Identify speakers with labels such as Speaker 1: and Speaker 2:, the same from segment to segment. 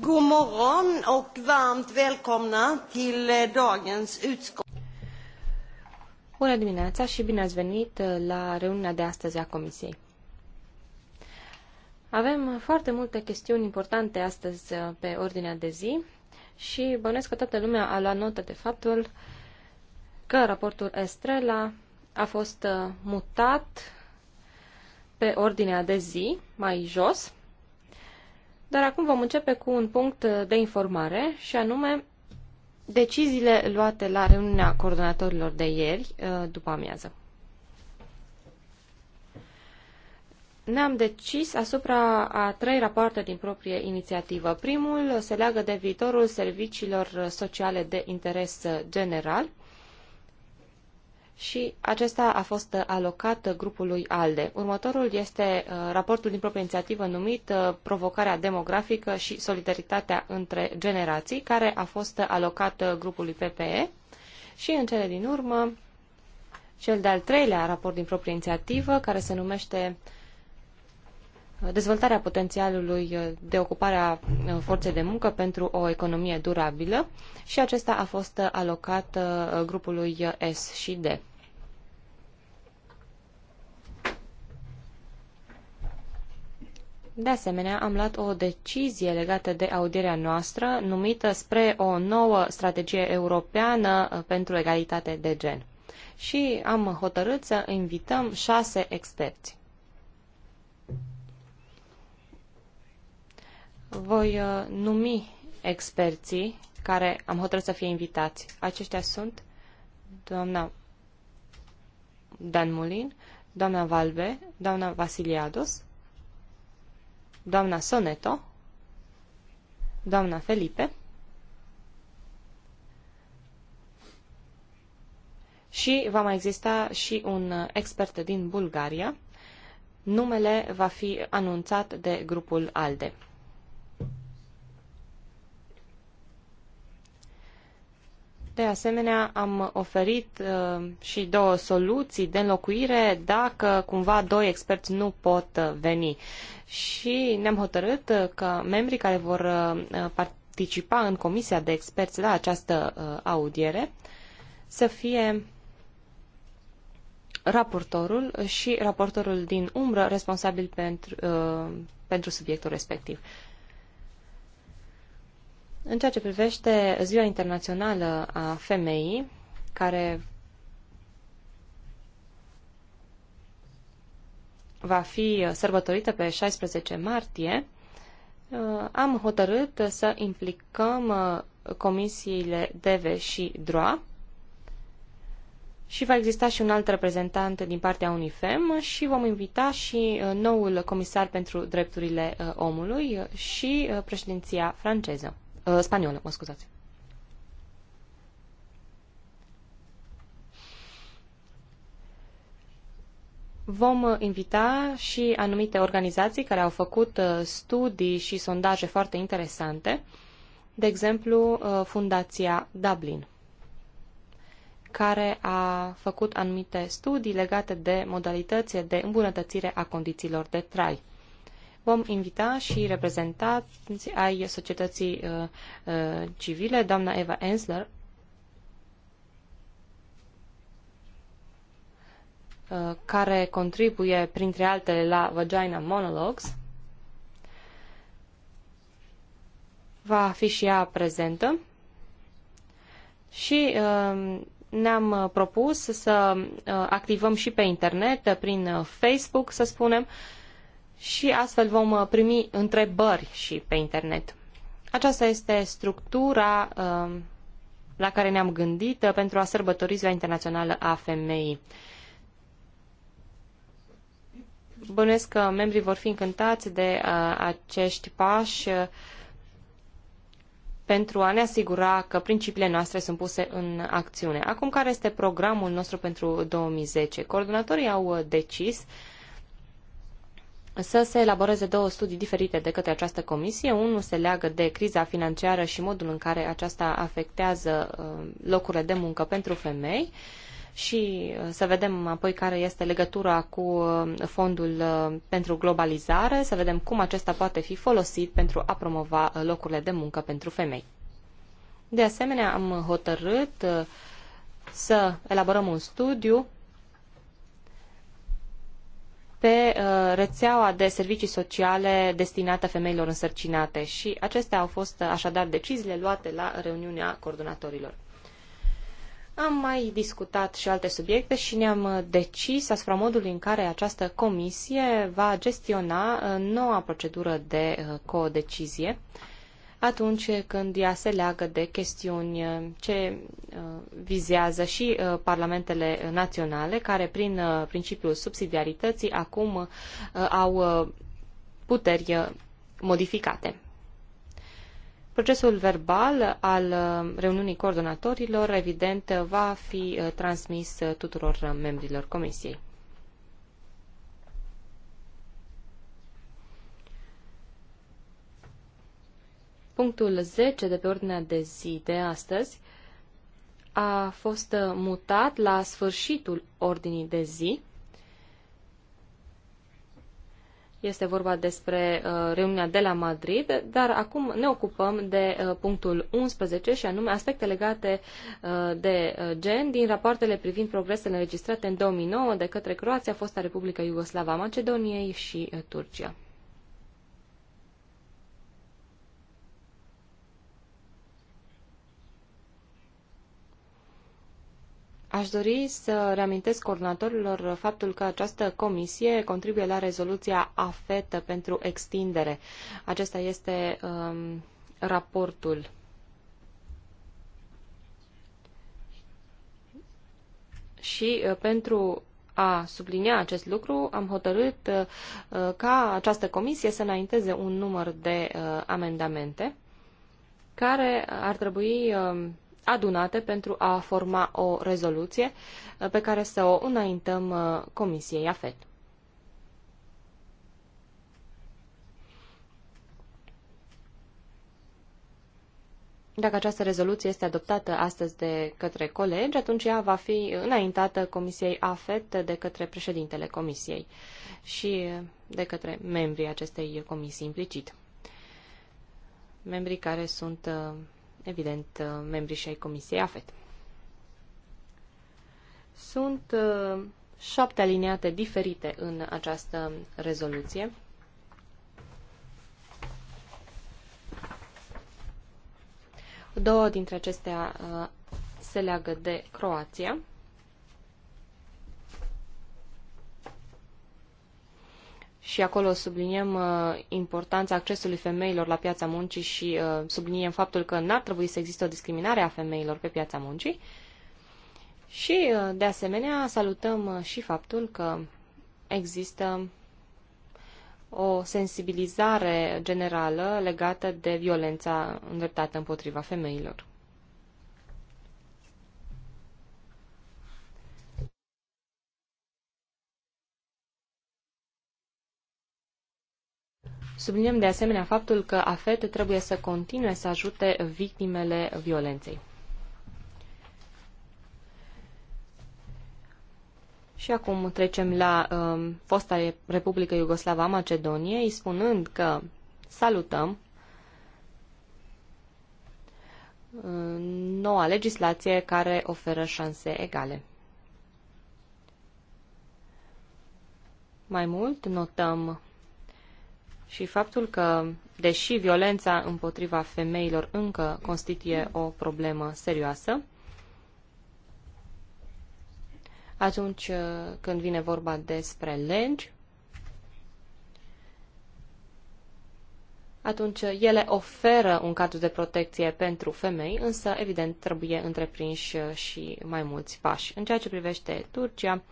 Speaker 1: God morgon och varmt välkomna till eh, dagens utskott.
Speaker 2: Bună dimineața și bine ați venit eh, la reuniunea de astăzi a Comisiei. Avem foarte multe chestiuni importante astăzi eh, pe ordinea de zi și bănesc că toată lumea a luat notă de faptul că raportul Estrela a fost mutat pe ordinea de zi, mai jos, dar acum vom începe cu un punct de informare și anume deciziile luate la reuniunea coordonatorilor de ieri uh, după amiază. Ne-am decis asupra a trei rapoarte din proprie inițiativă. Primul se leagă de viitorul serviciilor sociale de interes general și acesta a fost alocat grupului ALDE. Următorul este uh, raportul din proprie inițiativă numit uh, Provocarea demografică și solidaritatea între generații, care a fost alocat uh, grupului PPE și în cele din urmă cel de-al treilea raport din proprie inițiativă, care se numește uh, dezvoltarea potențialului uh, de ocupare a uh, forței de muncă pentru o economie durabilă și acesta a fost uh, alocat grupului S și D. De asemenea, am luat o decizie legată de audierea noastră numită spre o nouă strategie europeană pentru egalitate de gen. Și am hotărât să invităm șase experți. voi uh, numi experții care am hotărât să fie invitați. Aceștia sunt doamna Dan Mulin, doamna Valbe, doamna Vasiliados, doamna Soneto, doamna Felipe și va mai exista și un uh, expert din Bulgaria. Numele va fi anunțat de grupul ALDE. De asemenea, am oferit uh, și două soluții de înlocuire dacă cumva doi experți nu pot uh, veni. Și ne-am hotărât uh, că membrii care vor uh, participa în comisia de experți la această uh, audiere să fie raportorul și raportorul din umbră responsabil pentru, uh, pentru subiectul respectiv. În ceea ce privește Ziua Internațională a Femeii, care va fi sărbătorită pe 16 martie, uh, am hotărât să implicăm uh, comisiile DEVE și DROA și va exista și un alt reprezentant din partea UNIFEM și vom invita și uh, noul comisar pentru drepturile omului și președinția franceză uh, spaniolă, mă scuzați. Vom uh, invita și anumite organizații care au făcut uh, studii și sondaje foarte interesante, de exemplu uh, Fundația Dublin, care a făcut anumite studii legate de modalități de îmbunătățire a condițiilor de trai. Vom invita și reprezentanți ai societății uh, uh, civile, doamna Eva Ensler, uh, care contribuie, printre altele, la Vagina Monologues. Va fi și ea prezentă. Și ne-am propus să activăm și pe internet, prin Facebook, să spunem, și astfel vom uh, primi întrebări și pe internet. Aceasta este structura uh, la care ne-am gândit uh, pentru a sărbători Ziua Internațională a Femeii. Bănuiesc că membrii vor fi încântați de acești pași pentru a ne asigura că principiile noastre sunt puse în acțiune. Acum, care este programul nostru pentru 2010? Coordonatorii au decis uh, să se elaboreze două studii diferite de către această comisie. Unul se leagă de criza financiară și modul în care aceasta afectează uh, locurile de muncă pentru femei și uh, să vedem apoi care este legătura cu uh, fondul pentru globalizare, să vedem cum acesta poate fi folosit pentru a promova locurile de muncă pentru femei. De asemenea, am hotărât să elaborăm un studiu pe uh, rețeaua de servicii sociale destinată femeilor însărcinate și acestea au fost uh, așadar deciziile luate la reuniunea coordonatorilor. Am mai discutat și alte subiecte și ne-am uh, decis asupra modului în care această comisie va gestiona noua procedură de codecizie. Co atunci când ea se leagă de chestiuni uh, ce uh, vizează și uh, parlamentele naționale, care prin principiul subsidiarității acum au puteri modificate. Procesul verbal al reuniunii coordonatorilor, evident, va fi transmis tuturor membrilor comisiei. Punctul 10 de pe ordinea de zi de astăzi a fost uh, mutat la sfârșitul ordinii de zi. Este vorba despre uh, reuniunea de la Madrid, dar acum ne ocupăm de uh, punctul 11 și anume aspecte legate uh, de uh, gen din rapoartele privind progresele înregistrate în 2009 de către Croația, fosta Republică Iugoslava Macedoniei și uh, Turcia. Aș dori să reamintesc coordonatorilor faptul că această comisie contribuie la rezoluția AFET pentru extindere. Acesta este um, raportul. Și uh, pentru a sublinia acest lucru, am hotărât uh, ca această comisie să înainteze un număr de uh, amendamente care ar trebui um, adunate pentru a forma o rezoluție uh, pe care să o înaintăm uh, Comisiei AFET. Dacă această rezoluție este adoptată astăzi de către colegi, atunci ea va fi înaintată Comisiei AFET de către președintele Comisiei și uh, de către membrii acestei comisii implicit. Membrii care sunt evident, uh, membrii și ai Comisiei AFET. Sunt uh, șapte aliniate diferite în această rezoluție. Două dintre acestea uh, se leagă de Croația. și acolo subliniem uh, importanța accesului femeilor la piața muncii și uh, subliniem faptul că n-ar trebui să existe o discriminare a femeilor pe piața muncii. Și, uh, de asemenea, salutăm uh, și faptul că există o sensibilizare generală legată de violența îndreptată împotriva femeilor. Subliniem de asemenea faptul că AFET trebuie să continue să ajute victimele violenței. Și acum trecem la um, fosta Republică Iugoslava a Macedoniei, spunând că salutăm um, noua legislație care oferă șanse egale. Mai mult, notăm și faptul că, deși violența împotriva femeilor încă constituie o problemă serioasă, atunci uh, când vine vorba despre legi, atunci uh, ele oferă un cadru de protecție pentru femei, însă, evident, trebuie întreprinși uh, și mai mulți pași. În ceea ce privește Turcia,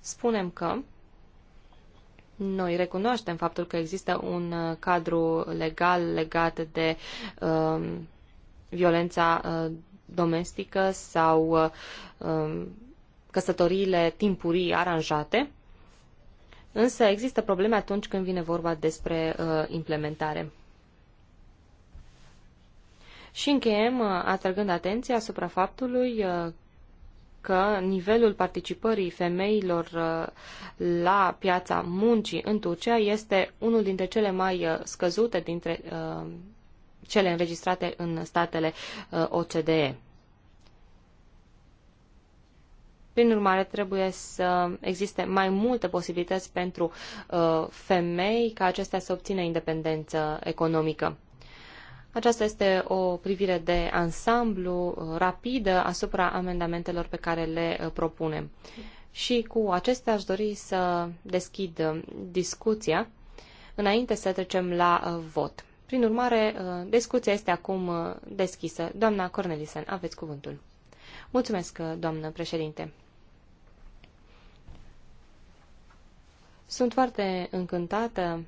Speaker 2: spunem că noi recunoaștem faptul că există un uh, cadru legal legat de um, violența uh, domestică sau uh, um, căsătoriile timpurii aranjate, însă există probleme atunci când vine vorba despre uh, implementare. Și încheiem uh, atrăgând atenția asupra faptului că nivelul participării femeilor uh, la piața muncii în Turcia este unul dintre cele mai uh, scăzute dintre uh, cele înregistrate în statele OCDE. Prin urmare, trebuie să existe mai multe posibilități pentru uh, femei ca acestea să obțină independență economică. Aceasta este o privire de ansamblu uh, rapidă asupra amendamentelor pe care le uh, propunem. Și cu acestea aș dori să deschid uh, discuția înainte să trecem la vot. Prin urmare, discuția este acum deschisă. Doamna Cornelisen, aveți cuvântul. Mulțumesc, doamnă președinte. Sunt foarte încântată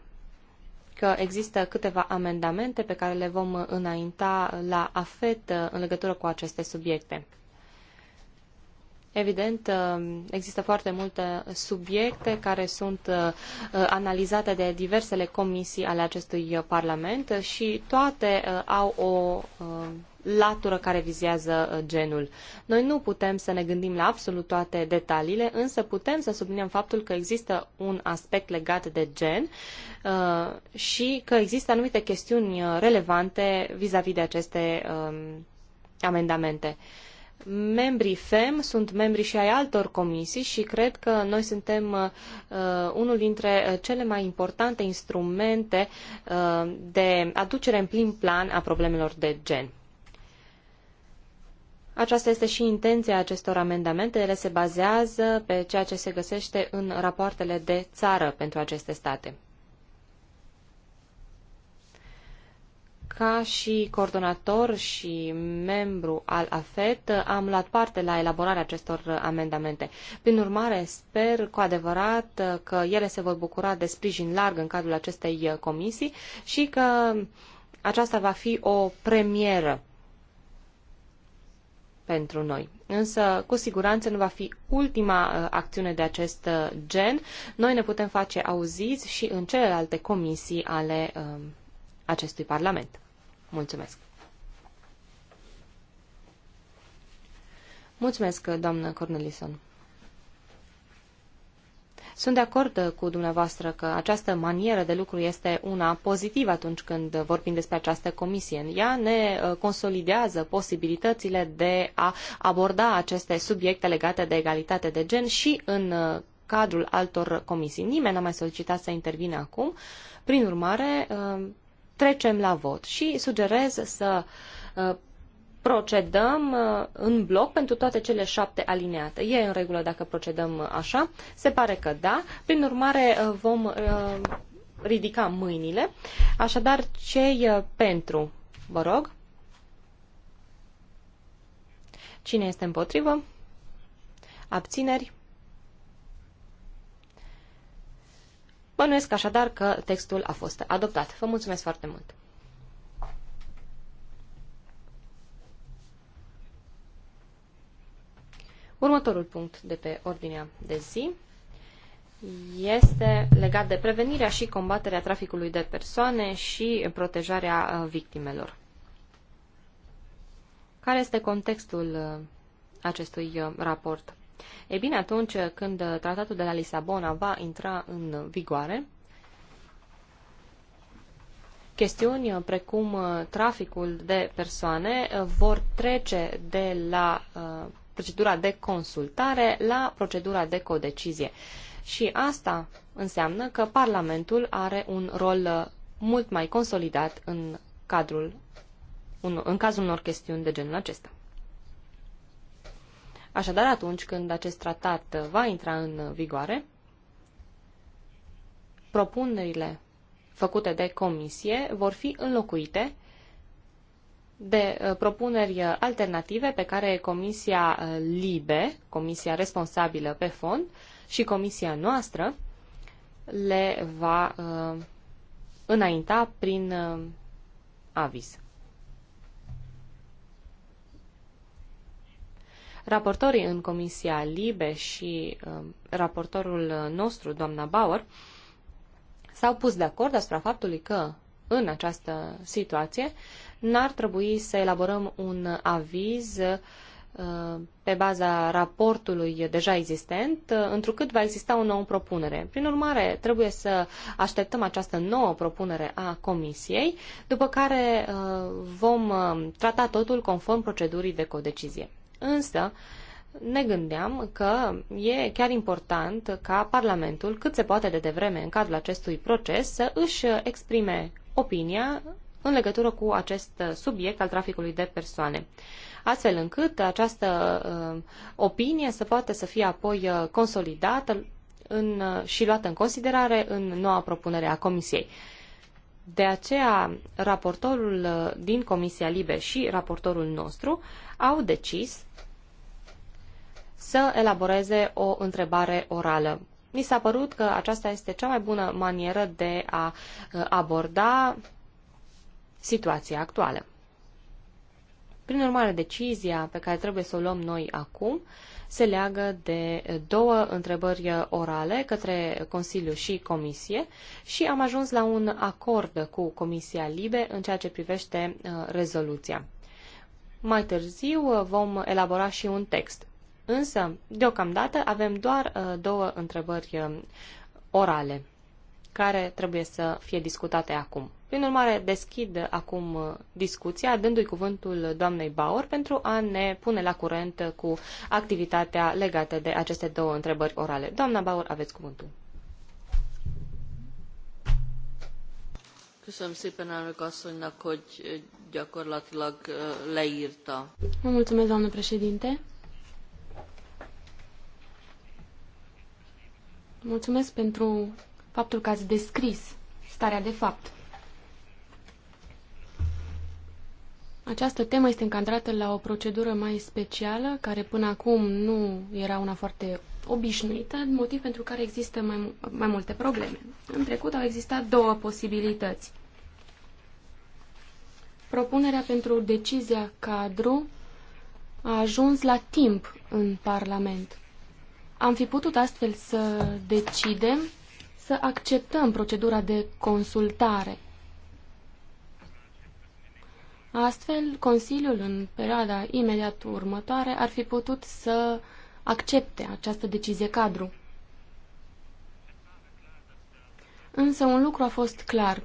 Speaker 2: că există câteva amendamente pe care le vom înainta la AFET în legătură cu aceste subiecte. Evident, există foarte multe subiecte care sunt uh, analizate de diversele comisii ale acestui uh, Parlament și toate uh, au o latură care vizează uh, genul. Noi nu putem să ne gândim la absolut toate detaliile, însă putem să subliniem faptul că există un aspect legat de gen uh, și că există anumite chestiuni uh, relevante vis-a-vis -vis de aceste um, amendamente. Membrii FEM sunt membri și ai altor comisii și cred că noi suntem uh, unul dintre cele mai importante instrumente uh, de aducere în plin plan a problemelor de gen. Aceasta este și intenția acestor amendamente. Ele se bazează pe ceea ce se găsește în rapoartele de țară pentru aceste state. Ca și coordonator și membru al AFET, am luat parte la elaborarea acestor amendamente. Prin urmare, sper cu adevărat că ele se vor bucura de sprijin larg în cadrul acestei comisii și că aceasta va fi o premieră pentru noi. Însă, cu siguranță, nu va fi ultima uh, acțiune de acest uh, gen. Noi ne putem face auziți și în celelalte comisii ale um, acestui Parlament. Mulțumesc! Mulțumesc, doamnă Cornelison. Sunt de acord uh, cu dumneavoastră că această manieră de lucru este una pozitivă atunci când vorbim despre această comisie. Ea ne uh, consolidează posibilitățile de a aborda aceste subiecte legate de egalitate de gen și în uh, cadrul altor comisii. Nimeni n-a mai solicitat să intervine acum. Prin urmare, trecem la vot și sugerez să procedăm uh, în bloc pentru toate cele șapte alineate. E în regulă dacă procedăm uh, așa? Se pare că da. Prin urmare, uh, vom ridica mâinile. Așadar, cei pentru? Vă rog. Cine este împotrivă? Abțineri? Bănuiesc așadar că textul a fost adoptat. Vă mulțumesc foarte mult! Următorul punct de pe ordinea de zi este legat de prevenirea și combaterea traficului de persoane și protejarea uh, victimelor. Care este contextul uh, acestui uh, raport? E bine, atunci când tratatul de la Lisabona va intra în vigoare, chestiuni precum traficul de persoane vor trece de la procedura de consultare la procedura de codecizie. Și asta înseamnă că Parlamentul are un rol uh, mult mai consolidat în, cadrul, în cazul unor chestiuni de genul acesta. Așadar, atunci când acest tratat uh, va intra în uh, vigoare, propunerile făcute de comisie vor fi înlocuite de uh, propuneri alternative pe care Comisia uh, LIBE, comisia responsabilă pe fond, și comisia noastră le va uh, înainta prin aviz. Raportorii în Comisia Libe și uh, raportorul nostru, doamna Bauer, s-au pus de acord asupra faptului că în această situație n-ar trebui să elaborăm un aviz uh, pe baza raportului deja existent, uh, întrucât va exista o nouă propunere. Prin urmare, trebuie să așteptăm această nouă propunere a Comisiei, după care uh, vom trata totul conform procedurii de codecizie. Însă, ne gândeam că e chiar important ca Parlamentul, cât se poate de devreme în cadrul acestui proces, să își exprime opinia în legătură cu acest uh, subiect al traficului de persoane astfel încât această uh, opinie să poată să fie apoi uh, consolidată în, uh, și luată în considerare în noua propunere a Comisiei. De aceea, raportorul uh, din Comisia Libe și raportorul nostru au decis să elaboreze o întrebare orală. Mi s-a părut că aceasta este cea mai bună manieră de a aborda situația actuală. Prin urmare, decizia pe care trebuie să o luăm noi acum se leagă de două întrebări orale către Consiliu și Comisie și am ajuns la un acord cu Comisia Libe în ceea ce privește uh, rezoluția. Mai târziu uh, vom elabora și un text. Însă, deocamdată, avem doar uh, două întrebări orale care trebuie să fie discutate acum. Prin urmare, deschid acum uh, discuția, dându-i cuvântul doamnei Bauer pentru a ne pune la curent uh, cu activitatea legată de aceste două întrebări orale. Doamna Bauer, aveți cuvântul.
Speaker 1: Köszönöm szépen elnök asszonynak, hogy uh, gyakorlatilag leírta.
Speaker 3: mulțumesc, doamnă președinte. Mulțumesc pentru faptul că ați descris starea de fapt. Această temă este încadrată la o procedură mai specială, care până acum nu era una foarte obișnuită, motiv pentru care există mai, mai multe probleme. În trecut au existat două posibilități. Propunerea pentru decizia cadru a ajuns la timp în Parlament. Am fi putut astfel să decidem să acceptăm procedura de consultare Astfel, Consiliul în perioada imediat următoare ar fi putut să accepte această decizie cadru. Însă un lucru a fost clar.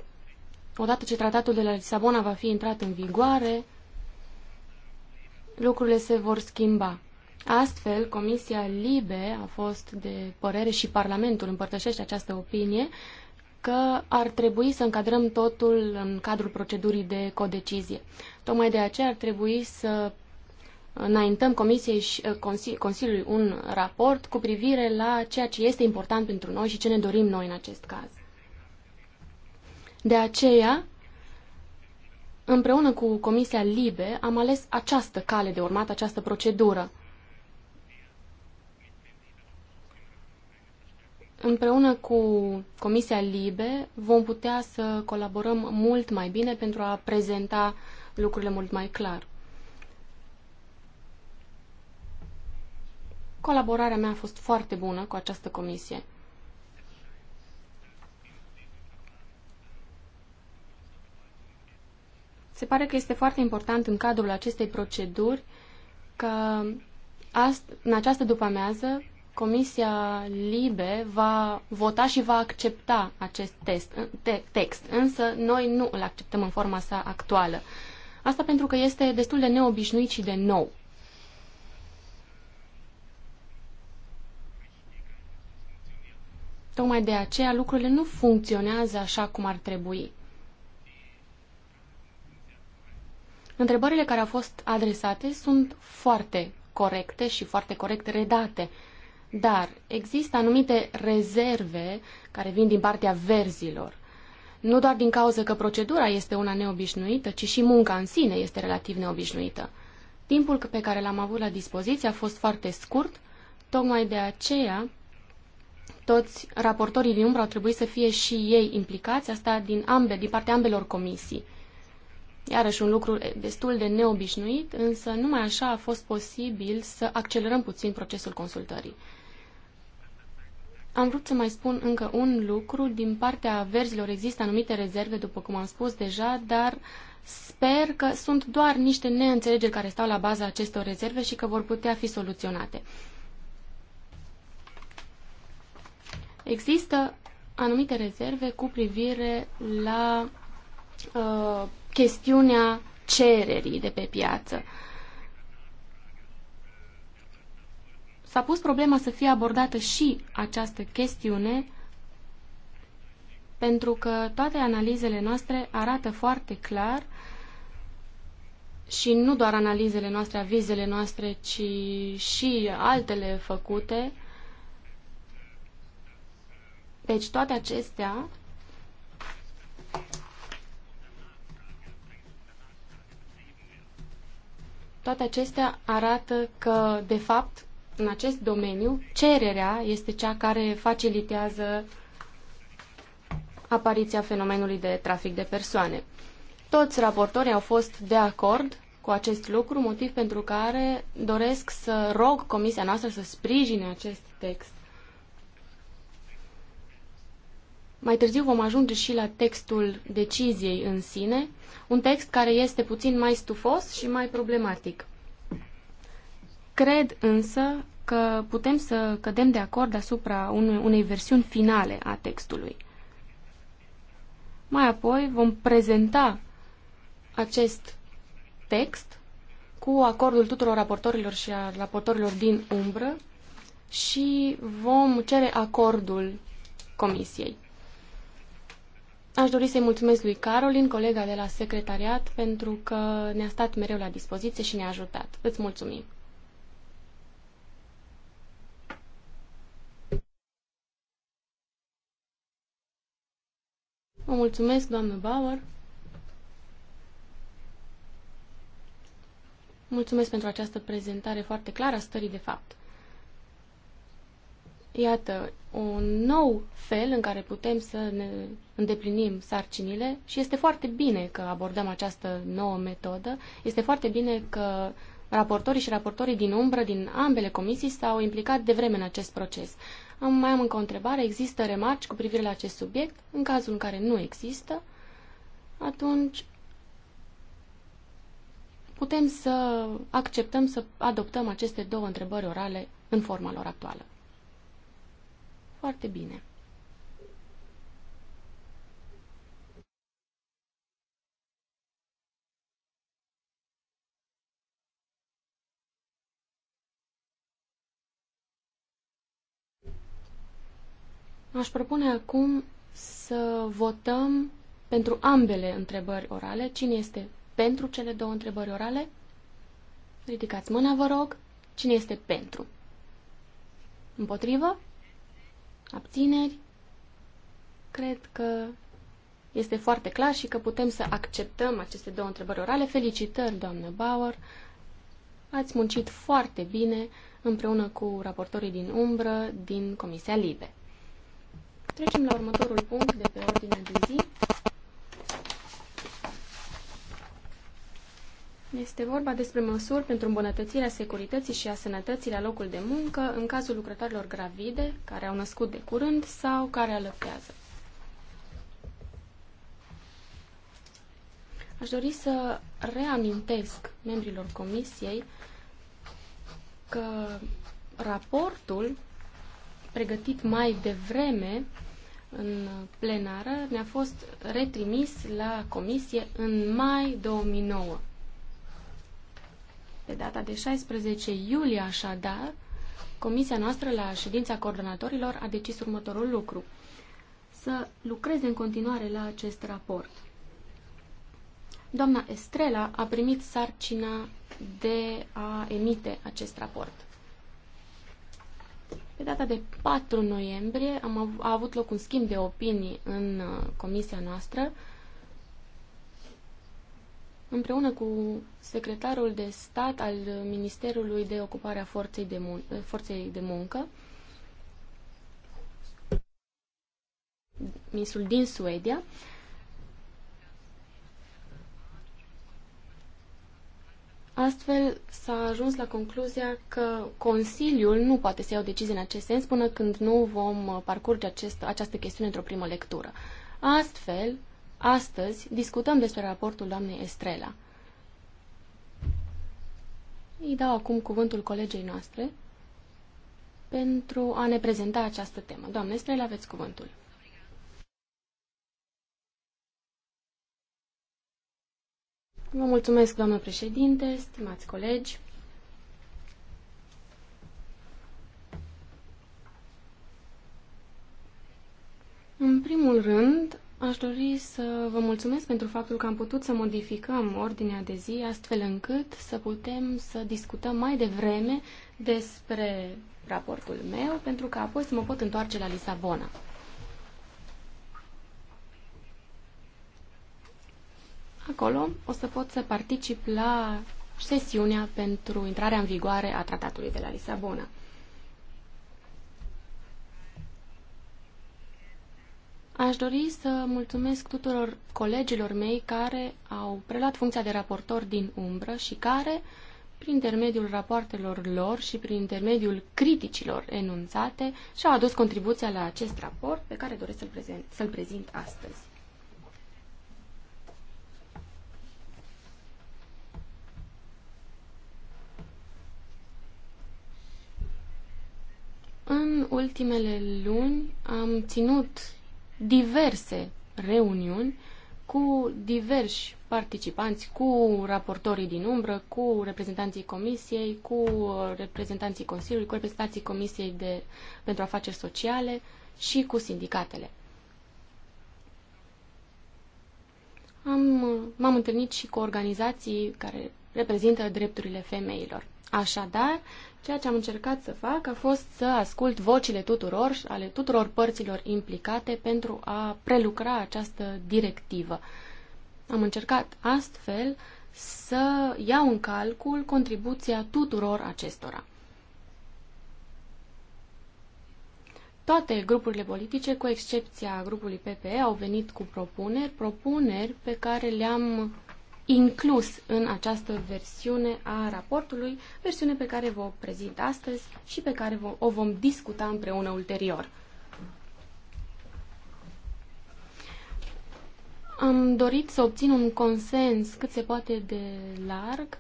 Speaker 3: Odată ce tratatul de la Lisabona va fi intrat în vigoare, lucrurile se vor schimba. Astfel, Comisia Libe a fost de părere și Parlamentul împărtășește această opinie că ar trebui să încadrăm totul în cadrul procedurii de codecizie. Tocmai de aceea ar trebui să înaintăm Comisiei și eh, Consiliului un raport cu privire la ceea ce este important pentru noi și ce ne dorim noi în acest caz. De aceea, împreună cu Comisia Libe, am ales această cale de urmat, această procedură. împreună cu Comisia Libe vom putea să colaborăm mult mai bine pentru a prezenta lucrurile mult mai clar. Colaborarea mea a fost foarte bună cu această comisie. Se pare că este foarte important în cadrul acestei proceduri că în această după-amiază Comisia Libe va vota și va accepta acest test, te, text, însă noi nu îl acceptăm în forma sa actuală. Asta pentru că este destul de neobișnuit și de nou. Tocmai de aceea lucrurile nu funcționează așa cum ar trebui. Întrebările care au fost adresate sunt foarte corecte și foarte corect redate. Dar există anumite rezerve care vin din partea verzilor. Nu doar din cauza că procedura este una neobișnuită, ci și munca în sine este relativ neobișnuită. Timpul pe care l-am avut la dispoziție a fost foarte scurt, tocmai de aceea toți raportorii din umbră au trebuit să fie și ei implicați, asta din, ambe, din partea ambelor comisii. Iarăși un lucru destul de neobișnuit, însă numai așa a fost posibil să accelerăm puțin procesul consultării. Am vrut să mai spun încă un lucru. Din partea verzilor există anumite rezerve, după cum am spus deja, dar sper că sunt doar niște neînțelegeri care stau la baza acestor rezerve și că vor putea fi soluționate. Există anumite rezerve cu privire la uh, chestiunea cererii de pe piață. Uh, s-a pus problema să fie abordată și această chestiune pentru că toate analizele noastre arată foarte clar și nu doar analizele noastre, avizele noastre, ci și altele făcute. Deci toate acestea toate acestea arată că, de fapt, în acest domeniu, cererea este cea care facilitează apariția fenomenului de trafic de persoane. Toți raportorii au fost de acord cu acest lucru, motiv pentru care doresc să rog comisia noastră să sprijine acest text. Mai târziu vom ajunge și la textul deciziei în sine, un text care este puțin mai stufos și mai problematic. Cred însă că putem să cădem de acord asupra unei, unei versiuni finale a textului. Mai apoi vom prezenta acest text cu acordul tuturor raportorilor și a raportorilor din umbră și vom cere acordul comisiei. Aș dori să-i mulțumesc lui Carolin, colega de la secretariat, pentru că ne-a stat mereu la dispoziție și ne-a ajutat. Îți mulțumim! Vă mulțumesc, doamnă Bauer. Mulțumesc pentru această prezentare foarte clară a stării de fapt. Iată, un nou fel în care putem să ne îndeplinim sarcinile și este foarte bine că abordăm această nouă metodă. Este foarte bine că raportorii și raportorii din umbră din ambele comisii s-au implicat de vreme în acest proces. Am, mai am încă o întrebare. Există remarci cu privire la acest subiect? În cazul în care nu există, atunci putem să acceptăm să adoptăm aceste două întrebări orale în forma lor actuală. Foarte bine. Aș propune acum să votăm pentru ambele întrebări orale. Cine este pentru cele două întrebări orale? Ridicați mâna, vă rog. Cine este pentru? Împotrivă? Abțineri? Cred că este foarte clar și că putem să acceptăm aceste două întrebări orale. Felicitări, doamnă Bauer! Ați muncit foarte bine împreună cu raportorii din umbră din Comisia Libe. Trecem la următorul punct de pe ordinea de zi. Este vorba despre măsuri pentru îmbunătățirea securității și a sănătății la locul de muncă în cazul lucrătorilor gravide care au născut de curând sau care alăptează. Aș dori să reamintesc membrilor comisiei că raportul pregătit mai devreme în plenară ne-a fost retrimis la comisie în mai 2009. Pe data de 16 iulie, așadar, comisia noastră la ședința coordonatorilor a decis următorul lucru. Să lucreze în continuare la acest raport. Doamna Estrela a primit sarcina de a emite acest raport. Pe data de 4 noiembrie am av- a avut loc un schimb de opinii în uh, comisia noastră împreună cu secretarul de stat al Ministerului de Ocupare a Forței de, Mun- uh, Forței de Muncă, ministrul din Suedia, Astfel s-a ajuns la concluzia că Consiliul nu poate să ia o decizie în acest sens până când nu vom uh, parcurge acest, această chestiune într-o primă lectură. Astfel, astăzi discutăm despre raportul doamnei Estrela. Îi dau acum cuvântul colegei noastre pentru a ne prezenta această temă. Doamne Estrela, aveți cuvântul. Vă mulțumesc, doamnă președinte, stimați colegi. În primul rând, aș dori să vă mulțumesc pentru faptul că am putut să modificăm ordinea de zi astfel încât să putem să discutăm mai devreme despre raportul meu, pentru că apoi să mă pot întoarce la Lisabona. Acolo o să pot să particip la sesiunea pentru intrarea în vigoare a tratatului de la Lisabona. Aș dori să mulțumesc tuturor colegilor mei care au preluat funcția de raportor din umbră și care, prin intermediul rapoartelor lor și prin intermediul criticilor enunțate, și-au adus contribuția la acest raport pe care doresc să-l prezint, să prezint astăzi. În ultimele luni am ținut diverse reuniuni cu diversi participanți, cu raportorii din umbră, cu reprezentanții comisiei, cu uh, reprezentanții Consiliului, cu reprezentanții Comisiei de, pentru Afaceri Sociale și cu sindicatele. Am, uh, m-am întâlnit și cu organizații care reprezintă drepturile femeilor. Așadar, uh, Ceea ce am încercat să fac a fost să ascult vocile tuturor, ale tuturor părților implicate pentru a prelucra această directivă. Am încercat astfel să iau în calcul contribuția tuturor acestora. Toate grupurile politice, cu excepția grupului PPE, au venit cu propuneri, propuneri pe care le-am inclus în această versiune a raportului, versiune pe care vă prezint astăzi și pe care o vom discuta împreună ulterior. Am dorit să obțin un consens cât se poate de larg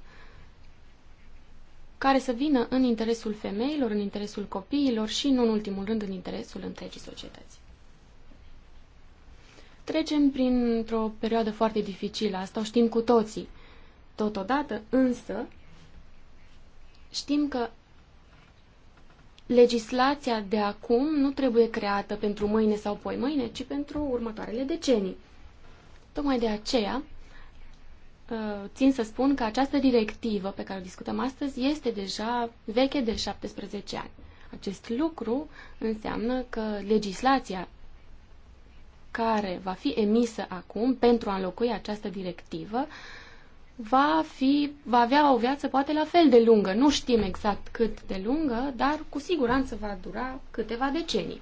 Speaker 3: care să vină în interesul femeilor, în interesul copiilor și, nu în ultimul rând, în interesul întregii societăți. Trecem printr-o perioadă foarte dificilă, asta o știm cu toții. Totodată, însă, știm că legislația de acum nu trebuie creată pentru mâine sau poi mâine, ci pentru următoarele decenii. Tocmai de aceea, uh, țin să spun că această directivă pe care o discutăm astăzi este deja veche de 17 ani. Acest lucru înseamnă că legislația care va fi emisă acum pentru a înlocui această directivă va, fi, va avea o viață poate la fel de lungă. Nu știm exact cât de lungă, dar cu siguranță va dura câteva decenii.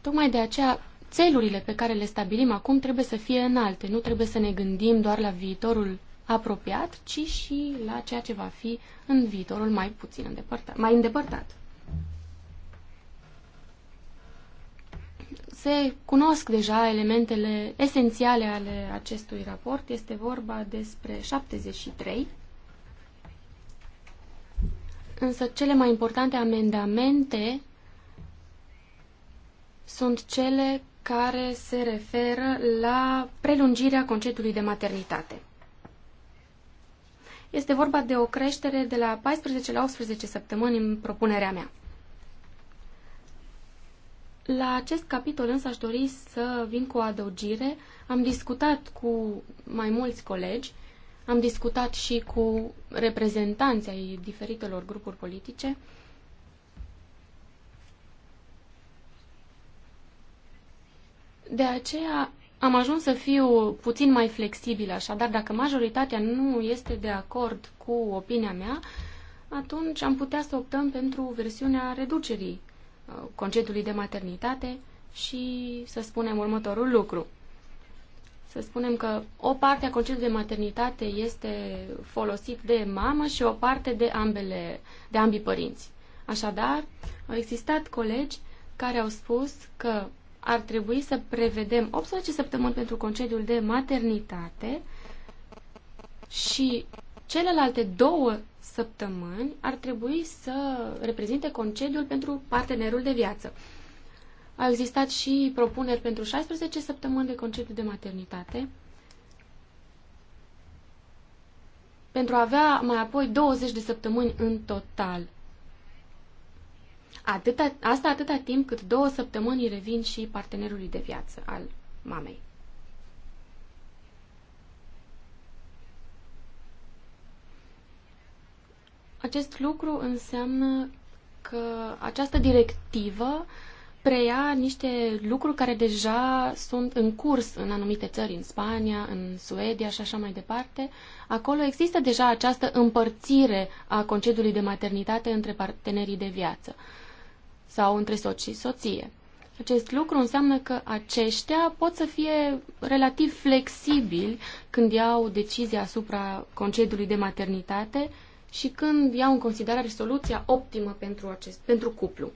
Speaker 3: Tocmai de aceea, țelurile pe care le stabilim acum trebuie să fie înalte. Nu trebuie să ne gândim doar la viitorul apropiat, ci și la ceea ce va fi în viitorul mai puțin îndepărtat, mai îndepărtat. se cunosc deja elementele esențiale ale acestui raport. Este vorba despre 73. Însă cele mai importante amendamente sunt cele care se referă la prelungirea concediului de maternitate. Este vorba de o creștere de la 14 la 18 săptămâni în propunerea mea. La acest capitol însă aș dori să vin cu o adăugire. Am discutat cu mai mulți colegi, am discutat și cu reprezentanții ai diferitelor grupuri politice. De aceea am ajuns să fiu puțin mai flexibil, așadar dacă majoritatea nu este de acord cu opinia mea, atunci am putea să optăm pentru versiunea reducerii concediului de maternitate și să spunem următorul lucru. Să spunem că o parte a concediului de maternitate este folosit de mamă și o parte de, ambele, de ambii părinți. Așadar, au existat colegi care au spus că ar trebui să prevedem 18 săptămâni pentru concediul de maternitate și Celelalte două săptămâni ar trebui să reprezinte concediul pentru partenerul de viață. Au existat și propuneri pentru 16 săptămâni de concediu de maternitate, pentru a avea mai apoi 20 de săptămâni în total. Atâta, asta atâta timp cât două săptămâni revin și partenerului de viață al mamei. Acest lucru înseamnă că această directivă preia niște lucruri care deja sunt în curs în anumite țări, în Spania, în Suedia și așa mai departe. Acolo există deja această împărțire a concediului de maternitate între partenerii de viață sau între soț și soție. Acest lucru înseamnă că aceștia pot să fie relativ flexibili când iau decizia asupra concediului de maternitate și când iau în considerare soluția optimă pentru, acest, pentru cuplu.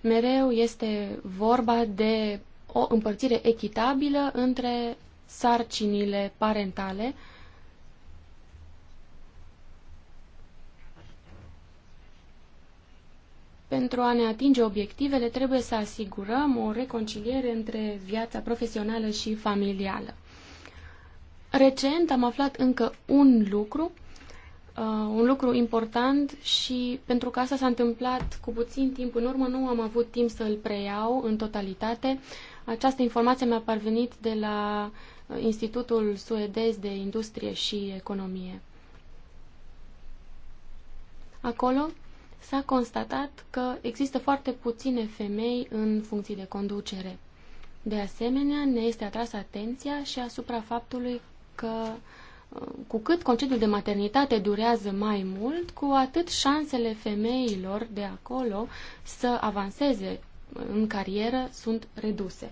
Speaker 3: Mereu este vorba de o împărțire echitabilă între sarcinile parentale pentru a ne atinge obiectivele, trebuie să asigurăm o reconciliere între viața profesională și familială. Recent am aflat încă un lucru, uh, un lucru important și pentru că asta s-a întâmplat cu puțin timp în urmă, nu am avut timp să îl preiau în totalitate. Această informație mi-a parvenit de la uh, Institutul Suedez de Industrie și Economie. Acolo s-a constatat că există foarte puține femei în funcții de conducere. De asemenea, ne este atrasă atenția și asupra faptului că uh, cu cât concediul de maternitate durează mai mult, cu atât șansele femeilor de acolo să avanseze în carieră sunt reduse.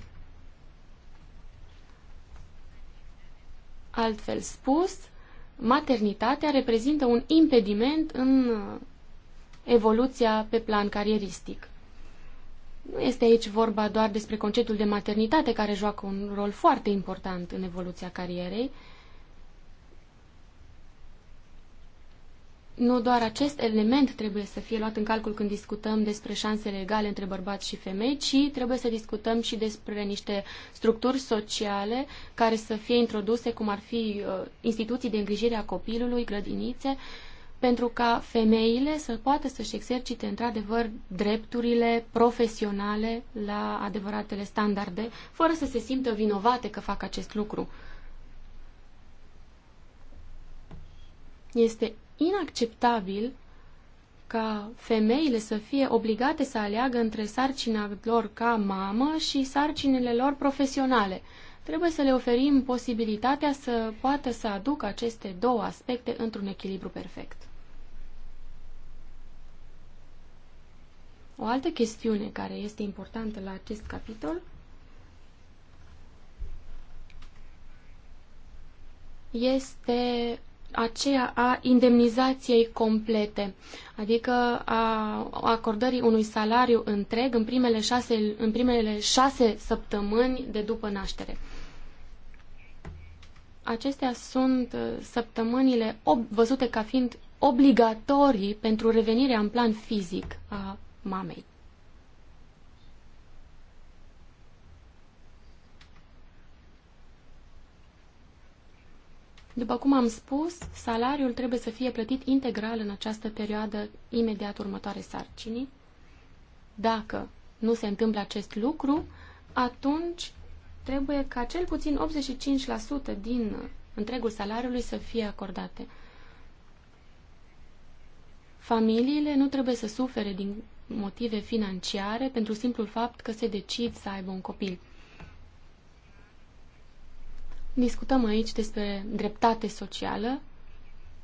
Speaker 3: Altfel spus, maternitatea reprezintă un impediment în uh, evoluția pe plan carieristic. Nu este aici vorba doar despre conceptul de maternitate, care joacă un rol foarte important în evoluția carierei. Nu doar acest element trebuie să fie luat în calcul când discutăm despre șansele egale între bărbați și femei, ci trebuie să discutăm și despre niște structuri sociale care să fie introduse, cum ar fi uh, instituții de îngrijire a copilului, grădinițe, uh, pentru ca femeile să poată să-și exercite într-adevăr drepturile profesionale la adevăratele standarde, fără să se simtă vinovate că fac acest lucru. Este inacceptabil ca femeile să fie obligate să aleagă între sarcina lor ca mamă și sarcinile lor profesionale. Trebuie să le oferim posibilitatea să poată să aducă aceste două aspecte într-un echilibru perfect. O altă chestiune care este importantă la acest capitol este aceea a indemnizației complete, adică a acordării unui salariu întreg în primele șase, în primele șase săptămâni de după naștere. Acestea sunt uh, săptămânile văzute ca fiind obligatorii pentru revenirea în plan fizic a mamei. După cum am spus, salariul trebuie să fie plătit integral în această perioadă imediat următoare sarcinii. Dacă nu se întâmplă acest lucru, atunci trebuie ca cel puțin 85% din întregul salariului să fie acordate. Familiile nu trebuie să sufere din motive financiare pentru simplul fapt că se decid să aibă un copil. Discutăm aici despre dreptate socială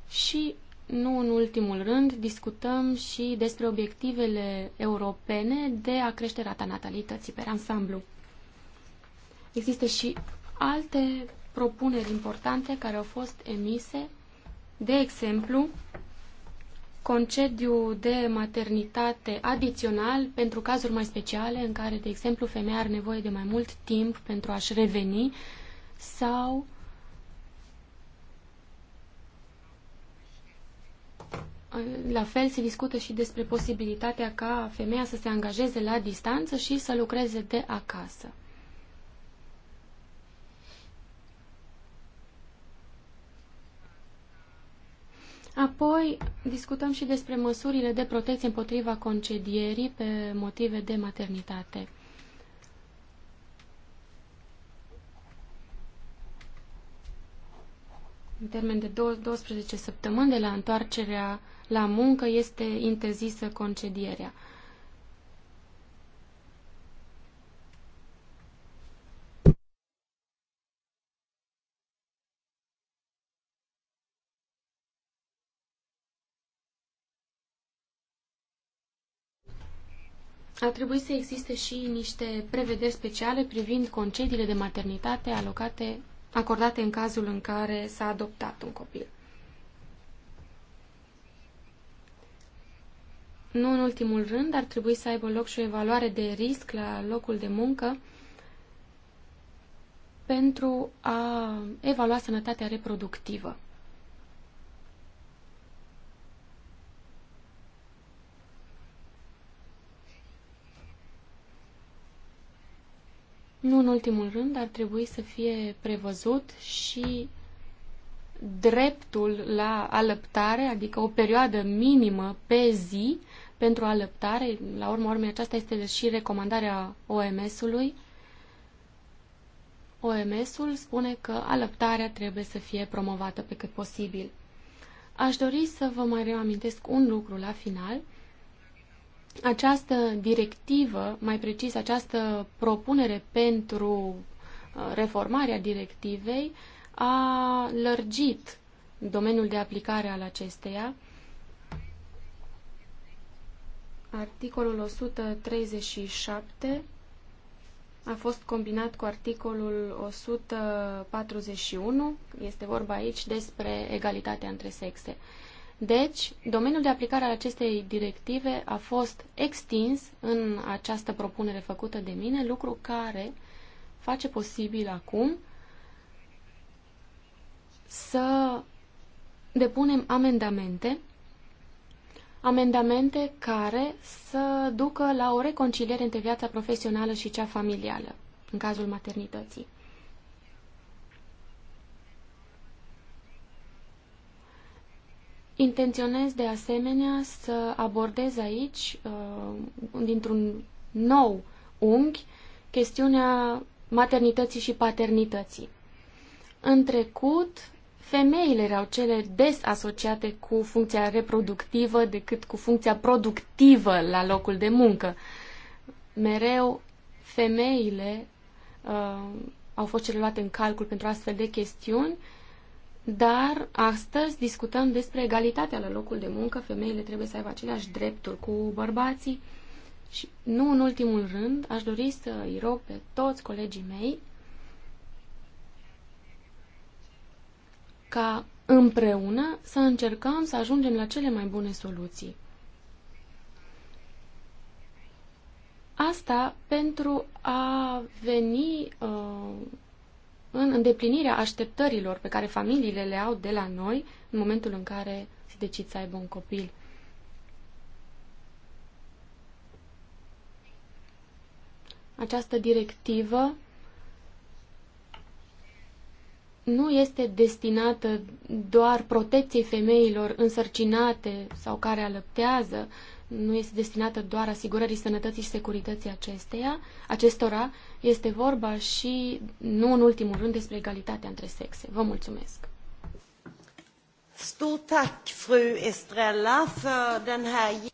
Speaker 3: și, nu în ultimul rând, discutăm și despre obiectivele europene de a crește rata natalității pe ansamblu. Există și alte propuneri importante care au fost emise, de exemplu, concediu de maternitate adițional pentru cazuri mai speciale în care, de exemplu, femeia are nevoie de mai mult timp pentru a-și reveni sau La fel se discută și despre posibilitatea ca femeia să se angajeze la distanță și să lucreze de acasă. Apoi discutăm și despre măsurile de protecție împotriva concedierii pe motive de maternitate. În termen de 12 săptămâni de la întoarcerea la muncă este interzisă concedierea. ar trebui să existe și niște prevederi speciale privind concediile de maternitate alocate, acordate în cazul în care s-a adoptat un copil. Nu în ultimul rând, ar trebui să aibă loc și o evaluare de risc la locul de muncă pentru a evalua sănătatea reproductivă. Nu în ultimul rând, ar trebui să fie prevăzut și dreptul la alăptare, adică o perioadă minimă pe zi pentru alăptare. La urma urmei, aceasta este și recomandarea OMS-ului. OMS-ul spune că alăptarea trebuie să fie promovată pe cât posibil. Aș dori să vă mai reamintesc un lucru la final – această directivă, mai precis această propunere pentru uh, reformarea directivei, a lărgit domeniul de aplicare al acesteia. Articolul 137 a fost combinat cu articolul 141. Este vorba aici despre egalitatea între sexe. Deci, domeniul de aplicare al acestei directive a fost extins în această propunere făcută de mine, lucru care face posibil acum să depunem amendamente, amendamente care să ducă la o reconciliere între viața profesională și cea familială, în cazul maternității. Intenționez de asemenea să abordez aici, uh, dintr-un nou unghi, chestiunea maternității și paternității. În trecut, femeile erau cele des asociate cu funcția reproductivă decât cu funcția productivă la locul de muncă. Mereu femeile uh, au fost cele luate în calcul pentru astfel de chestiuni dar astăzi discutăm despre egalitatea la locul de muncă. Femeile trebuie să aibă aceleași drepturi cu bărbații. Și nu în ultimul rând, aș dori să îi rog pe toți colegii mei ca împreună să încercăm să ajungem la cele mai bune soluții. Asta pentru a veni uh, în îndeplinirea așteptărilor pe care familiile le au de la noi în momentul în care se decid să aibă un copil. Această directivă nu este destinată doar protecției femeilor însărcinate sau care alăptează, nu este destinată doar asigurării sănătății și securității acesteia, acestora, este vorba și, nu în ultimul rând, despre egalitatea între sexe. Vă mulțumesc!
Speaker 1: Stort tack, fru Estrella, för den här...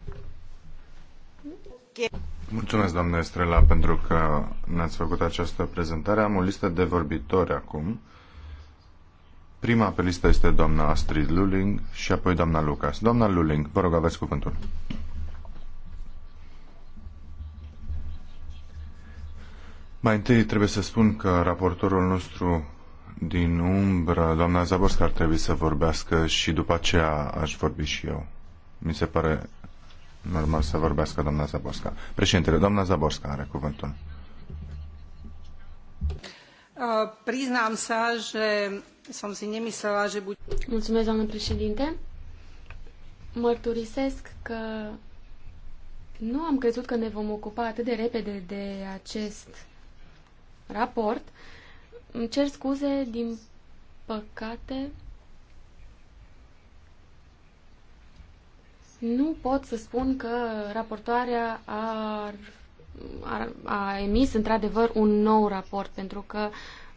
Speaker 4: Mulțumesc, doamnă Estrela, pentru că ne-ați făcut această prezentare. Am o listă de vorbitori acum. Prima pe listă este doamna Astrid Luling și apoi doamna Lucas. Doamna Luling, vă rog, aveți cuvântul. Mai întâi trebuie să spun că raportorul nostru din umbră, doamna Zaborska, ar trebui să vorbească și după aceea aș vorbi și eu. Mi se pare normal să vorbească doamna Zaborska. Președintele, doamna Zaborska are cuvântul.
Speaker 1: Uh, priznam sa, že som si nemyslela, že buď... Mulțumesc, doamna președinte.
Speaker 3: Mărturisesc că nu am crezut că ne vom ocupa atât de repede de acest raport. Îmi cer scuze, din păcate, nu pot să spun că raportoarea a, a, a emis într-adevăr un nou raport, pentru că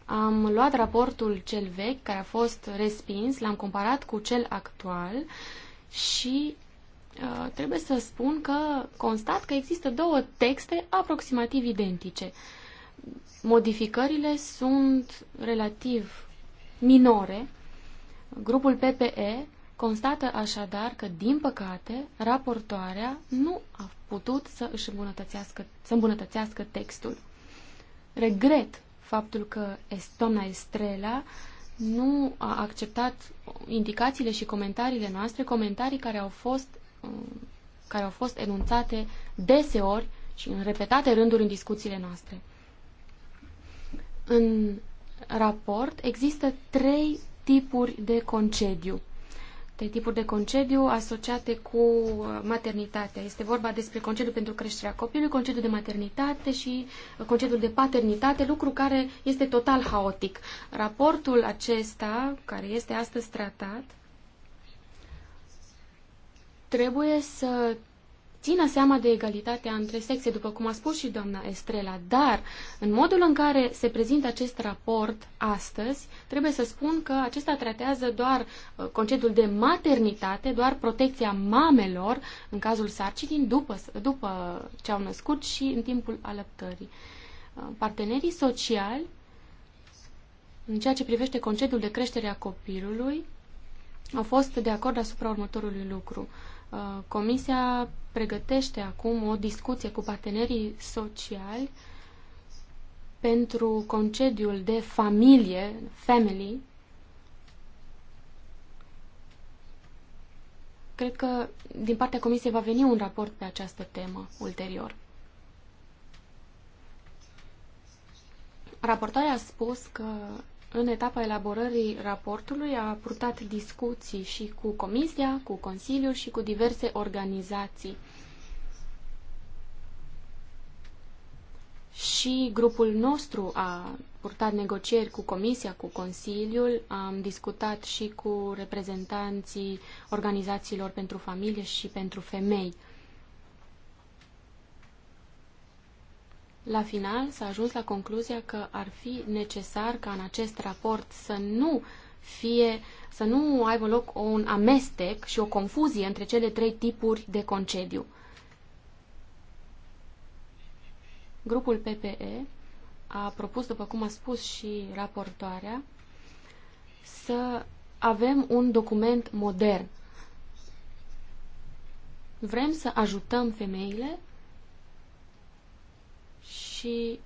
Speaker 3: am luat raportul cel vechi, care a fost respins, l-am comparat cu cel actual și uh, trebuie să spun că constat că există două texte aproximativ identice modificările sunt relativ minore. Grupul PPE constată așadar că, din păcate, raportoarea nu a putut să își îmbunătățească, să îmbunătățească textul. Regret faptul că doamna Estrela nu a acceptat indicațiile și comentariile noastre, comentarii care au fost, um, care au fost enunțate deseori și în repetate rânduri în discuțiile noastre în raport există trei tipuri de concediu. Trei tipuri de concediu asociate cu uh, maternitatea. Este vorba despre concediu pentru creșterea copilului, concediu de maternitate și uh, concediul de paternitate, lucru care este total haotic. Raportul acesta, care este astăzi tratat, trebuie să țină seama de egalitatea între sexe, după cum a spus și doamna Estrela, dar în modul în care se prezintă acest raport astăzi, trebuie să spun că acesta tratează doar uh, concediul de maternitate, doar protecția mamelor în cazul sarcinii după, după ce au născut și în timpul alăptării. Uh, partenerii sociali, în ceea ce privește concediul de creștere a copilului, au fost de acord asupra următorului lucru. Uh, Comisia pregătește acum o discuție cu partenerii sociali pentru concediul de familie, family. Cred că din partea Comisiei va veni un raport pe această temă ulterior. Raportarea a spus că în etapa elaborării raportului a purtat discuții și cu Comisia, cu Consiliul și cu diverse organizații. Și grupul nostru a purtat negocieri cu Comisia, cu Consiliul, am discutat și cu reprezentanții organizațiilor pentru familie și pentru femei. La final s-a ajuns la concluzia că ar fi necesar ca în acest raport să nu fie, să nu aibă loc un amestec și o confuzie între cele trei tipuri de concediu. Grupul PPE a propus, după cum a spus și raportoarea, să avem un document modern. Vrem să ajutăm femeile și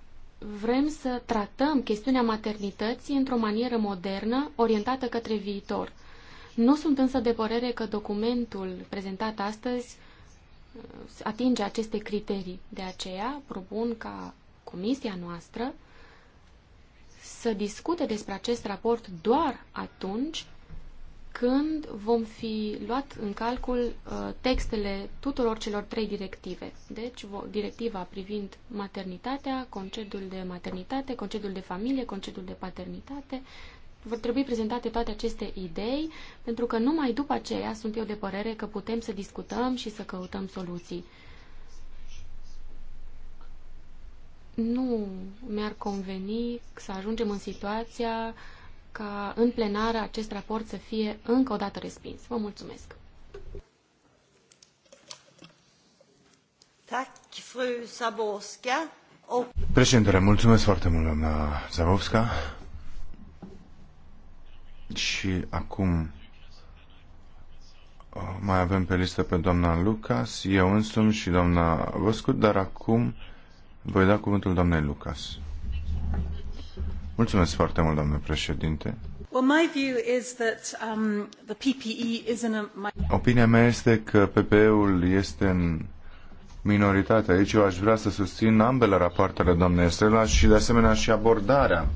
Speaker 3: vrem să tratăm chestiunea maternității într-o manieră modernă, orientată către viitor. Nu sunt însă de părere că documentul prezentat astăzi uh, atinge aceste criterii. De aceea propun ca comisia noastră să discute despre acest raport doar atunci când vom fi luat în calcul uh, textele tuturor celor trei directive. Deci, directiva privind maternitatea, concediul de maternitate, concediul de familie, concediul de paternitate. Vor trebui prezentate toate aceste idei, pentru că numai după aceea sunt eu de părere că putem să discutăm și să căutăm soluții. Nu mi-ar conveni să ajungem în situația uh, ca în plenară acest raport să fie încă o dată respins. Vă mulțumesc!
Speaker 4: Președintele, mulțumesc foarte mult, doamna Zabovska. Și acum mai avem pe listă pe doamna Lucas, eu însumi și doamna Văscut, dar acum voi da cuvântul doamnei Lucas. Mulțumesc foarte mult, doamnă președinte. Um, Opinia mea este că PPE-ul este în minoritate. Aici eu aș vrea să susțin ambele rapoartele doamnei Estrela și de asemenea și abordarea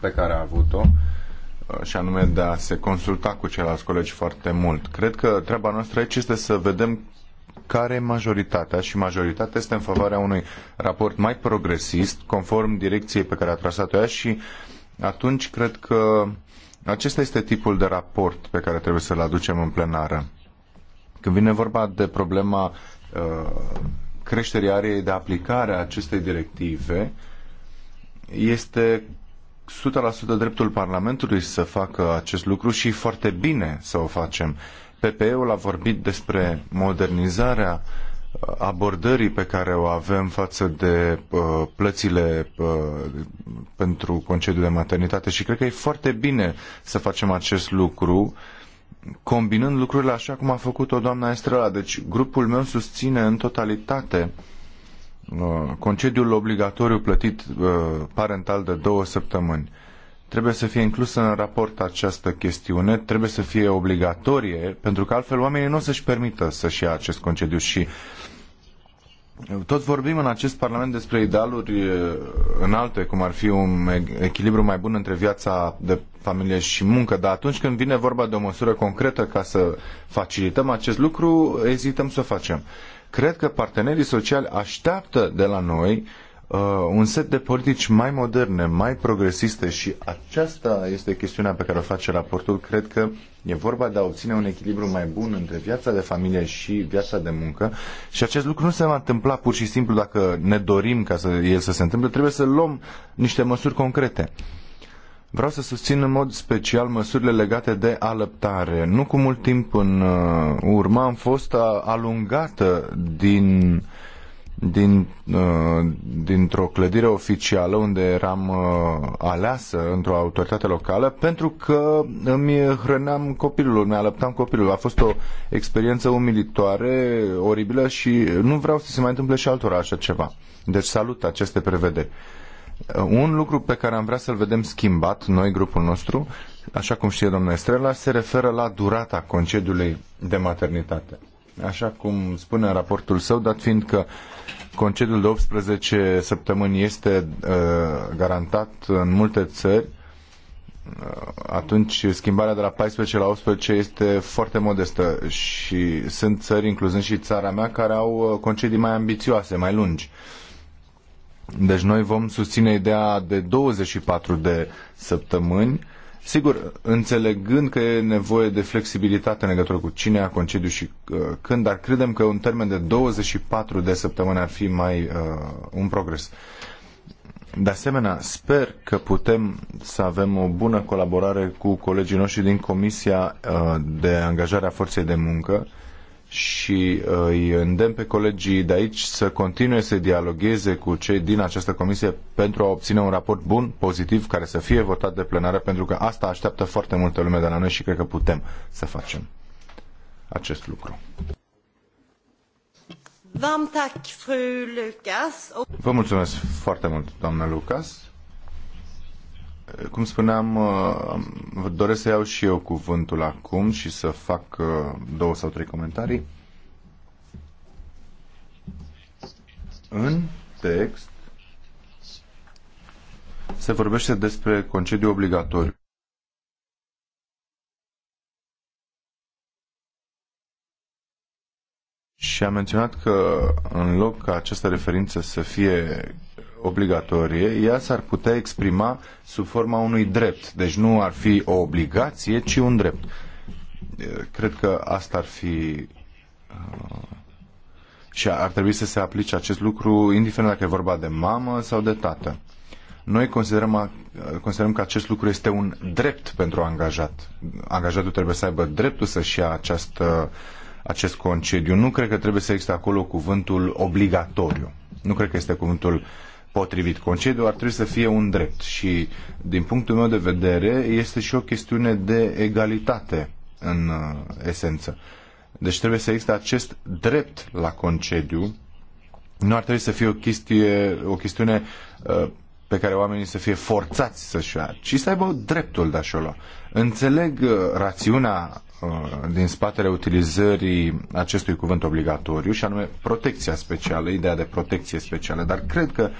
Speaker 4: pe care a avut-o și anume de a se consulta cu ceilalți colegi foarte mult. Cred că treaba noastră aici este să vedem care majoritatea și majoritatea este în favoarea unui raport mai progresist, conform direcției pe care a trasat-o ea și atunci cred că acesta este tipul de raport pe care trebuie să-l aducem în plenară. Când vine vorba de problema uh, creșterii ariei de aplicare a acestei directive, este 100% dreptul Parlamentului să facă acest lucru și foarte bine să o facem. Uh, PPE-ul a vorbit despre modernizarea uh, abordării pe care o avem față de uh, plățile uh, pentru concediu de maternitate și cred că e foarte bine să facem acest lucru combinând lucrurile așa cum a făcut-o doamna Estrela. Deci grupul meu susține în totalitate concediul obligatoriu plătit parental de două săptămâni. Trebuie să fie inclusă în raport această chestiune, trebuie să fie obligatorie, pentru că altfel oamenii nu o să-și permită să-și ia acest concediu și tot vorbim în acest Parlament despre idealuri înalte, cum ar fi un echilibru mai bun între viața de familie și muncă, dar atunci când vine vorba de o măsură concretă ca să facilităm acest lucru, ezităm să o facem. Cred că partenerii sociali așteaptă de la noi Uh, un set de politici mai moderne, mai progresiste și aceasta este chestiunea pe care o face raportul. Cred că e vorba de a obține un echilibru mai bun între viața de familie și viața de muncă și acest lucru nu se va întâmpla pur și simplu dacă ne dorim ca să, el să se întâmple, trebuie să luăm niște măsuri concrete. Vreau să susțin în mod special măsurile legate de alăptare. Nu cu mult timp în uh, urmă am fost uh, alungată din uh, din, uh, dintr-o clădire oficială unde eram uh, aleasă într-o autoritate locală pentru că îmi hrăneam copilul, îmi alăptam copilul. A fost o experiență umilitoare, oribilă și nu vreau să se mai întâmple și altora așa ceva. Deci salut aceste prevederi. Uh, un lucru pe care am vrea să-l vedem schimbat, noi, grupul nostru, așa cum știe domnul Estrela, se referă la durata concediului de maternitate așa cum spune în raportul său, dat fiind că concediul de 18 săptămâni este uh, garantat în multe țări, uh, atunci schimbarea de la 14 la 18 este foarte modestă și sunt țări, incluzând și țara mea, care au uh, concedii mai ambițioase, mai lungi. Deci noi vom susține ideea de 24 de săptămâni Sigur, înțelegând că e nevoie de flexibilitate în legătură cu cine a concediu și uh, când, dar credem că un termen de 24 de săptămâni ar fi mai uh, un progres. De asemenea, sper că putem să avem o bună colaborare cu colegii noștri din Comisia uh, de Angajare a Forței de Muncă, și uh, îi îndemn pe colegii de aici să continue să dialogueze cu cei din această comisie pentru a obține un raport bun, pozitiv, care să fie votat de plenară, pentru că asta așteaptă foarte multă lume de la noi și cred că putem să facem acest lucru. Vă mulțumesc foarte mult, doamna Lucas cum spuneam, uh, doresc să iau și eu cuvântul acum și să fac uh, două sau trei comentarii. În text se vorbește despre concediu obligatoriu. Și am menționat că în loc ca această referință să fie obligatorie, ea s-ar putea exprima sub forma unui drept. Deci nu ar fi o obligație, ci un drept. Cred că asta ar fi uh, și ar trebui să se aplice acest lucru, indiferent dacă e vorba de mamă sau de tată. Noi considerăm, considerăm că acest lucru este un drept pentru angajat. Angajatul trebuie să aibă dreptul să-și ia această, acest concediu. Nu cred că trebuie să existe acolo cuvântul obligatoriu. Nu cred că este cuvântul potrivit. Concediul ar trebui să fie un drept și, din punctul meu de vedere, este și o chestiune de egalitate în uh, esență. Deci trebuie să existe acest drept la concediu. Nu ar trebui să fie o, chestie, o chestiune uh, pe care oamenii să fie forțați să-și ia, ci să aibă dreptul de a-și Înțeleg uh, rațiunea din spatele utilizării acestui cuvânt obligatoriu și anume protecția specială, ideea de protecție specială, dar cred că uh,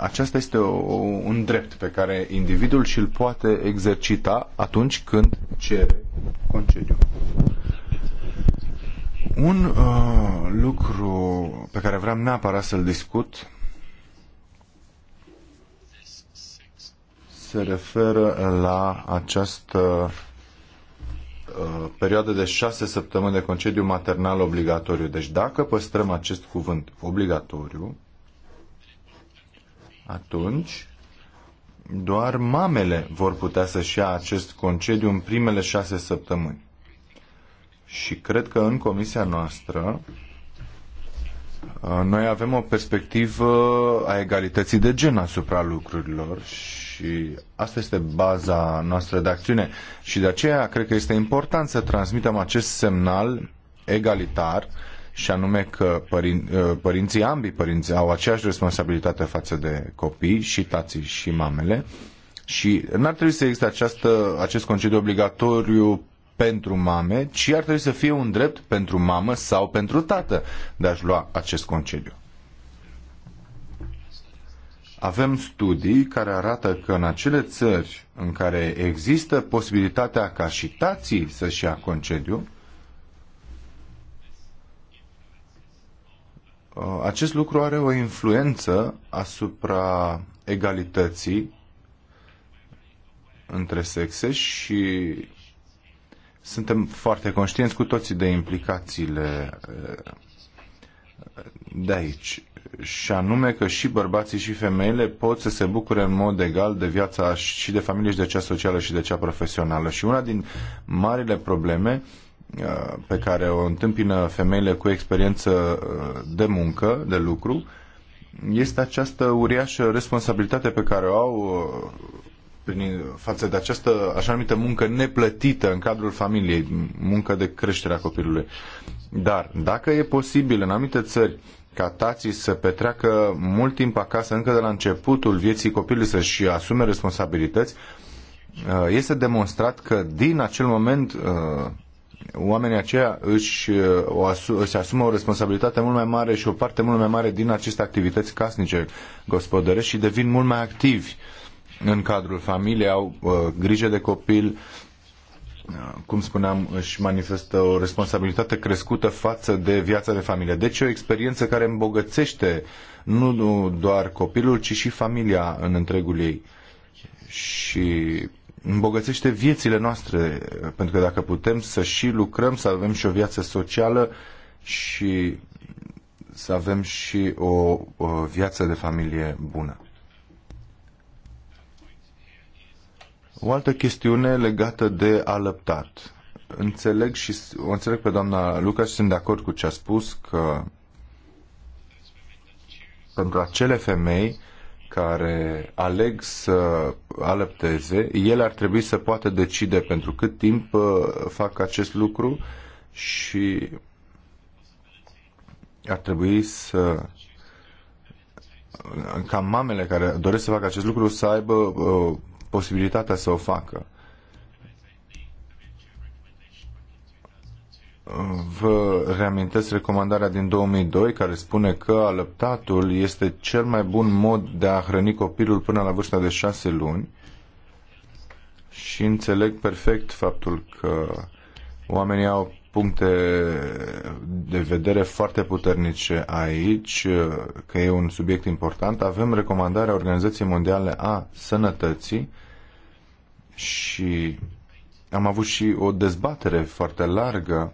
Speaker 4: aceasta este o, un drept pe care individul și-l poate exercita atunci când cere concediu. Un uh, lucru pe care vreau neapărat să-l discut se referă la această uh, perioadă de șase săptămâni de concediu maternal obligatoriu. Deci dacă păstrăm acest cuvânt obligatoriu, atunci doar mamele vor putea să-și ia acest concediu în primele șase săptămâni. Și cred că în comisia noastră uh, noi avem o perspectivă a egalității de gen asupra lucrurilor și asta este baza noastră de acțiune. Și de aceea cred că este important să transmitem acest semnal egalitar și anume că părin- ă, părinții, ambii părinți au aceeași responsabilitate față de copii și tații și mamele și n-ar trebui să existe această, acest concediu obligatoriu pentru mame, ci ar trebui să fie un drept pentru mamă sau pentru tată de a-și lua acest concediu. Avem studii care arată că în acele țări în care există posibilitatea ca și tații să-și ia concediu, Uh, acest lucru are o influență asupra egalității între sexe și suntem foarte conștienți cu toții de implicațiile uh, de aici. Și anume că și bărbații și femeile pot să se bucure în mod egal de viața și de familie și de cea socială și de cea profesională. Și una din marile probleme uh, Uh, pe care o întâmpină femeile cu experiență uh, de muncă, de lucru, este această uriașă responsabilitate pe care o au uh, prin, față de această așa numită muncă neplătită în cadrul familiei, muncă de creștere a copilului. Dar dacă e posibil în anumite țări ca tații să petreacă mult timp acasă încă de la începutul vieții copilului să-și asume responsabilități, este demonstrat că din acel moment oamenii aceia își, uh, o își asumă o responsabilitate mult mai mare și o parte mult mai mare din aceste activități casnice gospodărești și devin mult mai activi în cadrul familiei, au uh, grijă de copil, uh, cum spuneam, își manifestă o responsabilitate crescută față de viața de familie. Deci o experiență care îmbogățește nu doar copilul, ci și familia în întregul ei. Și îmbogățește viețile noastre, pentru că dacă putem să și lucrăm, să avem și o viață socială și să avem și o, o viață de familie bună. O altă chestiune legată de alăptat. Înțeleg și o înțeleg pe doamna Luca și sunt de acord cu ce a spus că pentru acele femei care aleg să alăpteze, ele ar trebui să poată decide pentru cât timp uh, fac acest lucru și ar trebui să ca mamele care doresc să facă acest lucru să aibă uh, posibilitatea să o facă. Vă reamintesc recomandarea din 2002 care spune că alăptatul este cel mai bun mod de a hrăni copilul până la vârsta de șase luni și înțeleg perfect faptul că oamenii au puncte de vedere foarte puternice aici, că e un subiect important. Avem recomandarea Organizației Mondiale a Sănătății și am avut și o dezbatere foarte largă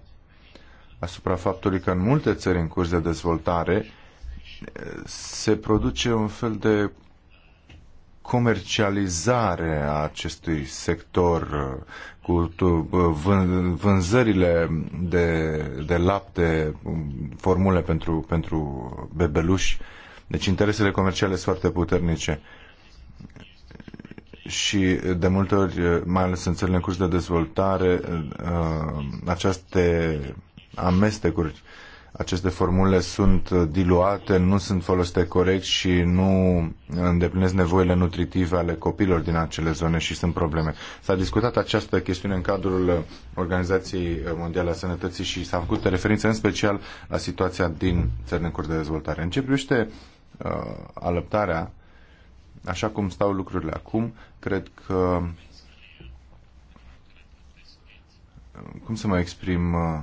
Speaker 4: asupra faptului că în multe țări în curs de dezvoltare eh, se produce un fel de comercializare a acestui sector eh, cu eh, vânzările de, de lapte, mm, formule pentru, pentru bebeluși. Deci interesele comerciale sunt foarte puternice. Și de multe ori, mai ales în țările în curs de dezvoltare, aceste amestecuri. Aceste formule sunt diluate, nu sunt folosite corect și nu îndeplinesc nevoile nutritive ale copilor din acele zone și sunt probleme. S-a discutat această chestiune în cadrul Organizației Mondiale a Sănătății și s-a făcut referință în special la situația din țările în curs de dezvoltare. În ce privește uh, alăptarea, așa cum stau lucrurile acum, cred că cum să mă exprim uh,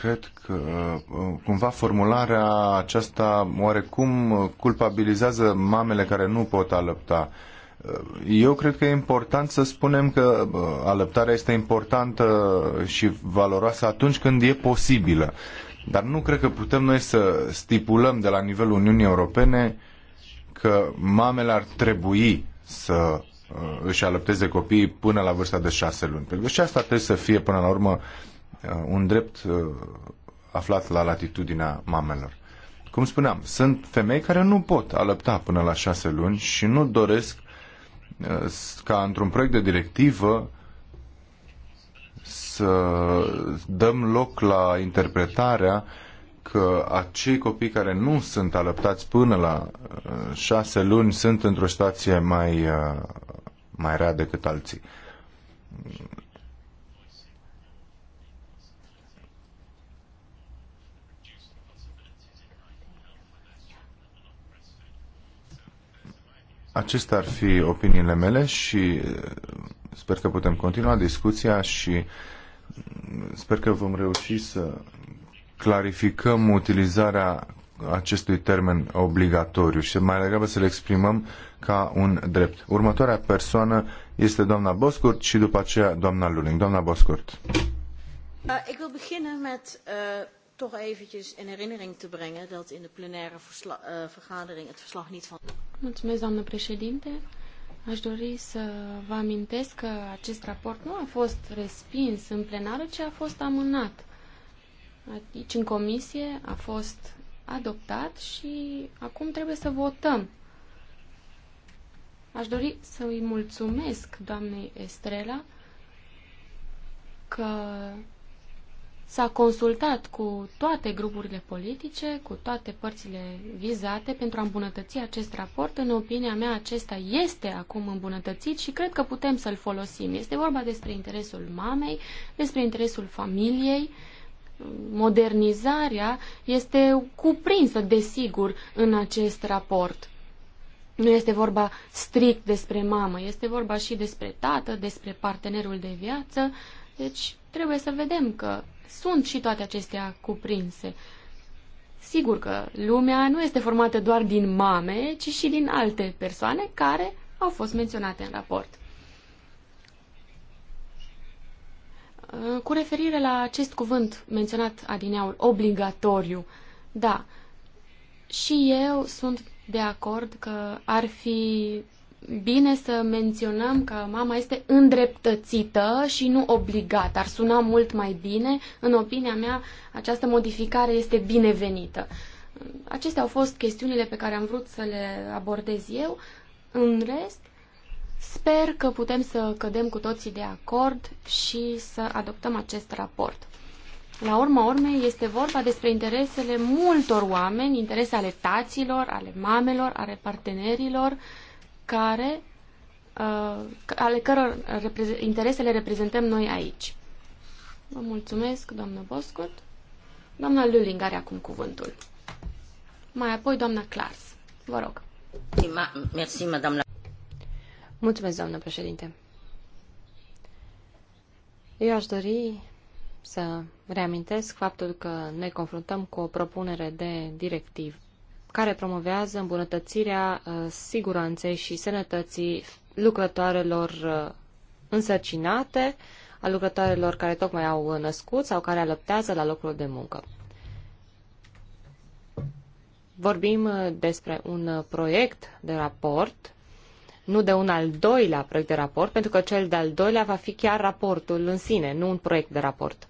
Speaker 4: cred că uh, cumva formularea aceasta oarecum culpabilizează mamele care nu pot alăpta. Uh, eu cred că e important să spunem că uh, alăptarea este importantă și valoroasă atunci când e posibilă. Dar nu cred că putem noi să stipulăm de la nivelul Uniunii Europene că mamele ar trebui să își alăpteze copiii până la vârsta de șase luni. Pentru că și asta trebuie să fie până la urmă Uh, un drept uh, aflat la latitudinea mamelor. Cum spuneam, sunt femei care nu pot alăpta până la șase luni și nu doresc uh, ca într-un proiect de directivă să dăm loc la interpretarea că acei copii care nu sunt alăptați până la șase luni sunt într-o situație mai, mai rea decât alții. Acestea ar fi opiniile mele și eh, sper că putem continua discuția și mm, sper că vom reuși să clarificăm utilizarea acestui termen obligatoriu și mai degrabă să-l exprimăm ca un drept. Următoarea persoană este doamna Boscurt și după aceea doamna Luling. Doamna Boscurt. Uh,
Speaker 1: ik wil beginnen met uh, toch eventjes in herinnering te brengen dat in de plenaire versla, uh, vergadering het verslag niet van...
Speaker 3: Mulțumesc, doamnă președinte. Aș dori să vă amintesc că acest raport nu a fost respins în plenară, ci a fost amânat. Aici, în comisie, a fost adoptat și acum trebuie să votăm. Aș dori să îi mulțumesc doamnei Estrela că s-a consultat cu toate grupurile politice, cu toate părțile vizate pentru a îmbunătăți acest raport. În opinia mea, acesta este acum îmbunătățit și cred că putem să-l folosim. Este vorba despre interesul mamei, despre interesul familiei. Modernizarea este cuprinsă, desigur, în acest raport. Nu este vorba strict despre mamă, este vorba și despre tată, despre partenerul de viață. Deci trebuie să vedem că sunt și toate acestea cuprinse. Sigur că lumea nu este formată doar din mame, ci și din alte persoane care au fost menționate în raport. Uh, cu referire la acest cuvânt menționat adineaul, obligatoriu, da, și eu sunt de acord că ar fi bine să menționăm că mama este îndreptățită și nu obligată. Ar suna mult mai bine. În opinia mea, această modificare este binevenită. Acestea au fost chestiunile pe care am vrut să le abordez eu. În rest, sper că putem să cădem cu toții de acord și să adoptăm acest raport. La urma urmei, este vorba despre interesele multor oameni, interese ale taților, ale mamelor, ale partenerilor, care, uh, ale căror interese le reprezentăm noi aici. Vă mulțumesc, doamnă Boscot. Doamna Luling are acum cuvântul. Mai apoi, doamna Clars.
Speaker 1: Vă rog. Mersi, doamna.
Speaker 2: Mulțumesc, doamnă președinte. Eu aș dori să reamintesc faptul că ne confruntăm cu o propunere de directiv, care promovează îmbunătățirea uh, siguranței și sănătății lucrătoarelor uh, însărcinate, a lucrătoarelor care tocmai au uh, născut sau care alăptează la locul de muncă. Vorbim despre un proiect de raport, nu de un al doilea proiect de raport, pentru că cel de-al doilea va fi chiar raportul în sine, nu un proiect de raport.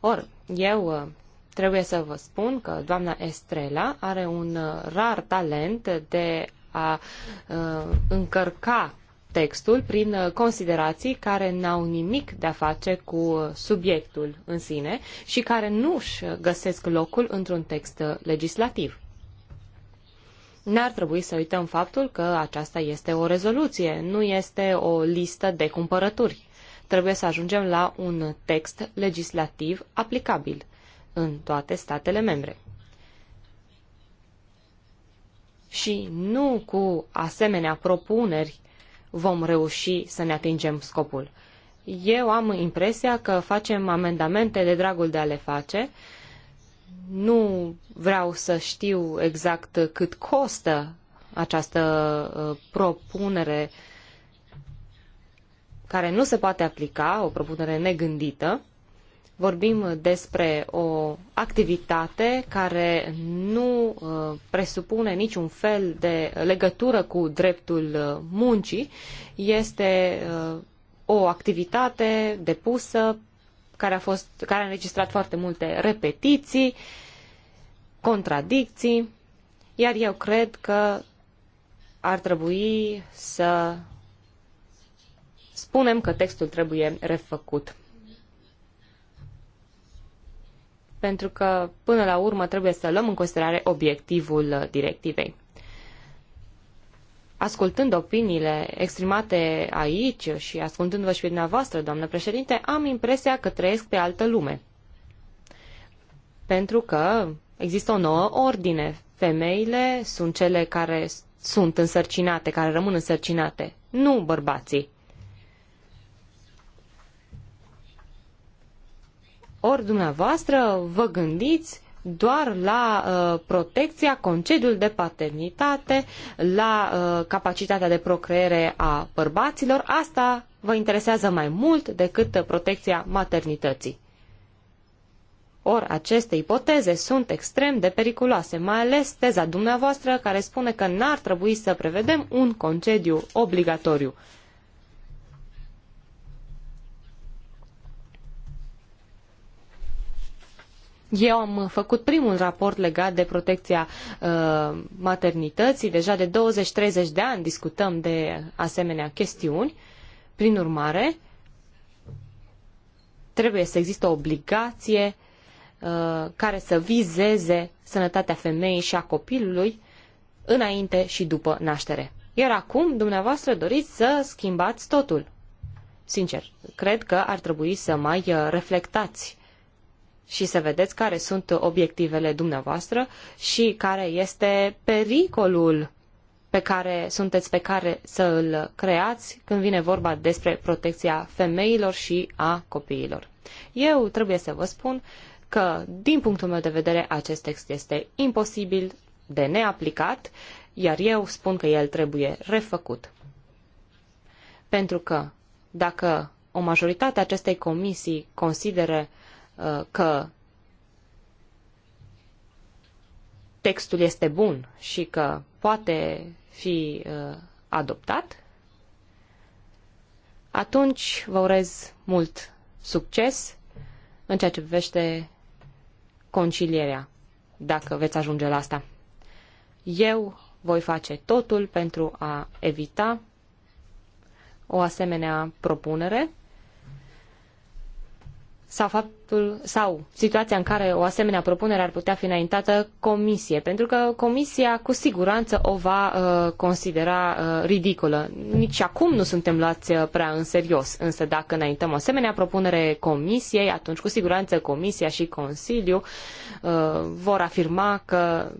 Speaker 2: Or, eu Trebuie să vă spun că doamna Estrela are un uh, rar talent de a uh, încărca textul prin uh, considerații care n-au nimic de a face cu subiectul în sine și care nu își găsesc locul într-un text legislativ. N-ar trebui să uităm faptul că aceasta este o rezoluție, nu este o listă de cumpărături. Trebuie să ajungem la un text legislativ aplicabil în toate statele membre. Și nu cu asemenea propuneri vom reuși să ne atingem scopul. Eu am impresia că facem amendamente de dragul de a le face. Nu vreau să știu exact cât costă această ă, propunere care nu se poate aplica, o propunere negândită, vorbim despre o activitate care nu uh, presupune niciun fel de legătură cu dreptul uh, muncii, este uh, o activitate depusă care a, fost, care a înregistrat foarte multe repetiții, contradicții, iar eu cred că ar trebui să spunem că textul trebuie refăcut. pentru că până la urmă trebuie să luăm în considerare obiectivul uh, directivei. Ascultând opiniile exprimate aici și ascultându-vă și pe dumneavoastră, doamnă președinte, am impresia că trăiesc pe altă lume. Pentru că există o nouă ordine. Femeile sunt cele care sunt însărcinate, care rămân însărcinate, nu bărbații. Ori dumneavoastră vă gândiți doar la uh, protecția, concediul de paternitate, la uh, capacitatea de procreere a bărbaților. Asta vă interesează mai mult decât protecția maternității. Ori aceste ipoteze sunt extrem de periculoase, mai ales teza dumneavoastră care spune că n-ar trebui să prevedem un concediu obligatoriu. Eu am făcut primul raport legat de protecția uh, maternității. Deja de 20-30 de ani discutăm de asemenea chestiuni. Prin urmare, trebuie să existe o obligație uh, care să vizeze sănătatea femeii și a copilului înainte și după naștere. Iar acum, dumneavoastră doriți să schimbați totul. Sincer, cred că ar trebui să mai uh, reflectați și să vedeți care sunt obiectivele dumneavoastră și care este pericolul pe care sunteți pe care să îl creați când vine vorba despre protecția femeilor și a copiilor. Eu trebuie să vă spun că, din punctul meu de vedere, acest text este imposibil de neaplicat, iar eu spun că el trebuie refăcut. Pentru că, dacă o majoritate a acestei comisii consideră Uh, că textul este bun și că poate fi uh, adoptat, atunci vă urez mult succes în ceea ce privește concilierea, dacă veți ajunge la asta. Eu voi face totul pentru a evita o asemenea propunere sau faptul sau situația în care o asemenea propunere ar putea fi înaintată comisie, pentru că comisia cu siguranță o va uh, considera uh, ridicolă. Nici acum nu suntem luați uh, prea în serios, însă dacă înaintăm o asemenea propunere comisiei, atunci cu siguranță comisia și Consiliu uh, vor afirma că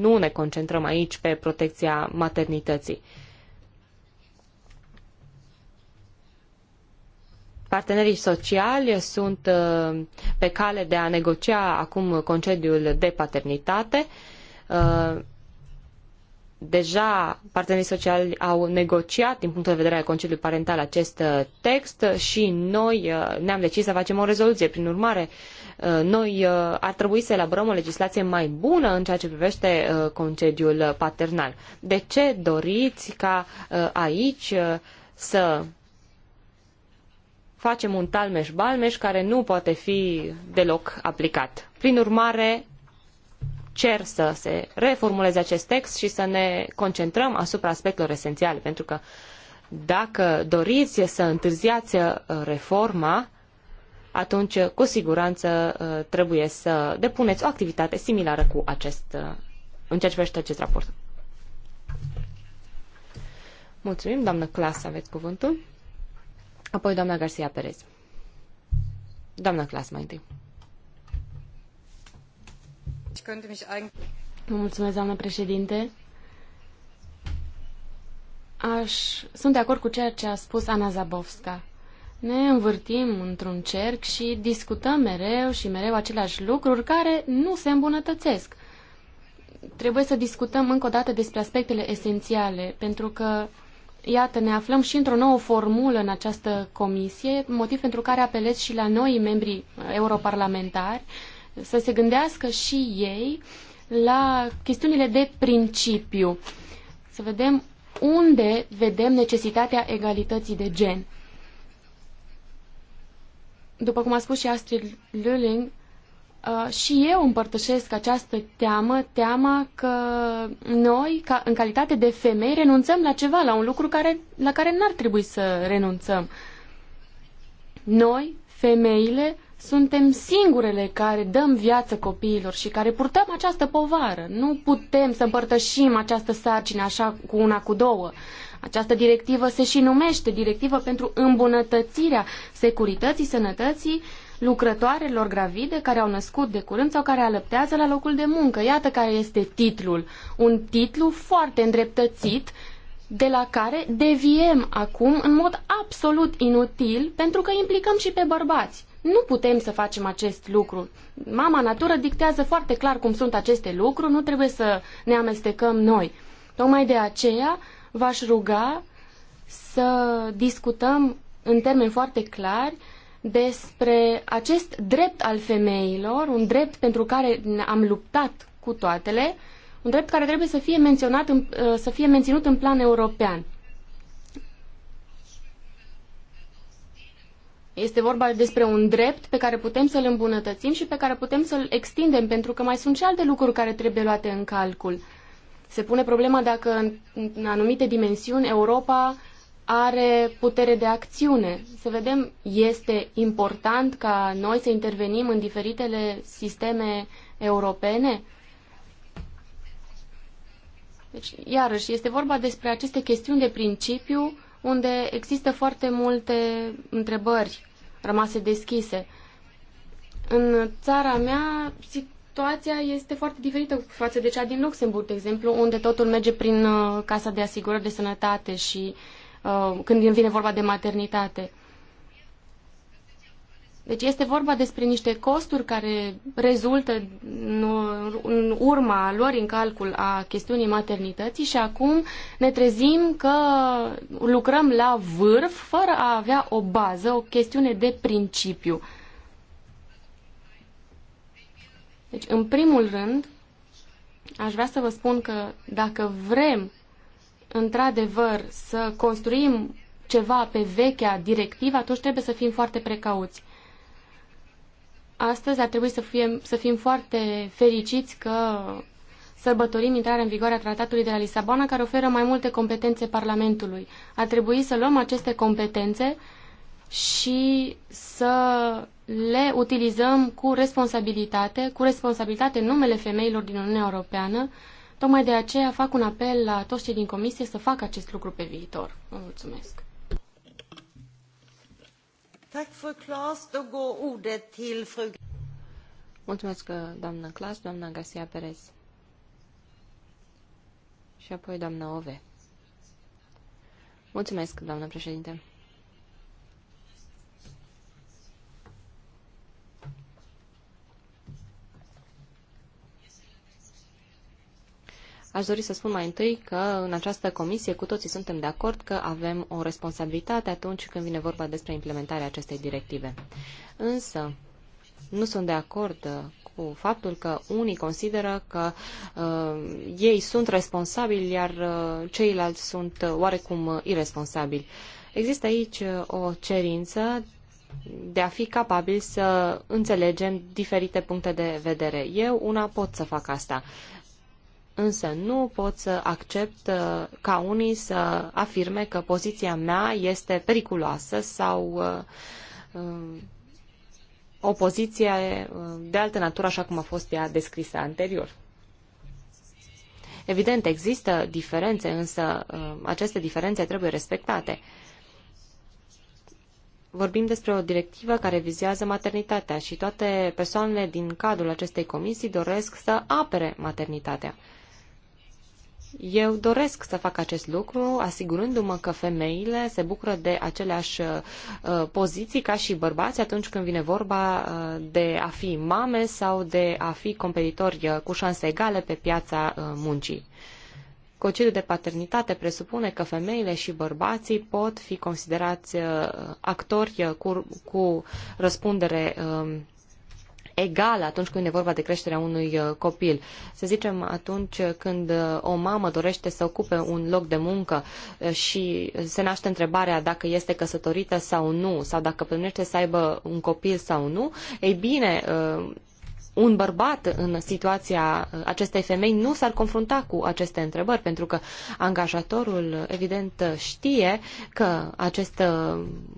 Speaker 2: nu ne concentrăm aici pe protecția maternității. Uh, Partenerii sociali sunt uh, pe cale de a negocia acum concediul de paternitate. Uh, deja partenerii sociali au negociat din punctul de vedere al concediului parental acest uh, text și noi ne-am decis să facem o rezoluție. Prin urmare, noi ar trebui să elaborăm o legislație mai bună în ceea ce privește concediul paternal. De ce doriți ca aici să facem un talmeș-balmeș care nu poate fi deloc aplicat. Prin urmare, cer să se reformuleze acest text și să ne concentrăm asupra aspectelor esențiale, pentru că dacă doriți să întârziați uh, reforma, atunci uh, cu siguranță uh, trebuie să depuneți o activitate similară cu acest, în ceea ce privește acest raport. Mulțumim, doamnă Clas, aveți cuvântul. Apoi doamna Garcia Perez. Doamna Clas, mai întâi. Vă mulțumesc, doamnă președinte.
Speaker 3: Aș... Sunt de acord cu ceea ce a spus Ana Zabovska. Ne învârtim într-un cerc și discutăm mereu și mereu aceleași lucruri care nu se îmbunătățesc. Trebuie să discutăm încă o dată despre aspectele esențiale, pentru că Iată, ne aflăm și într-o nouă formulă în această comisie, motiv pentru care apelez și la noi membrii uh, europarlamentari să se gândească și ei la chestiunile de principiu. Să vedem unde vedem necesitatea egalității de gen. După cum a spus și Astrid Lulling, Uh, și eu împărtășesc această teamă, teama că noi, ca, în calitate de femei, renunțăm la ceva, la un lucru care, la care n-ar trebui să renunțăm. Noi, femeile, suntem singurele care dăm viață copiilor și care purtăm această povară. Nu putem să împărtășim această sarcină așa cu una cu două. Această directivă se și numește Directivă pentru îmbunătățirea securității, sănătății uh, lucrătoarelor gravide care au născut de curând sau care alăptează la locul de muncă. Iată care este titlul. Un titlu foarte îndreptățit de la care deviem acum în mod absolut inutil pentru că implicăm și pe bărbați. Nu putem să facem acest lucru. Mama natură dictează foarte clar cum sunt aceste lucruri, nu trebuie să ne amestecăm noi. Tocmai de aceea v-aș ruga să discutăm în termeni foarte clari despre acest drept al femeilor, un drept pentru care am luptat cu toatele, un drept care trebuie să fie, menționat, uh, să fie menținut în plan european. Este vorba despre un drept pe care putem să-l îmbunătățim și pe care putem să-l extindem, pentru că mai sunt și alte lucruri care trebuie luate în calcul. Se pune problema dacă în anumite dimensiuni Europa are putere de acțiune. Să vedem, este important ca noi să intervenim în diferitele sisteme europene? Deci, iarăși, este vorba despre aceste chestiuni de principiu unde există foarte multe întrebări rămase deschise. În țara mea, situația este foarte diferită față de cea din Luxemburg, de exemplu, unde totul merge prin uh, Casa de Asigurări de Sănătate și uh, Uh, când vine vorba de maternitate. Deci este vorba despre niște costuri care rezultă în urma lor în calcul a chestiunii maternității și acum ne trezim că lucrăm la vârf fără a avea o bază, o chestiune de principiu. Deci, în primul rând, aș vrea să vă spun că dacă vrem într-adevăr, să construim ceva pe vechea directivă, atunci trebuie să fim foarte precauți. Astăzi ar trebui să fim, să fim foarte fericiți că sărbătorim intrarea în vigoare a tratatului de la Lisabona, care oferă mai multe competențe Parlamentului. Ar trebui să luăm aceste competențe și să le utilizăm cu responsabilitate, cu responsabilitate în numele femeilor din Uniunea Europeană, Tocmai de aceea fac un apel la toți cei din comisie să facă acest lucru pe viitor. Vă mulțumesc.
Speaker 2: Mulțumesc, uh, doamnă Clas, doamna Garcia Perez. Și apoi doamna Ove. Mulțumesc, doamnă președinte. Aș dori să spun mai întâi că în această comisie cu toții suntem de acord că avem o responsabilitate atunci când vine vorba despre implementarea acestei directive. Însă, nu sunt de acord uh, cu faptul că unii consideră că uh, ei sunt responsabili, iar uh, ceilalți sunt uh, oarecum uh, irresponsabili. Există aici uh, o cerință de a fi capabil să înțelegem diferite puncte de vedere. Eu una pot să fac asta, însă nu pot să accept uh, ca unii să afirme că poziția mea este periculoasă sau uh, uh, o poziție de altă natură, așa cum a fost ea descrisă anterior. Evident, există diferențe, însă aceste diferențe trebuie respectate. Vorbim despre o directivă care vizează maternitatea și toate persoanele din cadrul acestei comisii doresc să apere maternitatea. Eu doresc să fac acest lucru, asigurându-mă că femeile se bucură de aceleași uh, poziții ca și bărbații atunci când vine vorba uh, de a fi mame sau de a fi competitori uh, cu șanse egale pe piața uh, muncii. Concediul de paternitate presupune că femeile și bărbații pot fi considerați uh, actori uh, cu, cu răspundere um, egală atunci când e vorba de creșterea unui uh, copil. Să zicem, atunci când uh, o mamă dorește să ocupe un loc de muncă uh, și se naște întrebarea dacă este căsătorită sau nu, sau dacă plănește să aibă un copil sau nu, ei bine, un bărbat în situația acestei femei nu s-ar confrunta cu aceste întrebări, pentru că angajatorul, evident, știe că acest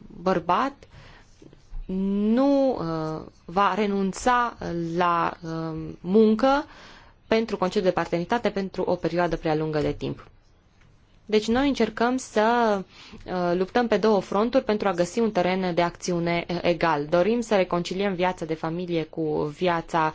Speaker 2: bărbat nu uh, va renunța la uh, muncă pentru concediu de paternitate pentru o perioadă prea lungă de timp. Deci noi încercăm să uh, luptăm pe două fronturi pentru a găsi un teren de acțiune egal. Dorim să reconciliem viața de familie cu viața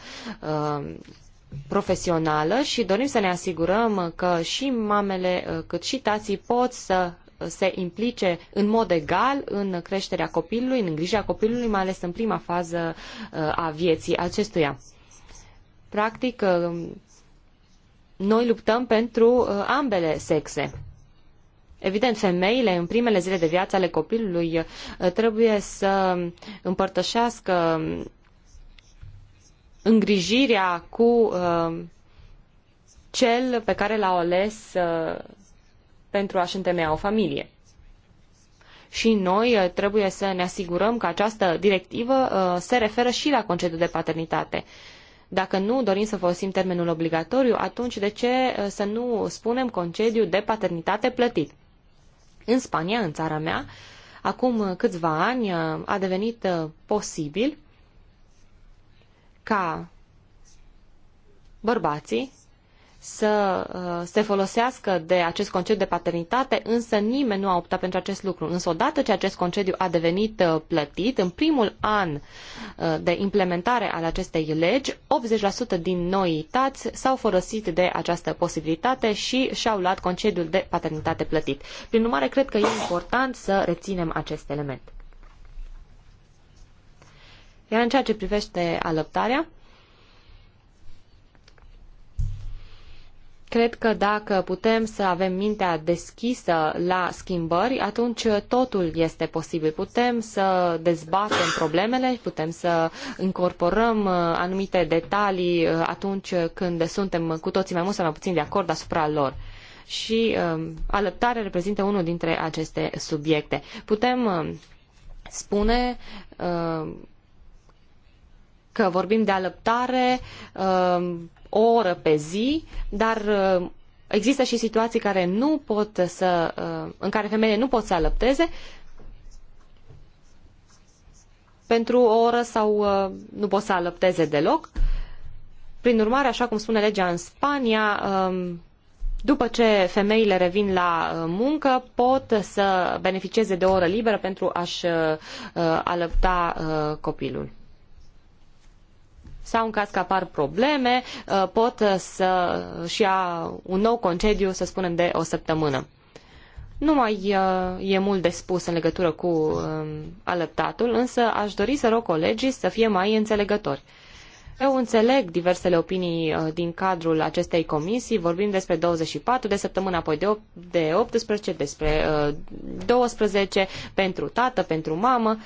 Speaker 2: profesională și dorim să ne asigurăm că și mamele cât și tații pot să se implice în mod egal în creșterea copilului, în îngrija copilului, mai ales în prima fază uh, a vieții acestuia. Practic, um, noi luptăm pentru uh, ambele sexe. Evident, femeile în primele zile de viață ale copilului uh, trebuie să împărtășească um, îngrijirea cu cel pe care l-au ales pentru a-și întemeia o familie. Și noi uh, trebuie să ne asigurăm că această directivă uh, se referă și la concediul de paternitate. Dacă nu dorim să folosim termenul obligatoriu, atunci de ce uh, să nu spunem concediu de paternitate plătit? În Spania, în țara mea, acum câțiva ani a devenit posibil ca bărbații să uh, se folosească de acest concediu de paternitate, însă nimeni nu a optat pentru acest lucru. Însă odată ce acest concediu a devenit uh, plătit, în primul an uh, de implementare al acestei legi, 80% din noi tați s-au folosit de această posibilitate și și-au luat concediul de paternitate plătit. Prin urmare, cred că e important să reținem acest element. Iar în ceea ce privește alăptarea, Cred că dacă putem să avem mintea deschisă la schimbări, atunci totul este posibil. Putem să dezbatem problemele, putem să incorporăm uh, anumite detalii uh, atunci când suntem cu toții mai mult sau mai puțin de acord asupra lor și uh, reprezintă unul dintre aceste subiecte. Putem uh, spune uh, că vorbim de alăptare uh, o oră pe zi, dar uh, există și situații care nu pot să, uh, în care femeile nu pot să alăpteze pentru o oră sau uh, nu pot să alăpteze deloc. Prin urmare, așa cum spune legea în Spania, um, după ce femeile revin la muncă, pot să beneficieze de o oră liberă pentru a-și alăpta copilul sau în caz că apar probleme uh, pot uh, să-și ia un nou concediu, să spunem, de o săptămână. Nu mai uh, e mult de spus în legătură cu um, alăptatul, însă aș dori să rog colegii să fie mai înțelegători. Eu înțeleg diversele opinii din cadrul acestei comisii. Vorbim despre 24 de săptămâni, apoi de, 8, de 18, despre uh, 12 pentru tată, pentru mamă.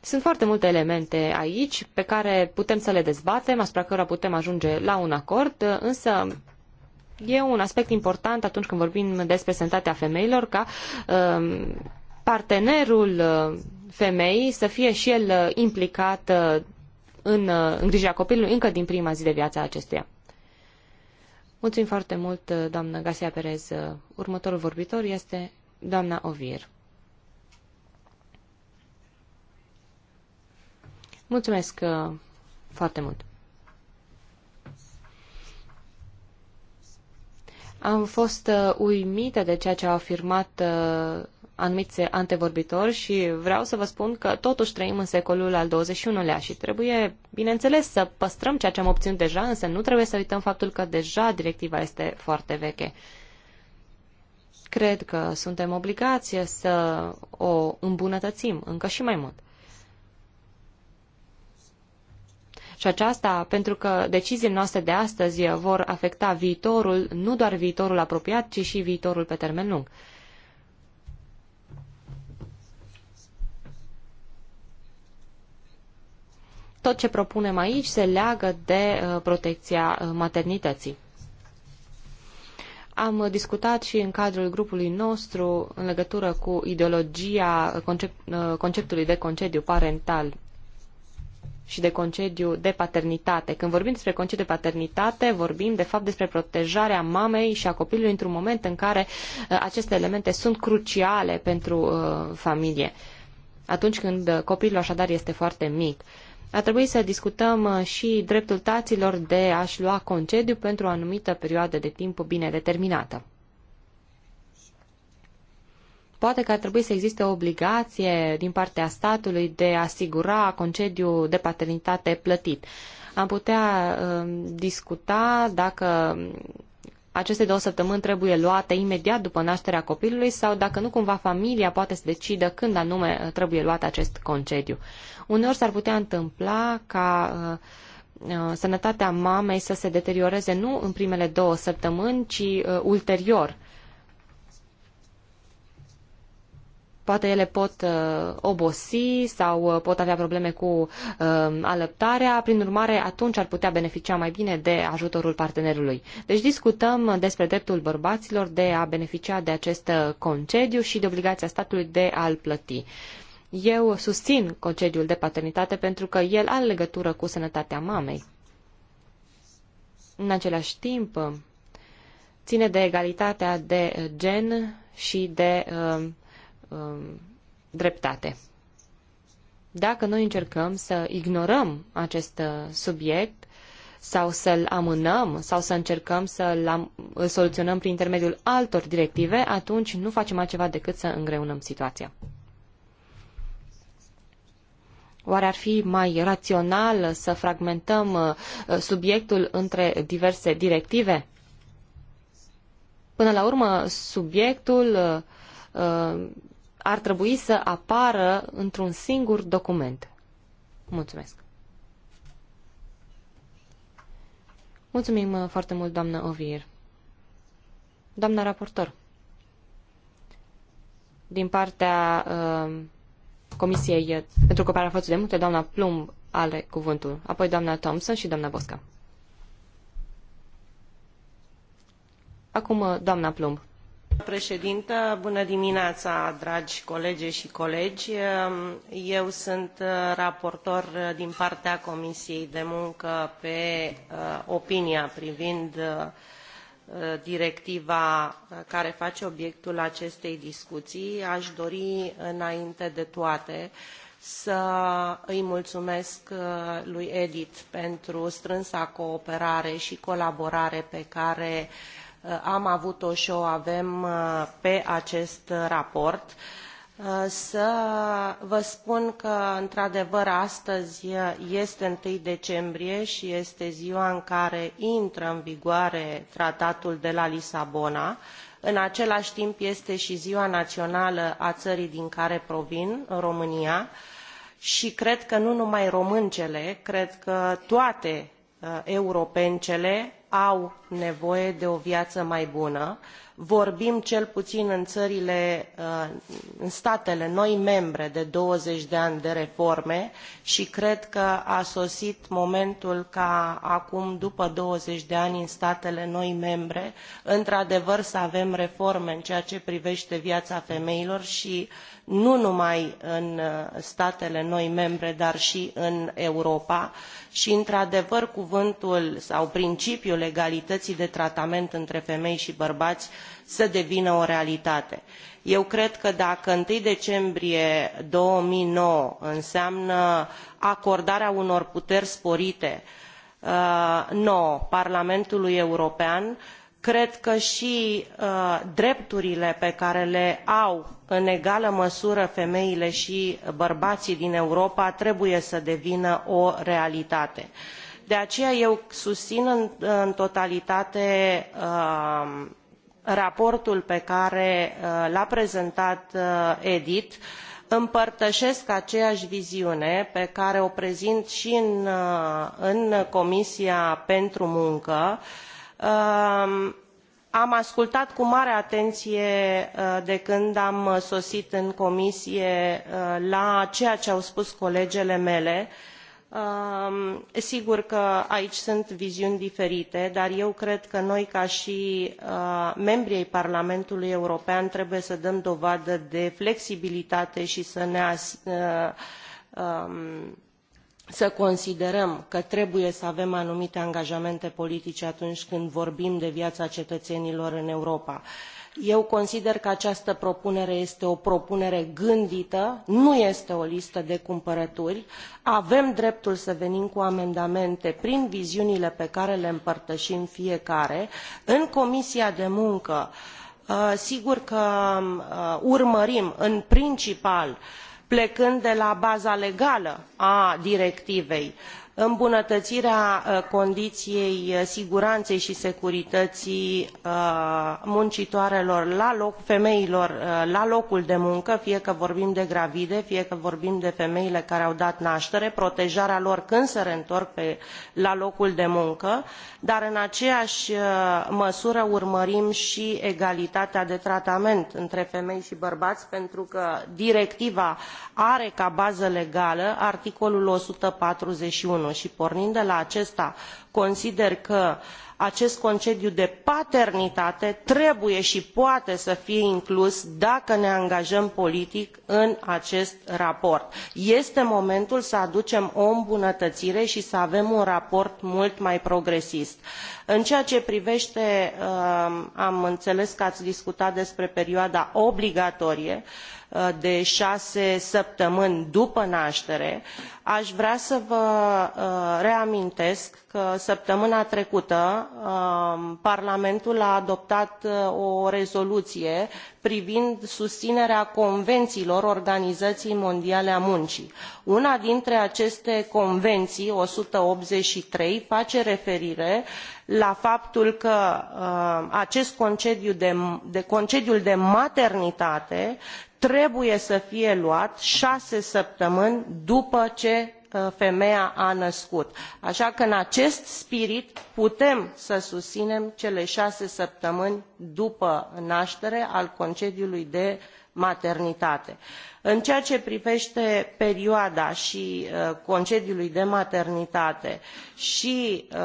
Speaker 2: Sunt foarte multe elemente aici pe care putem să le dezbatem, asupra cărora putem ajunge la un acord, însă e un aspect important atunci când vorbim despre sănătatea femeilor ca um, partenerul uh, femeii să fie și el uh, implicat uh, în îngrijirea copilului încă din prima zi de viață a acestuia. Mulțumim foarte mult, doamnă Gasia Perez. Următorul vorbitor este doamna Ovir. Mulțumesc uh, foarte mult! Am fost uh, uimită de ceea ce au afirmat uh, anumiți antevorbitori și vreau să vă spun că totuși trăim în secolul al XXI-lea și trebuie, bineînțeles, să păstrăm ceea ce am obținut deja, însă nu trebuie să uităm faptul că deja directiva este foarte veche. Cred că suntem obligați să o îmbunătățim încă și mai mult. Și aceasta pentru că deciziile noastre de astăzi vor afecta viitorul, nu doar viitorul apropiat, ci și viitorul pe termen lung. Tot ce propunem aici se leagă de uh, protecția uh, maternității. Am discutat și în cadrul grupului nostru în legătură cu ideologia concept, uh, conceptului de concediu parental și de concediu de paternitate. Când vorbim despre concediu de paternitate, vorbim de fapt despre protejarea mamei și a copilului într-un moment în care uh, aceste elemente sunt cruciale pentru uh, familie. Atunci când uh, copilul așadar este foarte mic. A trebuit să discutăm și dreptul taților de a-și lua concediu pentru o anumită perioadă de timp bine determinată. Poate că ar trebui să existe o obligație din partea statului de a asigura concediu de paternitate plătit. Am putea um, discuta dacă aceste două săptămâni trebuie luate imediat după nașterea copilului sau dacă nu cumva familia poate să decidă când anume uh, trebuie luat acest concediu. Uneori s-ar putea întâmpla ca uh, uh, sănătatea mamei să se deterioreze nu în primele două săptămâni, ci uh, ulterior. Poate ele pot uh, obosi sau uh, pot avea probleme cu uh, alăptarea, prin urmare atunci ar putea beneficia mai bine de ajutorul partenerului. Deci discutăm despre dreptul bărbaților de a beneficia de acest uh, concediu și de obligația statului de a-l plăti. Eu susțin concediul de paternitate pentru că el are legătură cu sănătatea mamei. În același timp, uh, ține de egalitatea de gen și de uh, um, dreptate. Dacă noi încercăm să ignorăm acest uh, subiect sau să-l amânăm sau să încercăm să-l soluționăm prin intermediul altor directive, atunci nu facem altceva decât să îngreunăm situația. Oare ar fi mai rațional să fragmentăm uh, subiectul între diverse directive? Până la urmă, subiectul uh, ar trebui să apară într-un singur document. Mulțumesc! Mulțumim uh, foarte mult, doamnă Ovir. Doamna raportor, din partea uh, Comisiei uh, pentru Cooperarea Fățului de Munte, doamna Plumb ale cuvântul, apoi doamna Thompson și doamna Bosca. Acum, uh, doamna Plumb.
Speaker 1: Președintă, bună dimineața, dragi colege și colegi. Eu sunt uh, raportor uh, din partea Comisiei de Muncă pe uh, opinia privind directiva care face obiectul acestei discuții. Aș dori, înainte de toate, să îi mulțumesc lui Edit pentru strânsa cooperare și colaborare pe care Uh, am avut-o și o avem uh, pe acest raport. Uh, să vă spun că, într-adevăr, astăzi este 1 decembrie și este ziua în care intră în vigoare tratatul de la Lisabona. În același timp este și ziua națională a țării din care provin, România, și cred că nu numai româncele, cred că toate europencele au nevoie de o viață mai bună. Vorbim cel puțin în țările, uh, în statele noi membre de 20 de ani de reforme și cred că a sosit momentul ca acum, după 20 de ani în statele noi membre, într-adevăr să avem reforme în ceea ce privește viața femeilor și nu numai în uh, statele noi membre, dar și în Europa. Și, într-adevăr, cuvântul sau principiul domeniul egalităii de tratament între femei și bărbați să devină o realitate. Eu cred că dacă unu decembrie 2009 înseamnă acordarea unor puteri sporite uh, nouă Parlamentului European, cred că i uh, drepturile pe care le au în egală măsură femeile i bărbaii din europa trebuie să devină o realitate de aceea eu susin în, în totalitate uh, raportul pe care uh, l a prezentat uh, edit împărtăesc aceeai viziune pe care o prezint i în, uh, în comisia pentru muncă uh, am ascultat cu mare atenie de când am sosit în comisie la ceea ce au spus colegele mele i sigur că aici sunt viziuni diferite dar eu cred că noi ca i membri ai parlamentului european trebuie să dăm dovadă de flexibilitate i să ne să considerăm că trebuie să avem anumite angajamente politice atunci când vorbim de viaa cetăenilor în europa eu consider că această propunere este o propunere gândită nu este o listă de cumpărături avem dreptul să venim cu amendamente prin viziunile pe care le împărtăim fiecare în comisia de muncă uh, sigur că uh, urmărim în principal plecând de la baza legală a directivei îmbunătăirea ă, condiiei ă, siguranei i securităii ă, muncitoarelor la loc femeilor la locul de muncă fie că vorbim de gravide fie că vorbim de femeile care au dat natere protejarea lor când se reîntorc la locul de muncă dar în aceeai măsură urmărim i egalitatea de tratament între femei i bărbai pentru că directiva are ca bază legală articolul o sută patruzeci și unu i pornind de la acesta consider că acest concediu de paternitate trebuie i poate să fie inclus dacă ne angajăm politic în acest raport. este momentul să aducem o îmbunătăire i să avem un raport mult mai progresist. în ceea ce privete uh, am îneles că ai discutat despre perioada obligatorie i Uh, de ase săptămâni după natere a vrea să vă uh, reamintesc că săptămâna trecută um, parlamentul a adoptat uh, o rezoluie privind susinerea conveniilor organizaiei mondiale a muncii. una dintre aceste convenii o sută optzeci și trei face referire la faptul că acest concediu de, concediul de maternitate trebuie să fie luat ase săptămâni după ce uh, femeia a născut aa că în acest spirit putem să susinem cele ase săptămâni după natere al concediului de maternitate. în ceea ce privete perioada i uh, concediului de maternitate i uh,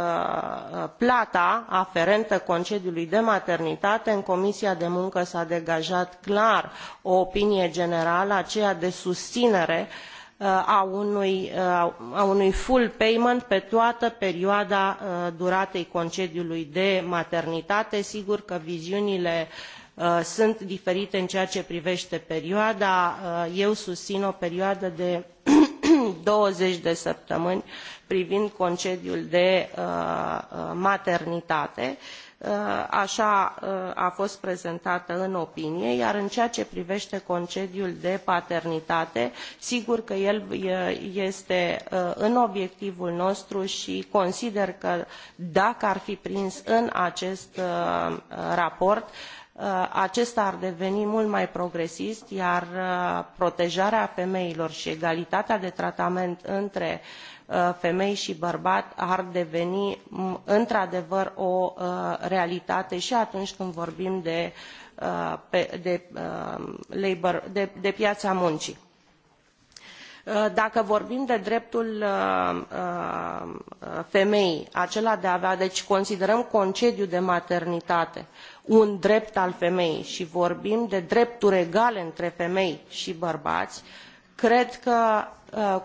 Speaker 1: plata aferentă concediului de maternitate în comisia de muncă s a degajat clar o opinie generală aceea de susinere uh, a unui, a unui full payment pe toată perioada duratei concediului de maternitate sigur că viziunile uh, Uh, sunt diferite în ceea ce privete perioada uh, eu susin o perioadă de douăzeci de săptămâni privind concediul de uh, maternitate aa a fost prezentată în opinie iar în ceea ce privete concediul de paternitate sigur că el este în obiectivul nostru i consider că dacă ar fi prins în acest raport Uh, acesta ar deveni mult mai progresist iar uh, protejarea femeilor i egalitatea de tratament între uh, femei i bărbai ar deveni într adevăr o realitate i atunci când vorbim de, de, labor, de, de piaa muncii. Dacă vorbim de dreptul femeii, acela de a avea, deci considerăm concediul de maternitate un drept al femeii i vorbim de drepturi egale între femei i bărbai cred că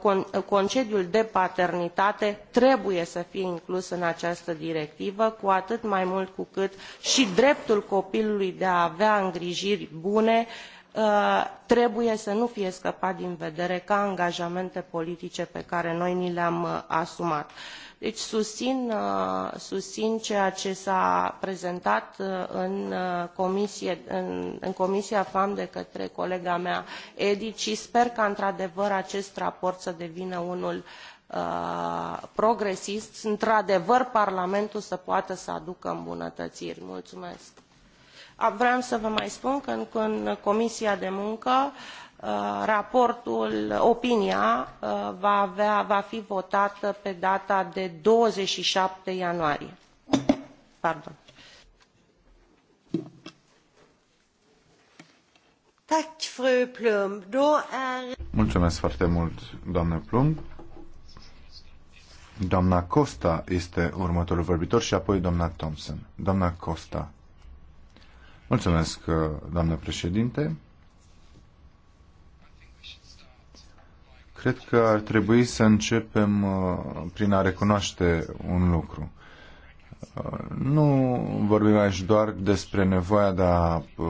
Speaker 1: uh, uh, concediul de paternitate trebuie să fie inclus în această directivă cu atât mai mult cu cât i dreptul copilului de a avea îngrijiri bune uh, trebuie să nu fie scăpat din vedere ca angajamente politice pe care noi ni le am asumat. Deci susțin, uh, susțin ceea ce s-a prezentat uh, în, uh, comisie, în, în Comisia FAM de către colega mea Edi și sper ca într-adevăr acest raport să devină unul uh, progresist, într-adevăr Parlamentul să poată să aducă îmbunătățiri. Mulțumesc! Vreau să vă mai spun că în, în Comisia de Muncă uh, Uh, raportul, opinia uh, va, fi votată pe data de 27 ianuarie.
Speaker 4: Mulțumesc foarte mult, doamnă Plum. Doamna Costa este următorul vorbitor și apoi doamna Thompson. Doamna Costa. Mulțumesc, uh, doamnă președinte. Cred că ar trebui să începem uh, prin a recunoaște un lucru. Uh, nu vorbim aici doar despre nevoia de a uh,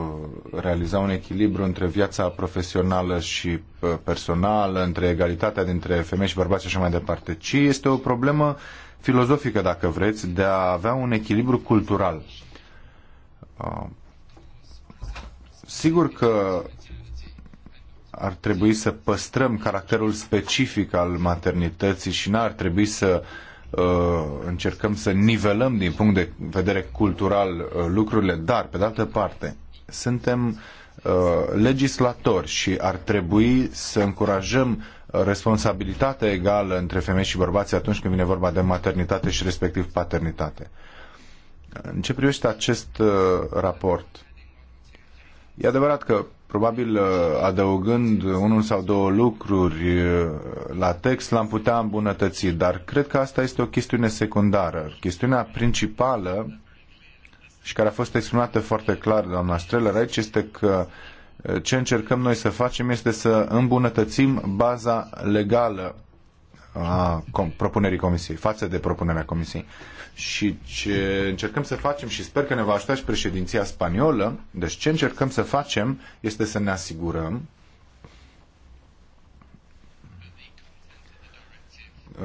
Speaker 4: realiza un echilibru între viața profesională și personală, între egalitatea dintre femei și bărbați și așa mai departe, ci este o problemă filozofică, dacă vreți, de a avea un echilibru cultural. Sigur că ar trebui să păstrăm caracterul specific al maternității și n-ar trebui să uh, încercăm să nivelăm din punct de vedere cultural uh, lucrurile, dar, pe de altă parte, suntem uh, legislatori și ar trebui să încurajăm responsabilitatea egală între femei și bărbați atunci când vine vorba de maternitate și respectiv paternitate. În ce privește acest uh, raport, E adevărat că Probabil uh, adăugând unul sau două lucruri uh, la text l-am putea îmbunătăți, dar cred că asta este o chestiune secundară. Chestiunea principală și care a fost exprimată foarte clar de doamna Streller aici este că uh, ce încercăm noi să facem este să îmbunătățim baza legală a propunerii Comisiei, față de propunerea Comisiei. Și ce încercăm să facem, și sper că ne va ajuta și președinția spaniolă, deci ce încercăm să facem este să ne asigurăm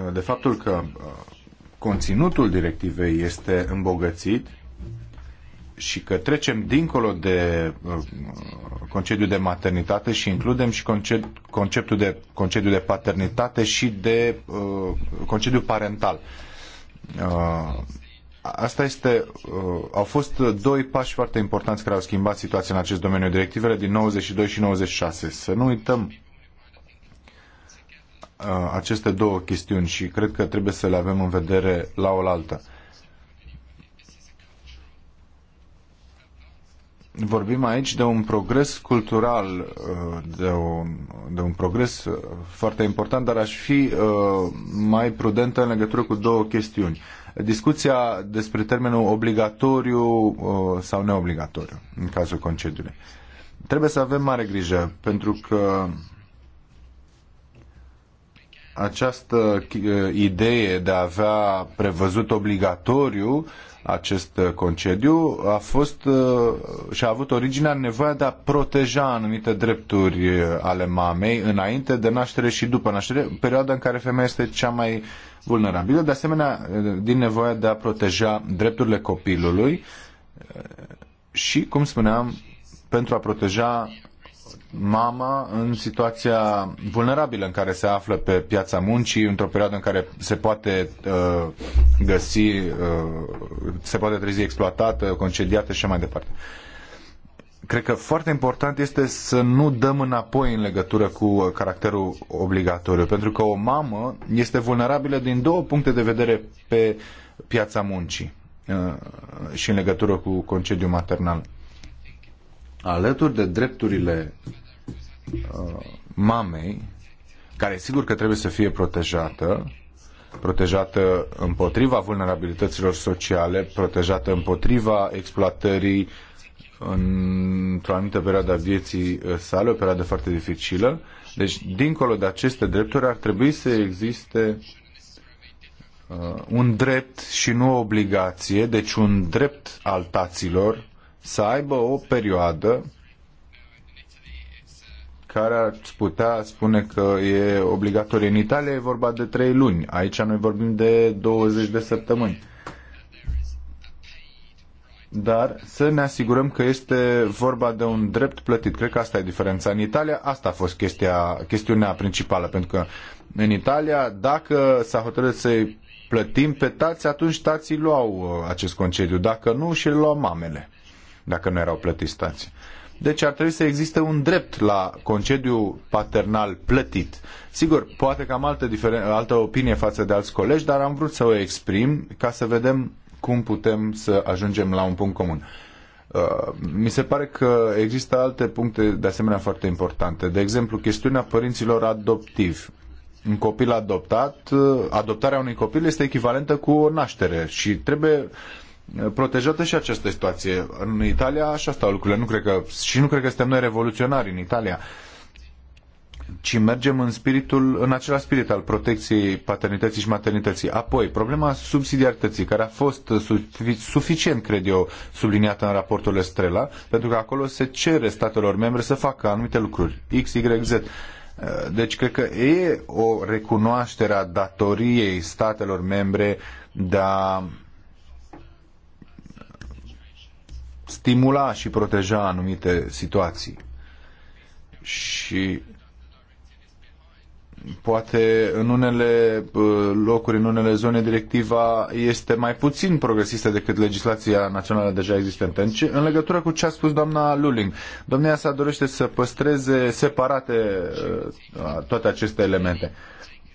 Speaker 4: uh, de faptul că uh, conținutul directivei este îmbogățit și că trecem dincolo de uh, concediu de maternitate și includem și conceptul de concediu de paternitate și de concediu parental asta este, uh, au fost doi pași foarte importanți care au schimbat situația în acest domeniu, directivele din 92 și 96. Să nu uităm uh, aceste două chestiuni și cred că trebuie să le avem în vedere la oaltă. vorbim aici de un progres cultural, uh, de un, de un progres uh, foarte important, dar aș fi uh, mai prudentă în legătură cu două chestiuni. Discuția despre termenul obligatoriu sau neobligatoriu în cazul concediului. Trebuie să avem mare grijă, pentru că această idee de a avea prevăzut obligatoriu uh, acest uh, concediu a fost uh, și a avut originea nevoia de a proteja anumite drepturi uh, ale mamei înainte de naștere și după naștere, perioada în care femeia este cea mai vulnerabilă, de asemenea din nevoia de a proteja drepturile copilului și, cum spuneam, pentru a proteja mama în situația vulnerabilă în care se află pe piața muncii, într-o perioadă în care se poate uh, găsi, uh, se poate trezi exploatată, concediată și mai departe. Cred că foarte important este să nu dăm înapoi în legătură cu caracterul obligatoriu, pentru că o mamă este vulnerabilă din două puncte de vedere pe piața muncii uh, și în legătură cu concediul maternal. Uh, alături de drepturile uh, mamei, care sigur că trebuie să fie protejată, protejată împotriva vulnerabilităților sociale, protejată împotriva exploatării într-o anumită perioadă a vieții uh, sale, o perioadă foarte dificilă. Deci, dincolo de aceste drepturi, ar trebui să existe uh, un drept și nu o obligație, deci un drept al taților să aibă o perioadă care ar putea spune că e obligatorie. În Italia e vorba de 3 luni, aici noi vorbim de 20 de săptămâni. Dar să ne asigurăm că este vorba de un drept plătit. Cred că asta e diferența. În Italia asta a fost chestia, chestiunea principală, pentru că în Italia, dacă s-a hotărât să-i plătim pe tați, atunci tații luau uh, acest concediu. Dacă nu, și luau mamele dacă nu erau plătiți tații. Deci ar trebui să existe un drept la concediu paternal plătit. Sigur, poate că am altă, diferen- altă opinie față de alți colegi, dar am vrut să o exprim ca să vedem cum putem să ajungem la un punct comun. Uh, mi se pare că există alte puncte de asemenea foarte importante. De exemplu, chestiunea părinților adoptivi. Un copil adoptat, uh, adoptarea unui copil este echivalentă cu o naștere și trebuie protejată și această situație. În Italia așa stau lucrurile. Nu cred că, și nu cred că suntem noi revoluționari în Italia ci mergem în spiritul, în același spirit al protecției paternității și maternității. Apoi, problema subsidiarității, care a fost suficient, cred eu, subliniată în raportul Estrela, pentru că acolo se cere statelor membre să facă anumite lucruri, X, Y, Z. Deci, cred că e o recunoaștere a datoriei statelor membre de a stimula și proteja anumite situații. Și poate în unele uh, locuri, în unele zone, directiva este mai puțin progresistă decât legislația națională deja existentă. În, legătură cu ce a spus doamna Luling, domnia sa dorește să păstreze separate uh, toate aceste elemente.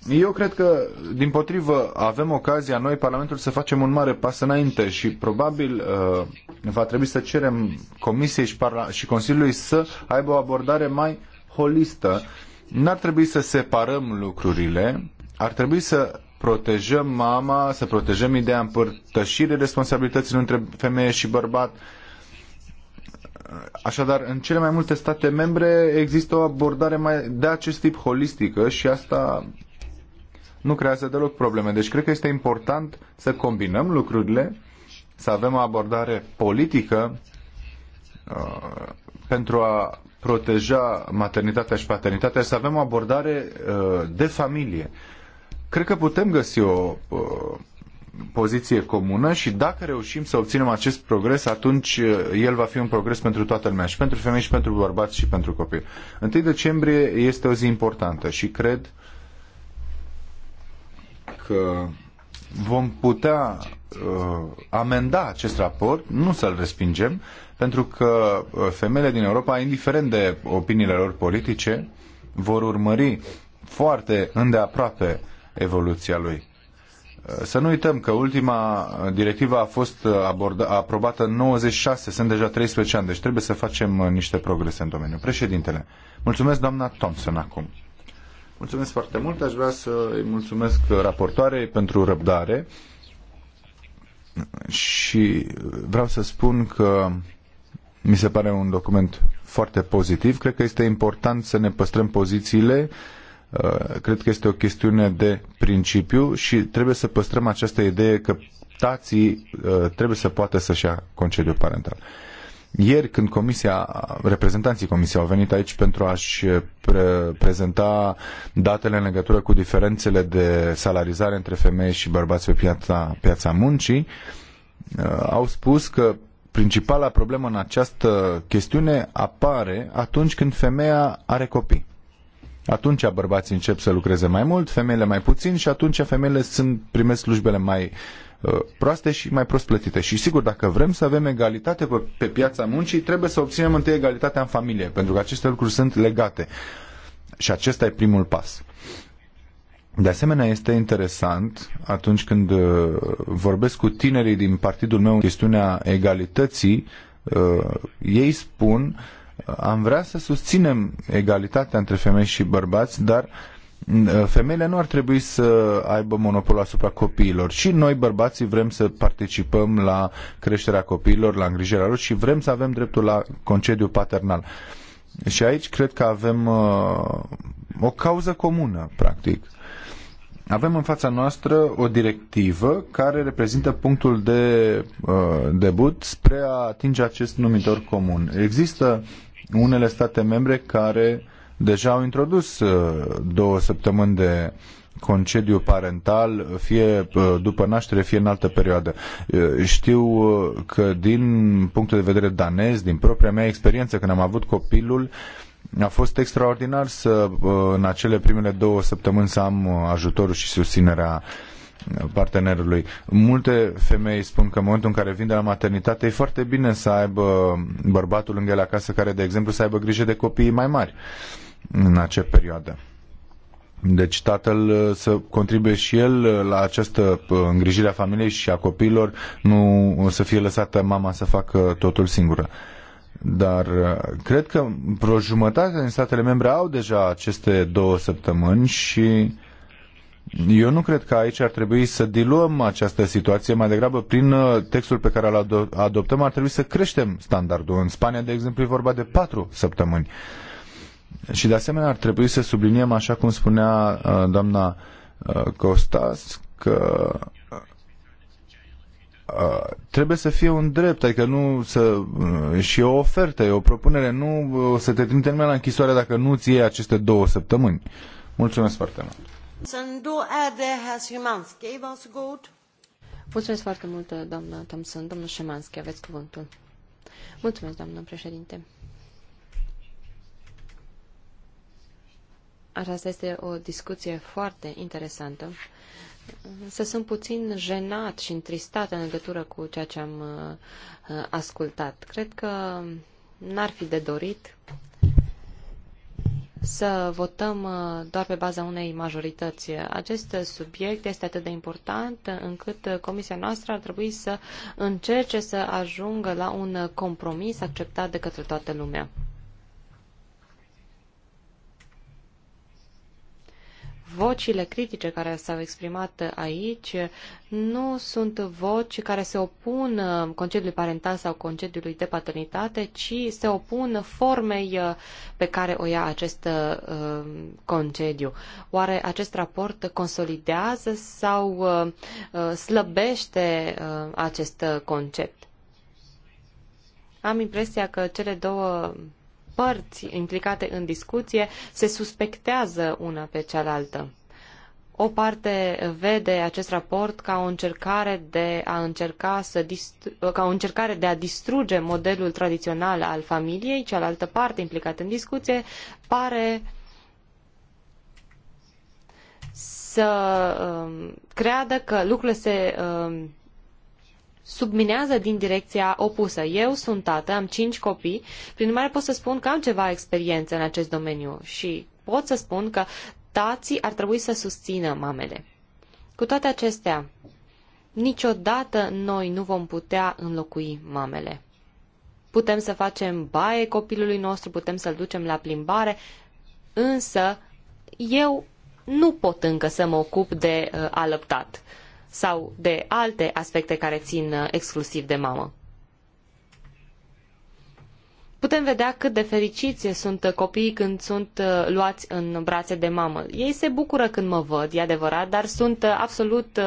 Speaker 4: Eu cred că, din potrivă, avem ocazia noi, Parlamentul, să facem un mare pas înainte și probabil uh, va trebui să cerem Comisiei și, Parla- și Consiliului să aibă o abordare mai holistă. N-ar trebui să separăm lucrurile, ar trebui să protejăm mama, să protejăm ideea împărtășirii responsabilităților între femeie și bărbat, Așadar, în cele mai multe state membre există o abordare mai de acest tip holistică și asta nu creează deloc probleme. Deci cred că este important să combinăm lucrurile, să avem o abordare politică uh, pentru a proteja maternitatea și paternitatea să avem o abordare uh, de familie. Cred că putem găsi o uh, poziție comună și dacă reușim să obținem acest progres, atunci uh, el va fi un progres pentru toată lumea, și pentru femei, și pentru bărbați, și pentru copii. 1 decembrie este o zi importantă și cred uh, dacă vom putea uh, amenda acest raport, nu să-l respingem, pentru că uh, femeile din Europa, indiferent de opiniile lor politice, vor urmări foarte îndeaproape evoluția lui. Uh, să nu uităm că ultima directivă a fost uh, aborda, aprobată în 96, sunt deja 13 ani, deci trebuie să facem niște progrese în domeniu. Președintele, mulțumesc doamna Thompson acum. Mulțumesc foarte mult. Aș vrea să îi mulțumesc raportoarei pentru răbdare și vreau să spun că mi se pare un document foarte pozitiv. Cred că este important să ne păstrăm pozițiile. Uh, cred că este o chestiune de principiu și trebuie să păstrăm această idee că tații uh, trebuie să poată să-și ia concediu parental. Ieri, când comisia, reprezentanții comisiei au venit aici pentru a-și pre- prezenta datele în legătură cu diferențele de salarizare între femei și bărbați pe piața, piața muncii, uh, au spus că principala problemă în această chestiune apare atunci când femeia are copii. Atunci bărbații încep să lucreze mai mult, femeile mai puțin și atunci femeile sunt, primesc slujbele mai Uh, proaste și mai prost plătite. Și sigur, dacă vrem să avem egalitate pe, pe piața muncii, trebuie să obținem întâi egalitatea în familie, pentru că aceste lucruri sunt legate. Și acesta e primul pas. De asemenea, este interesant atunci când uh, vorbesc cu tinerii din partidul meu în chestiunea egalității, uh, ei spun am vrea să susținem egalitatea între femei și bărbați, dar uh, femeile nu ar trebui să aibă monopolul asupra copiilor. Și noi, bărbații, vrem să participăm la creșterea copiilor, la îngrijirea lor și vrem să avem dreptul la concediu paternal. Și aici cred că avem uh, o cauză comună, practic. Avem în fața noastră o directivă care reprezintă punctul de uh, debut spre a atinge acest numitor comun. Există unele state membre care uh, deja au introdus uh, două săptămâni de concediu parental, fie uh, după naștere, fie în altă perioadă. Uh, știu că din punctul de vedere danez, din propria mea experiență, când am avut copilul, a fost extraordinar să în acele primele două săptămâni să am ajutorul și susținerea partenerului. Multe femei spun că în momentul în care vin de la maternitate e foarte bine să aibă bărbatul lângă el acasă care, de exemplu, să aibă grijă de copiii mai mari. Uh, în acea perioadă. Deci tatăl uh, să contribuie și el uh, la această uh, îngrijire a familiei și a copiilor, nu să fie lăsată mama să facă totul singură. Dar cred că vreo jumătate din statele membre au deja aceste două săptămâni și eu nu cred că aici ar trebui să diluăm această situație, mai degrabă prin textul pe care îl adoptăm ar trebui să creștem standardul. În Spania, de exemplu, e vorba de patru săptămâni. Uh, și de asemenea ar trebui să subliniem, așa cum spunea uh, doamna uh, Costas, că uh, trebuie să fie un drept, adică nu să, și o ofertă, e o propunere, nu o să te trimite numai la închisoare dacă nu ți iei aceste două săptămâni. Mulțumesc foarte mult!
Speaker 1: Mulțumesc foarte mult, doamna Thompson. Domnul
Speaker 2: Șemanski, aveți cuvântul. Mulțumesc, doamnă președinte. Aceasta este o discuție foarte interesantă. Să sunt puțin jenat și întristat în legătură cu ceea ce am uh, ascultat. Cred că n-ar fi de dorit să votăm uh, doar pe baza unei majorități. Acest subiect este atât de important încât comisia noastră ar trebui să încerce să ajungă la un compromis acceptat de către toată lumea. vocile critice care s-au exprimat aici nu sunt voci care se opun concediului parental sau concediului de paternitate, ci se opun formei pe care o ia acest uh, concediu. Oare acest raport consolidează sau uh, slăbește uh, acest concept? Am impresia că cele două părți implicate în discuție se suspectează una pe cealaltă. O parte vede acest raport ca o încercare de a încerca să ca o încercare de a distruge modelul tradițional al familiei, cealaltă parte implicată în discuție pare să um, creadă că lucrurile se um, subminează din direcția opusă. Eu sunt tată, am cinci copii, prin urmare pot să spun că am ceva experiență în acest domeniu și pot să spun că tații ar trebui să susțină mamele. Cu toate acestea, niciodată noi nu vom putea înlocui mamele. Putem să facem baie copilului nostru, putem să-l ducem la plimbare, însă eu nu pot încă să mă ocup de uh, alăptat. Uh, sau de alte aspecte care țin uh, exclusiv de mamă. Putem vedea cât de fericiți sunt copiii când sunt uh, luați în brațe de mamă. Ei se bucură când mă văd, e adevărat, dar sunt uh, absolut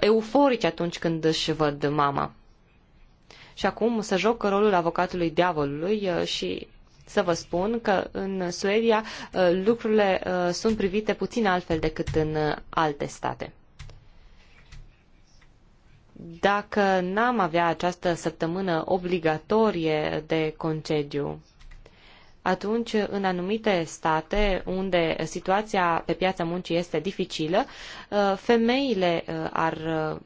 Speaker 2: euforici atunci când își văd mama. Și acum să joc rolul avocatului diavolului și să vă spun că în Suedia lucrurile sunt privite puțin altfel decât în alte state dacă n-am avea această săptămână obligatorie de concediu, atunci în anumite state unde situația pe piața muncii este dificilă, uh, femeile uh, ar uh,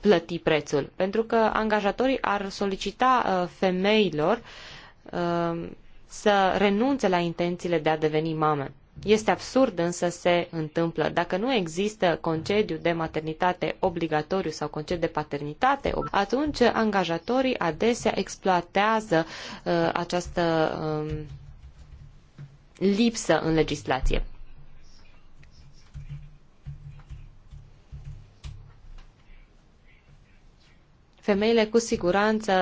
Speaker 2: plăti prețul, pentru că angajatorii ar solicita femeilor să renunțe la intențiile de a deveni mame. Este absurd însă se întâmplă. Dacă nu există concediu de maternitate obligatoriu sau concediu de paternitate, atunci angajatorii adesea exploatează uh, această uh, lipsă în legislație. Femeile cu siguranță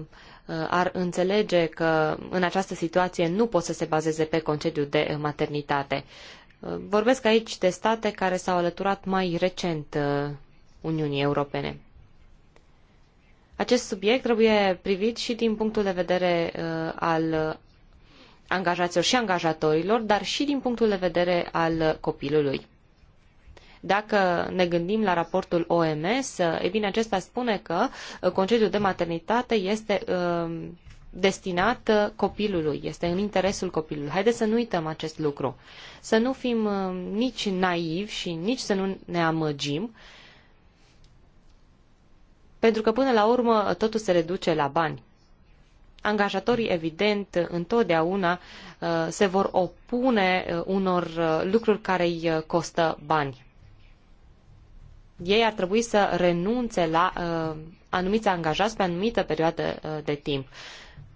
Speaker 2: uh, ar înțelege că în această situație nu pot să se bazeze pe concediu de maternitate. Vorbesc aici de state care s-au alăturat mai recent uh, Uniunii Europene. Acest subiect trebuie privit și din punctul de vedere uh, al angajaților și angajatorilor, dar și din punctul de vedere al copilului. Dacă ne gândim la raportul OMS, e bine, acesta spune că uh, concediul de maternitate este uh, destinat uh, copilului, este în interesul copilului. Haideți să nu uităm acest lucru. Să nu fim nici naivi și nici să nu ne amăgim, pentru că până la urmă totul se reduce la bani. Angajatorii, evident, întotdeauna se vor opune unor lucruri care îi costă bani ei ar trebui să renunțe la uh, anumiți angajați pe anumită perioadă uh, de timp.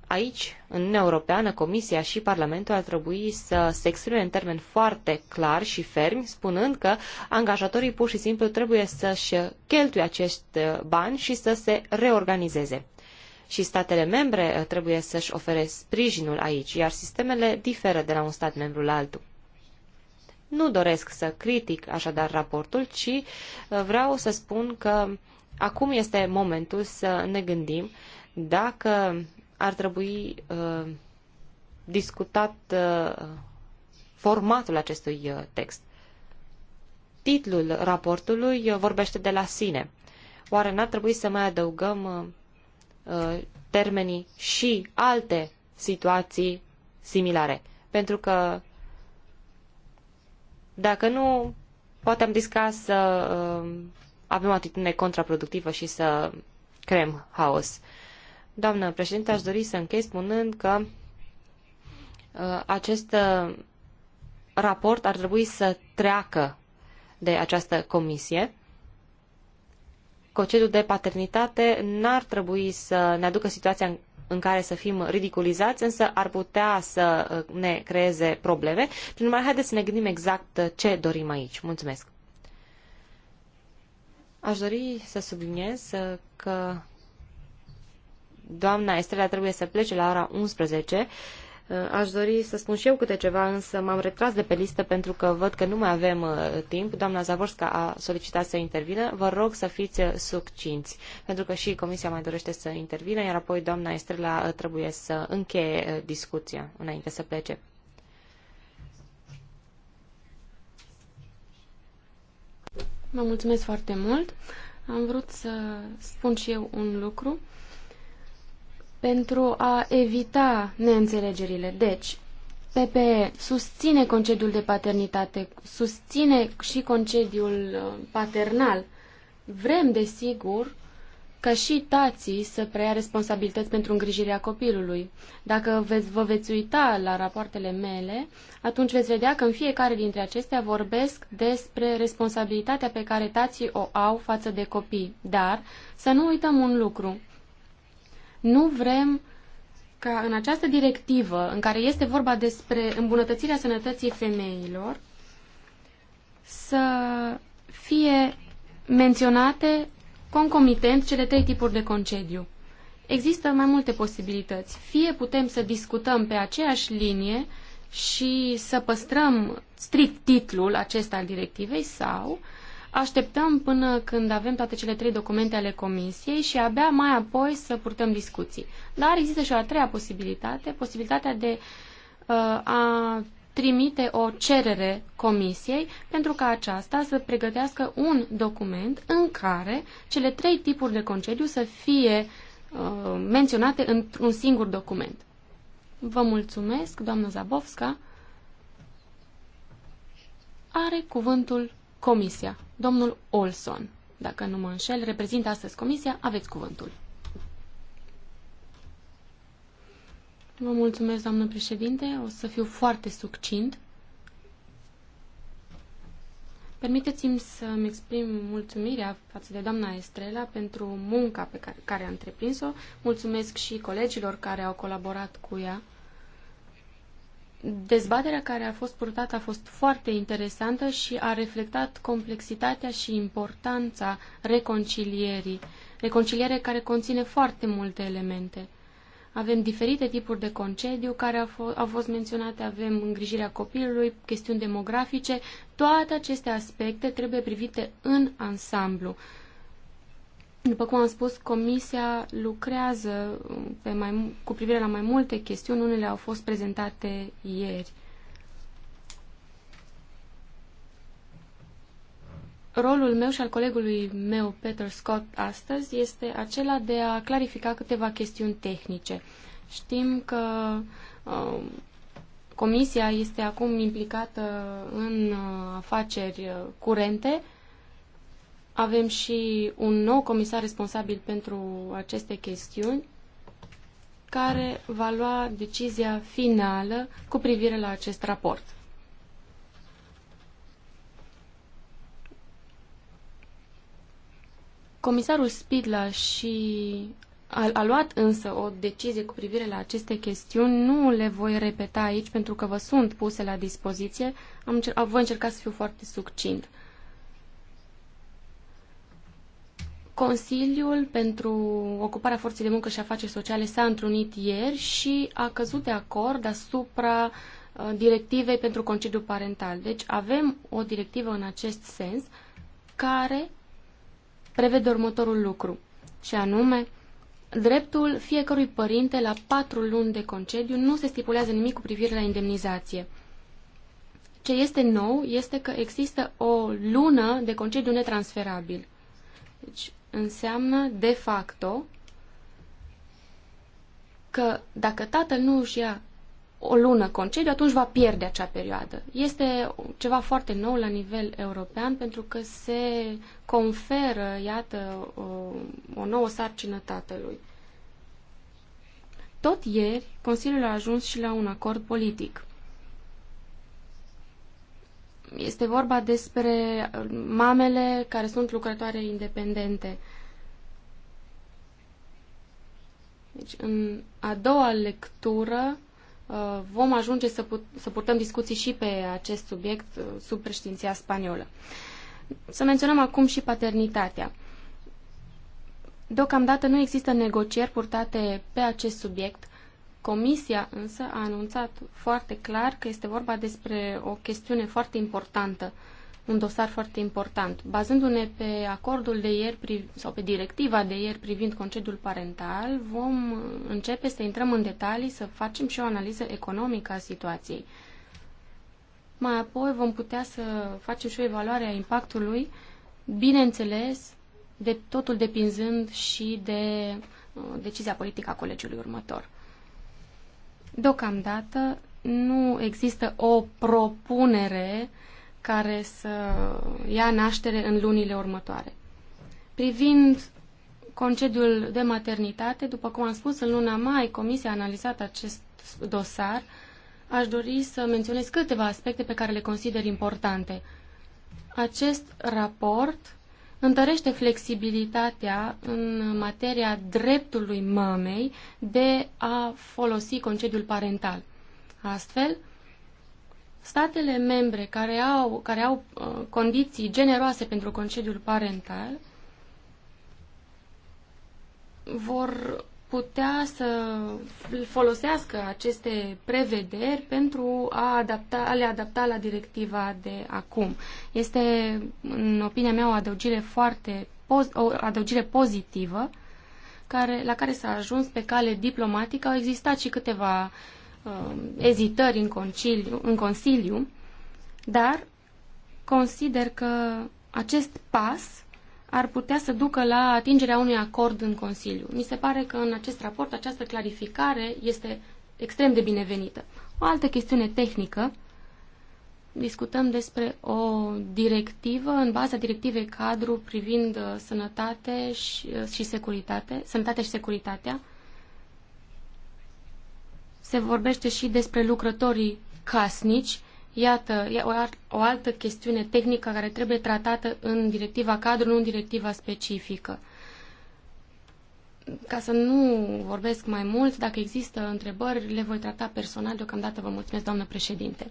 Speaker 2: Aici, în Uniunea Europeană, Comisia și Parlamentul ar trebui să se exprime în termeni foarte clar și fermi, spunând că angajatorii pur și simplu trebuie să-și cheltuie acești uh, bani și să se reorganizeze și statele membre uh, trebuie să-și ofere sprijinul aici, iar sistemele diferă de la un stat membru la altul. Nu doresc să critic așadar raportul, ci uh, vreau să spun că acum este momentul să ne gândim dacă ar trebui uh, discutat uh, formatul acestui text. Titlul raportului vorbește de la sine. Oare n-ar trebui să mai adăugăm termenii și alte situații similare? Pentru că dacă nu, poate am disca să uh, avem o atitudine contraproductivă și să creăm haos. Doamnă președinte, aș dori să închei spunând că uh, acest uh, raport ar trebui să treacă de această comisie. Concediul de paternitate n-ar trebui să ne aducă situația în care să fim ridiculizați, însă ar putea să uh, ne creeze probleme. Prin urmare, haideți să ne gândim exact uh, ce dorim aici. Mulțumesc! Aș dori să subliniez uh, că doamna Estrela trebuie să plece la ora 11 Eh, aș dori să spun și eu câte ceva, însă m-am retras de pe listă pentru că văd că nu mai avem eh, timp. Doamna Zavorska a solicitat să intervină. Vă rog să fiți eh, succinți, pentru că și Comisia mai dorește să intervină, iar apoi doamna Estrela trebuie să încheie discuția înainte să plece.
Speaker 3: Vă mulțumesc foarte mult. Am vrut să spun și eu un lucru pentru a evita neînțelegerile. Deci, PPE susține concediul de paternitate, susține și concediul uh, paternal. Vrem, desigur, ca și tații să preia responsabilități pentru îngrijirea copilului. Dacă veți, vă veți uita la rapoartele mele, atunci veți vedea că în fiecare dintre acestea vorbesc despre responsabilitatea pe care tații o au față de copii. Dar să nu uităm un lucru. Nu vrem ca în această directivă, în care este vorba despre îmbunătățirea sănătății femeilor, să fie menționate concomitent cele trei tipuri de concediu. Există mai multe posibilități. Fie putem să discutăm pe aceeași linie și să păstrăm strict titlul acesta al directivei sau uh, Așteptăm până când avem toate cele trei documente ale comisiei și abia mai apoi să purtăm discuții. Dar există și o a treia posibilitate, posibilitatea de uh, a trimite o cerere comisiei pentru ca aceasta să pregătească un document în care cele trei tipuri de concediu să fie uh, menționate într-un singur document. Vă mulțumesc, doamnă Zabovska. Are cuvântul Comisia. Domnul Olson, dacă nu mă înșel, reprezintă astăzi Comisia. Aveți cuvântul. Vă mulțumesc, doamnă președinte. O să fiu foarte succint. Permiteți-mi să-mi exprim mulțumirea față de doamna Estrela pentru munca pe care, care a întreprins-o. Mulțumesc și colegilor care au colaborat cu ea. Dezbaterea care a fost purtată a fost foarte interesantă și a reflectat complexitatea și importanța reconcilierii. Reconciliere care conține foarte multe elemente. Avem diferite tipuri de concediu care au, fost, au fost menționate, avem îngrijirea copilului, chestiuni demografice. Toate aceste aspecte trebuie privite în ansamblu. După cum am spus, Comisia lucrează pe mai, cu privire la mai multe chestiuni. Unele au fost prezentate ieri. Rolul meu și al colegului meu, Peter Scott, astăzi este acela de a clarifica câteva chestiuni tehnice. Știm că uh, Comisia este acum implicată în uh, afaceri uh, curente, uh, avem și un nou comisar responsabil pentru aceste chestiuni, care va lua decizia finală cu privire la acest raport. Comisarul Spidla și a, a luat însă o decizie cu privire la aceste chestiuni. Nu le voi repeta aici pentru că vă sunt puse la dispoziție. Am, încer- voi încerca să fiu foarte succint. Consiliul pentru ocuparea forței de muncă și afaceri sociale s-a întrunit ieri și a căzut de acord asupra uh, directivei pentru concediu parental. Deci avem o directivă în acest sens care prevede următorul lucru, și anume dreptul fiecărui părinte la patru luni de concediu nu se stipulează nimic cu privire la indemnizație. Ce este nou este că există o lună de concediu netransferabil. Deci, înseamnă, de facto, că dacă tatăl nu își ia o lună concediu, atunci va pierde acea perioadă. Este ceva foarte nou la nivel european pentru că se conferă, iată, o, o nouă sarcină tatălui. Tot ieri, Consiliul a ajuns și la un acord politic. Este vorba despre mamele care sunt lucrătoare independente. Deci, în a doua lectură uh, vom ajunge să, put- să purtăm discuții și pe acest subiect uh, sub președinția spaniolă. Să menționăm acum și paternitatea. Deocamdată nu există negocieri purtate pe acest subiect Comisia însă a anunțat foarte clar că este vorba despre o chestiune foarte importantă, un dosar foarte important. Bazându-ne pe acordul de ieri sau pe directiva de ieri privind concediul parental, vom începe să intrăm în detalii, să facem și o analiză economică a situației. Mai apoi vom putea să facem și o evaluare a impactului, bineînțeles, de totul depinzând și de uh, decizia politică a colegiului următor. Deocamdată nu există o propunere care să ia naștere în lunile următoare. Privind concediul de maternitate, după cum am spus, în luna mai Comisia a analizat acest dosar. Aș dori să menționez câteva aspecte pe care le consider importante. Acest raport întărește flexibilitatea în materia dreptului mamei de a folosi concediul parental. Astfel, statele membre care au, care au uh, condiții generoase pentru concediul parental vor putea să folosească aceste prevederi pentru a, adapta, a le adapta la directiva de acum. Este, în opinia mea, o adăugire foarte o adăugire pozitivă care, la care s-a ajuns pe cale diplomatică. Au existat și câteva uh, ezitări în, conciliu, în Consiliu, dar consider că acest pas ar putea să ducă la atingerea unui acord în Consiliu. Mi se pare că în acest raport această clarificare este extrem de binevenită. O altă chestiune tehnică, discutăm despre o directivă în baza directivei cadru privind uh, sănătate și, uh, și securitate, sănătatea și securitatea. Se vorbește și despre lucrătorii casnici Iată, o altă chestiune tehnică care trebuie tratată în directiva cadru, nu în directiva specifică. Ca să nu vorbesc mai mult, dacă există întrebări, le voi trata personal. Deocamdată vă mulțumesc, doamnă președinte.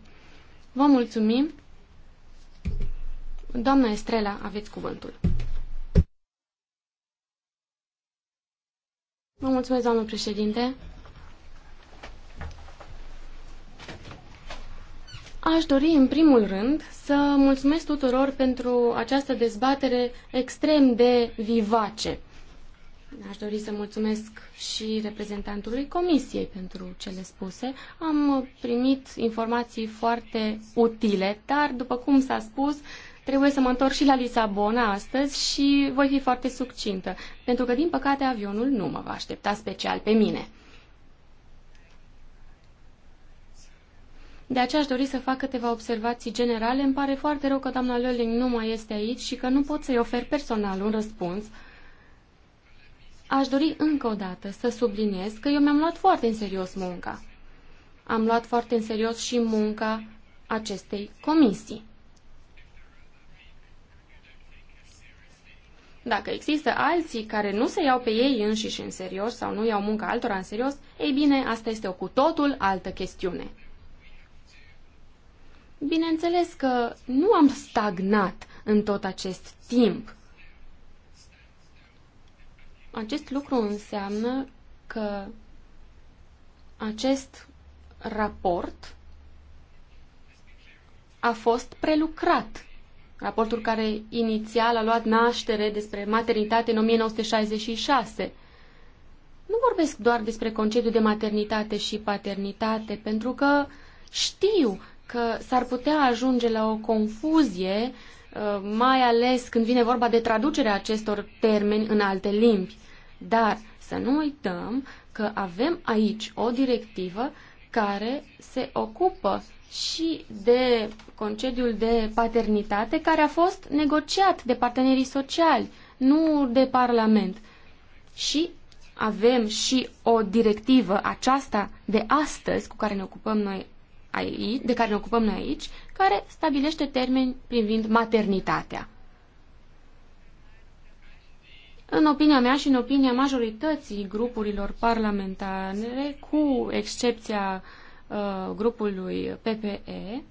Speaker 3: Vă mulțumim. Doamna Estrela, aveți cuvântul. Vă mulțumesc, doamnă președinte. Aș dori, în primul rând, să mulțumesc tuturor pentru această dezbatere extrem de vivace. Aș dori să mulțumesc și reprezentantului Comisiei pentru cele spuse. Am primit informații foarte utile, dar, după cum s-a spus, trebuie să mă întorc și la Lisabona astăzi și voi fi foarte succintă, pentru că, din păcate, avionul nu mă va aștepta special pe mine. De aceea aș dori să fac câteva observații generale. Îmi pare foarte rău că doamna Lölling nu mai este aici și că nu pot să-i ofer personal un răspuns. Aș dori încă o dată să subliniez că eu mi-am luat foarte în serios munca. Am luat foarte în serios și munca acestei comisii. Dacă există alții care nu se iau pe ei înșiși în serios sau nu iau munca altora în serios, ei bine, asta este o cu totul altă chestiune. Bineînțeles că nu am stagnat în tot acest timp. Acest lucru înseamnă că acest raport a fost prelucrat. Raportul care inițial a luat naștere despre maternitate în 1966. Nu vorbesc doar despre concediu de maternitate și paternitate, pentru că știu că s-ar putea ajunge la o confuzie, uh, mai ales când vine vorba de traducerea acestor termeni în alte limbi. Dar să nu uităm că avem aici o directivă care se ocupă și de concediul de paternitate care a fost negociat de partenerii sociali, nu de Parlament. Și avem și o directivă aceasta de astăzi cu care ne ocupăm noi aici, de care ne ocupăm noi aici, care stabilește termeni privind maternitatea. În opinia mea și în opinia majorității grupurilor parlamentare, cu excepția uh, grupului PPE,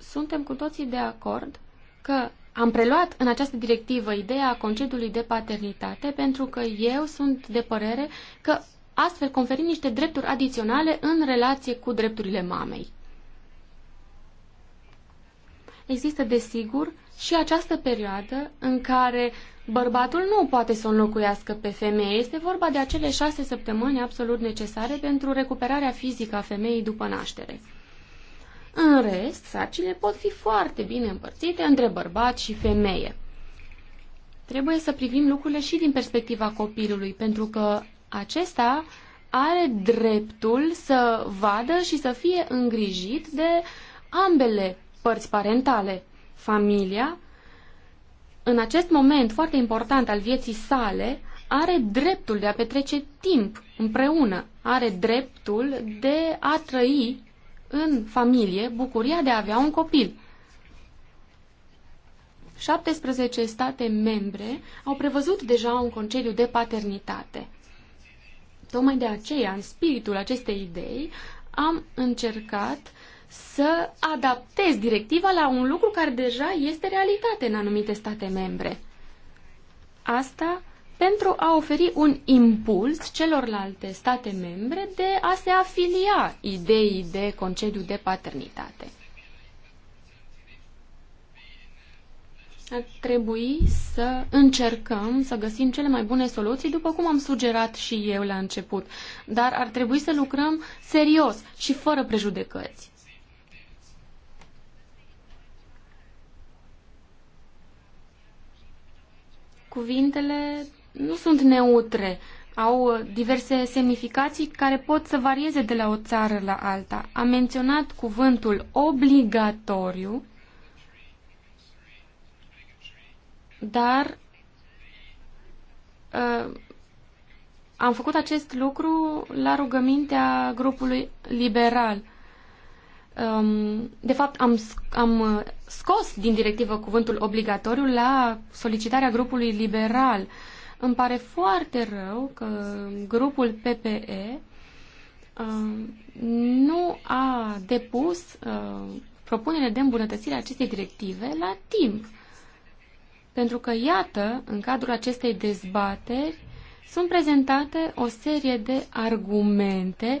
Speaker 3: suntem cu toții de acord că am preluat în această directivă ideea concediului de paternitate pentru că eu sunt de părere că astfel conferind niște drepturi adiționale în relație cu drepturile mamei. Există, desigur, și această perioadă în care bărbatul nu poate să o înlocuiască pe femeie. Este vorba de acele șase săptămâni absolut necesare pentru recuperarea fizică a femeii după naștere. În rest, sarcile pot fi foarte bine împărțite între bărbat și femeie. Trebuie să privim lucrurile și din perspectiva copilului, pentru că acesta are dreptul să vadă și să fie îngrijit de ambele părți parentale, familia, în acest moment foarte important al vieții sale, are dreptul de a petrece timp împreună, are dreptul de a trăi în familie bucuria de a avea un copil. 17 state membre au prevăzut deja un concediu de paternitate. Tocmai de aceea, în spiritul acestei idei, am încercat să adaptez directiva la un lucru care deja este realitate în anumite state membre. Asta pentru a oferi un impuls celorlalte state membre de a se afilia ideii de concediu de paternitate. ar trebui să încercăm să găsim cele mai bune soluții, după cum am sugerat și eu la început. Dar ar trebui să lucrăm serios și fără prejudecăți. Cuvintele nu sunt neutre, au diverse semnificații care pot să varieze de la o țară la alta. Am menționat cuvântul obligatoriu, Dar ă, am făcut acest lucru la rugămintea grupului liberal. De fapt, am, am ă, scos din directivă cuvântul obligatoriu la solicitarea grupului liberal. Îmi pare foarte rău că grupul PPE ă, nu a depus propunere de îmbunătățire a acestei directive la timp pentru că, iată, în cadrul acestei dezbateri sunt prezentate o serie de argumente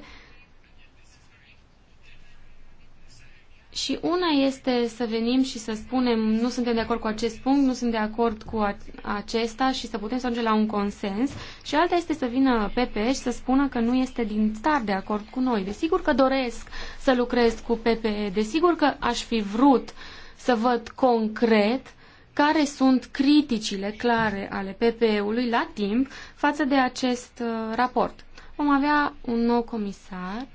Speaker 3: și una este să venim și să spunem nu suntem de acord cu acest punct, nu sunt de acord cu acesta și să putem să ajungem la un consens și alta este să vină PP și să spună că nu este din start de acord cu noi. Desigur că doresc să lucrez cu PPE, desigur că aș fi vrut să văd concret care sunt criticile clare ale PPE-ului la timp față de acest uh, raport. Vom avea un nou comisar,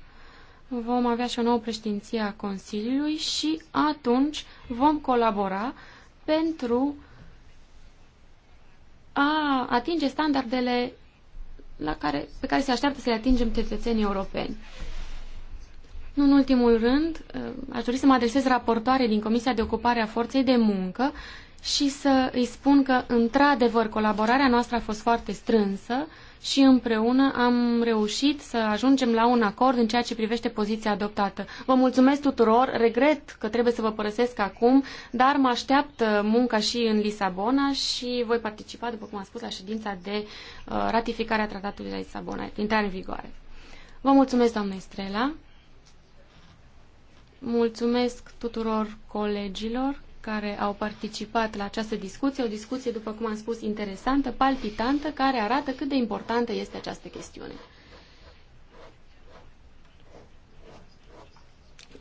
Speaker 3: vom avea și o nouă președinție a Consiliului și atunci vom colabora pentru a atinge standardele la care, pe care se așteaptă să le atingem cetățenii europeni. Nu în ultimul rând, uh, aș dori să mă adresez raportoare din Comisia de Ocupare a Forței de Muncă și să îi spun că, într-adevăr, colaborarea noastră a fost foarte strânsă și împreună am reușit să ajungem la un acord în ceea ce privește poziția adoptată. Vă mulțumesc tuturor, regret că trebuie să vă părăsesc acum, dar mă așteaptă uh, munca și în Lisabona și voi participa, după cum am spus, la ședința de uh, ratificare a tratatului de la Lisabona, intrare în vigoare. Vă mulțumesc, doamna Estrela. Mulțumesc tuturor colegilor care au participat la această discuție, o discuție, după cum am spus, interesantă, palpitantă, care arată cât de importantă este această chestiune.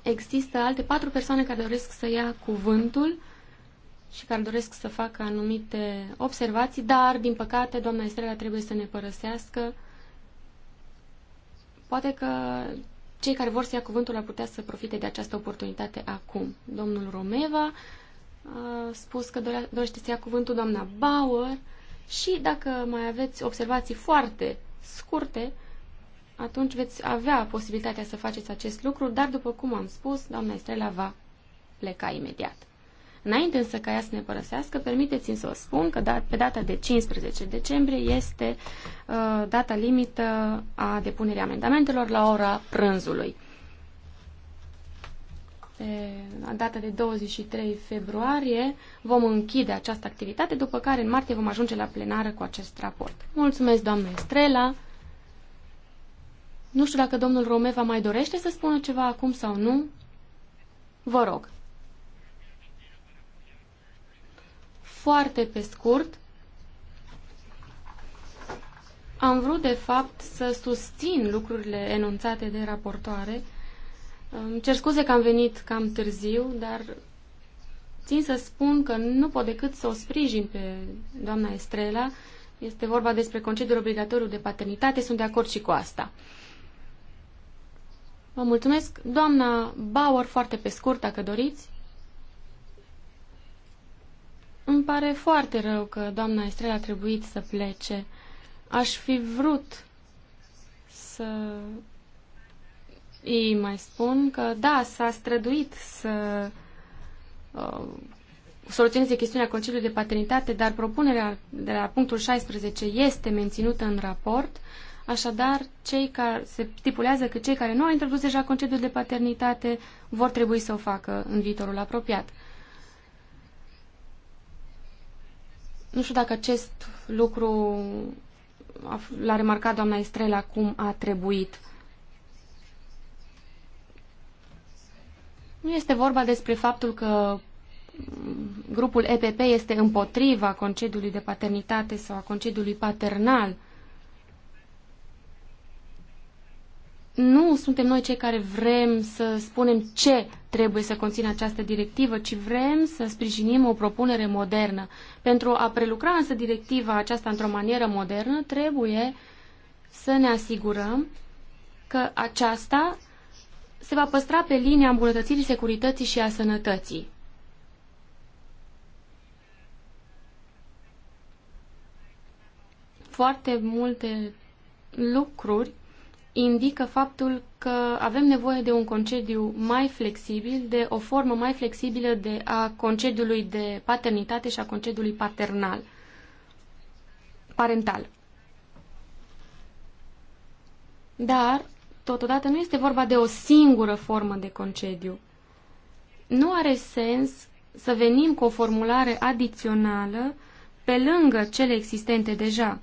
Speaker 3: Există alte patru persoane care doresc să ia cuvântul și care doresc să facă anumite observații, dar, din păcate, doamna Estrela trebuie să ne părăsească. Poate că cei care vor să ia cuvântul ar putea să profite de această oportunitate acum. Domnul Romeva, spus că dorește să ia cuvântul doamna Bauer și dacă mai aveți observații foarte scurte, atunci veți avea posibilitatea să faceți acest lucru, dar după cum am spus, doamna Estrela va pleca imediat. Înainte însă ca ea să ne părăsească, permiteți-mi să vă spun că da- pe data de 15 decembrie este uh, data limită a depunerii amendamentelor la ora prânzului este data de 23 februarie. Vom închide această activitate, după care în martie vom ajunge la plenară cu acest raport. Mulțumesc, doamne Estrela! Nu știu dacă domnul Romeva mai dorește să spună ceva acum sau nu. Vă rog. Foarte pe scurt, am vrut de fapt să susțin lucrurile enunțate de raportoare, îmi cer scuze că am venit cam târziu, dar țin să spun că nu pot decât să o sprijin pe doamna Estrela. Este vorba despre concediul obligatoriu de paternitate, sunt de acord și cu asta. Vă mulțumesc. Doamna Bauer, foarte pe scurt, dacă doriți. Îmi pare foarte rău că doamna Estrela a trebuit să plece. Aș fi vrut să îi mai spun că, da, s-a străduit să uh, soluționeze chestiunea consiliului de paternitate, dar propunerea de la punctul 16 este menținută în raport, așadar cei care se stipulează că cei care nu au introdus deja concediul de paternitate vor trebui să o facă în viitorul apropiat. Nu știu dacă acest lucru l-a remarcat doamna Estrela cum a trebuit. Uh, Nu este vorba despre faptul că grupul EPP este împotriva concediului de paternitate sau a concediului paternal. Nu suntem noi cei care vrem să spunem ce trebuie să conțină această directivă, ci vrem să sprijinim o propunere modernă. Pentru a prelucra însă directiva aceasta într-o manieră modernă, trebuie să ne asigurăm că aceasta se va păstra pe linia îmbunătățirii securității și a sănătății. Foarte multe lucruri indică faptul că avem nevoie de un concediu mai flexibil, de o formă mai flexibilă de a concediului de paternitate și a concediului paternal, parental. Dar totodată nu este vorba de o singură formă de concediu. Nu are sens să venim cu o formulare adițională pe lângă cele existente deja.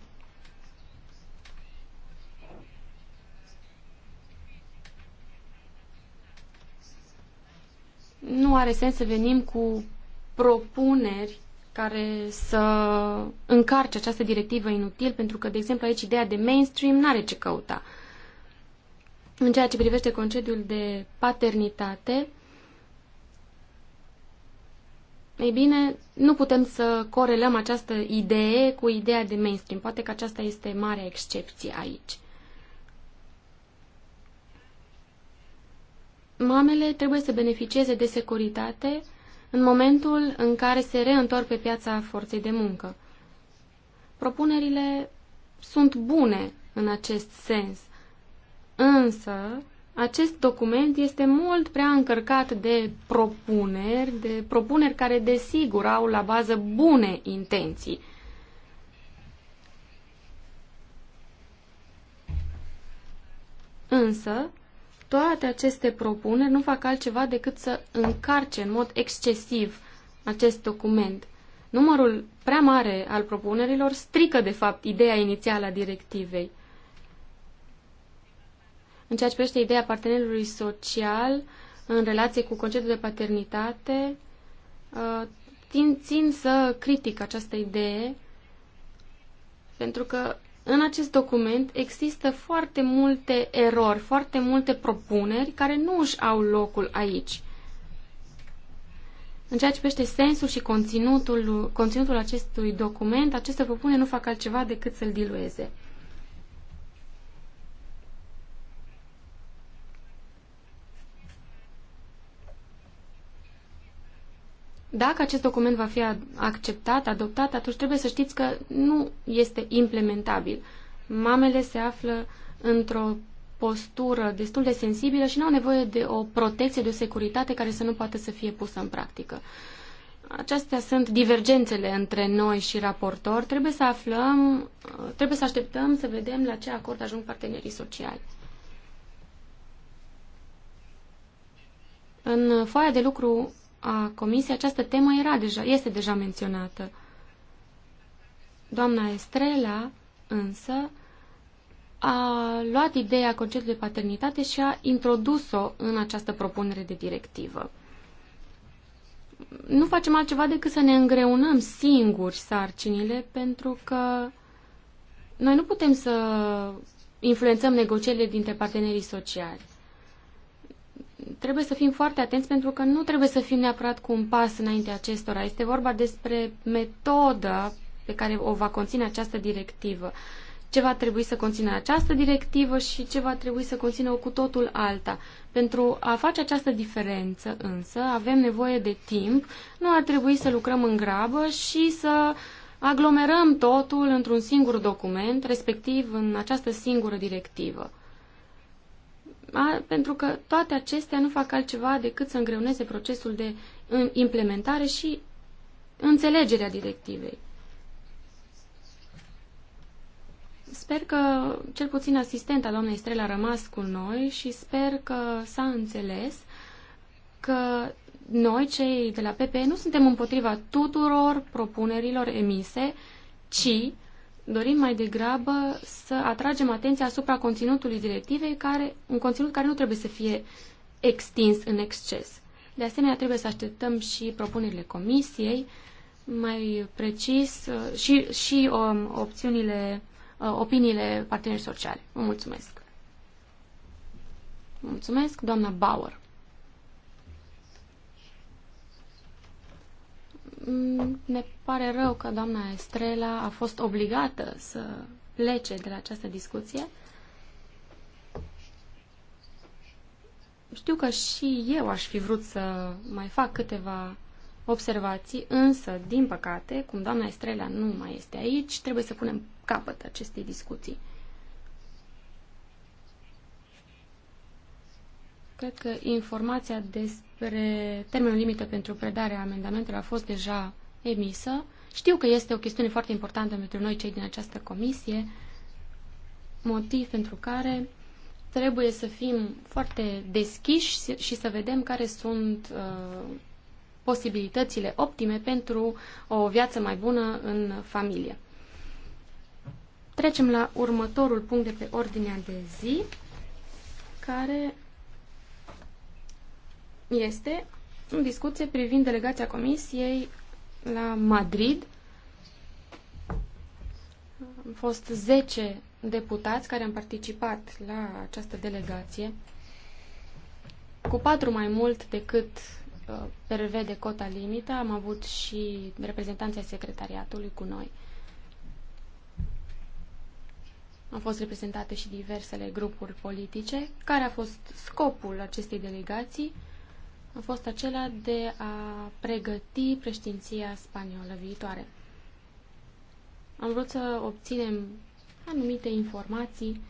Speaker 3: Nu are sens să venim cu propuneri care să încarce această directivă inutil, pentru că, de exemplu, aici ideea de mainstream nu are ce căuta. În ceea ce privește concediul de paternitate, ei bine, nu putem să corelăm această idee cu ideea de mainstream. Poate că aceasta este marea excepție aici. Mamele trebuie să beneficieze de securitate în momentul în care se reîntorc pe piața forței de muncă. Propunerile sunt bune în acest sens – Însă, acest document este mult prea încărcat de propuneri, de propuneri care desigur au la bază bune intenții. Însă, toate aceste propuneri nu fac altceva decât să încarce în mod excesiv acest document. Numărul prea mare al propunerilor strică, de fapt, ideea inițială a directivei în ceea ce privește ideea partenerului social în relație cu conceptul de paternitate, țin, uh, țin să critic această idee, pentru că în acest document există foarte multe erori, foarte multe propuneri care nu își au locul aici. În ceea ce privește sensul și conținutul, conținutul acestui document, aceste propuneri nu fac altceva decât să-l dilueze. Dacă acest document va fi acceptat, adoptat, atunci trebuie să știți că nu este implementabil. Mamele se află într-o postură destul de sensibilă și nu au nevoie de o protecție, de o securitate care să nu poată să fie pusă în practică. Acestea sunt divergențele între noi și raportor. Trebuie să aflăm, trebuie să așteptăm să vedem la ce acord ajung partenerii sociali. În foaia de lucru a comisiei, această temă era deja, este deja menționată. Doamna Estrela, însă, a luat ideea conceptului de paternitate și a introdus-o în această propunere de directivă. Nu facem altceva decât să ne îngreunăm singuri sarcinile, pentru că noi nu putem să influențăm negocierile dintre partenerii sociali trebuie să fim foarte atenți pentru că nu trebuie să fim neapărat cu un pas înainte acestora. Este vorba despre metoda pe care o va conține această directivă. Ce va trebui să conțină această directivă și ce va trebui să conțină o cu totul alta. Pentru a face această diferență însă avem nevoie de timp, nu ar trebui să lucrăm în grabă și să aglomerăm totul într-un singur document, respectiv în această singură directivă a, pentru că toate acestea nu fac altceva decât să îngreuneze procesul de implementare și înțelegerea directivei. Sper că cel puțin asistenta doamnei Estrela a rămas cu noi și sper că s-a înțeles că noi, cei de la PPE, nu suntem împotriva tuturor propunerilor emise, ci Dorim mai degrabă să atragem atenția asupra conținutului directivei, care, un conținut care nu trebuie să fie extins în exces. De asemenea, trebuie să așteptăm și propunerile comisiei, mai precis, uh, și, și um, opțiunile, uh, opiniile partenerilor sociale. Vă mulțumesc! Mulțumesc, doamna Bauer. Mm, ne pare rău că doamna Estrela a fost obligată să plece de la această discuție. Știu că și eu aș fi vrut să mai fac câteva observații, însă, din păcate, cum doamna Estrela nu mai este aici, trebuie să punem capăt acestei discuții. Cred că informația despre Pre... Termenul limită pentru predarea amendamentelor a fost deja emisă. Știu că este o chestiune foarte importantă pentru noi, cei din această comisie, motiv pentru care trebuie să fim foarte deschiși și să vedem care sunt uh, posibilitățile optime pentru o viață mai bună în familie. Trecem la următorul punct de pe ordinea de zi, care este în discuție privind delegația Comisiei la Madrid. Am fost 10 deputați care am participat la această delegație, cu patru mai mult decât uh, prevede cota limită. Am avut și reprezentanția secretariatului cu noi. Au fost reprezentate și diversele grupuri politice. Care a fost scopul acestei delegații? Uh, a fost acela de a pregăti preștinția spaniolă viitoare. Am vrut să obținem anumite informații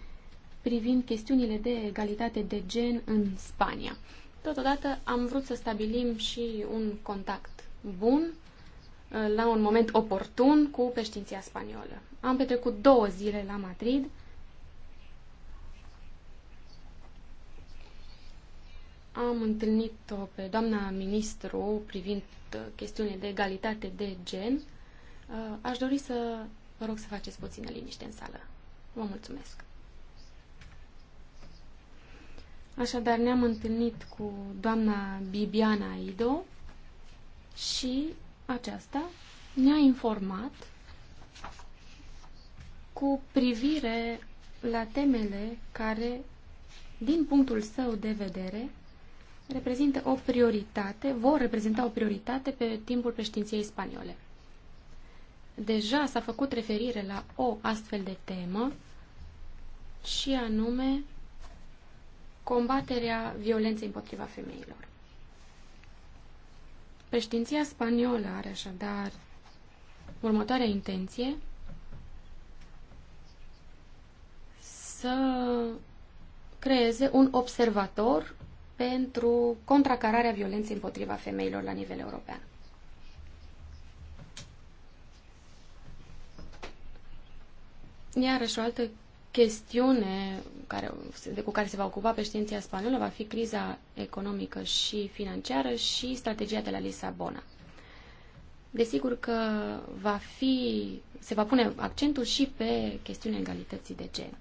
Speaker 3: privind chestiunile de egalitate de gen în Spania. Totodată am vrut să stabilim și un contact bun la un moment oportun cu președinția spaniolă. Am petrecut două zile la Madrid Am întâlnit-o pe doamna ministru privind uh, chestiunile de egalitate de gen. Uh, aș dori să vă rog să faceți puțină liniște în sală. Vă mulțumesc. Așadar, ne-am întâlnit cu doamna Bibiana Ido și aceasta ne-a informat cu privire la temele care, din punctul său de vedere, reprezintă o prioritate, vor reprezenta o prioritate pe timpul președinției spaniole. Deja s-a făcut referire la o astfel de temă și anume combaterea violenței împotriva femeilor. Președinția spaniolă are așadar următoarea intenție să creeze un observator pentru contracararea violenței împotriva femeilor la nivel european. Iarăși o altă chestiune care, de cu care se va ocupa președinția spaniolă va fi criza economică și financiară și strategia de la Lisabona. Desigur că va fi, se va pune accentul și pe chestiunea egalității de gen.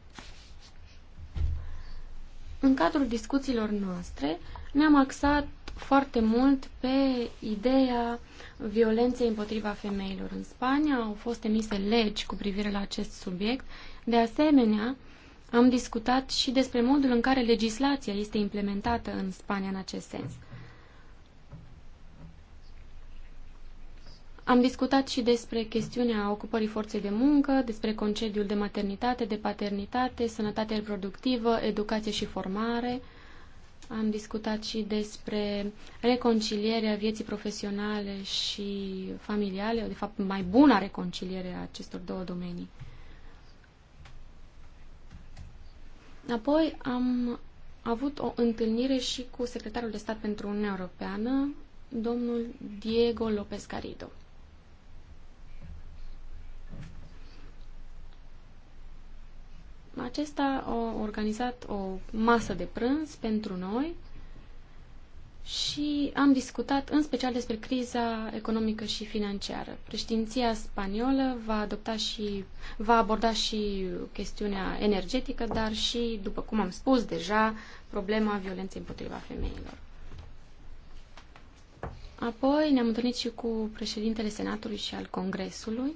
Speaker 3: În cadrul discuțiilor noastre ne-am axat foarte mult pe ideea violenței împotriva femeilor. În Spania au fost emise legi cu privire la acest subiect. De asemenea, am discutat și despre modul în care legislația este implementată în Spania în acest sens. Am discutat și despre chestiunea ocupării forței de muncă, despre concediul de maternitate, de paternitate, sănătate reproductivă, educație și formare. Am discutat și despre reconcilierea vieții profesionale și familiale, de fapt mai bună reconciliere a acestor două domenii. Apoi am avut o întâlnire și cu secretarul de stat pentru Uniunea Europeană, domnul Diego López Garrido. acesta a organizat o masă de prânz pentru noi și am discutat în special despre criza economică și financiară. Președinția spaniolă va adopta și va aborda și chestiunea energetică, dar și, după cum am spus deja, problema violenței împotriva femeilor. Apoi ne-am întâlnit și cu președintele Senatului și al Congresului,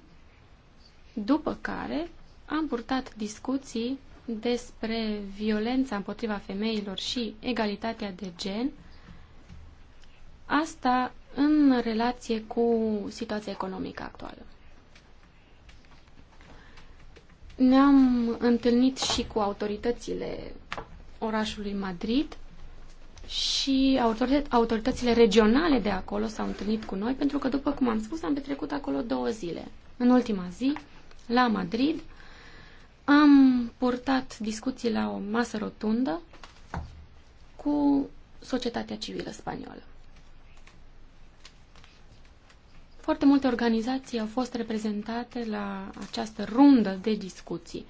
Speaker 3: după care am purtat discuții despre violența împotriva femeilor și egalitatea de gen, asta în relație cu situația economică actuală. Ne-am întâlnit și cu autoritățile orașului Madrid și autoritățile regionale de acolo s-au întâlnit cu noi pentru că, după cum am spus, am petrecut acolo două zile. În ultima zi, la Madrid, am purtat discuții la o masă rotundă cu societatea civilă spaniolă. Foarte multe organizații au fost reprezentate la această rundă de discuții.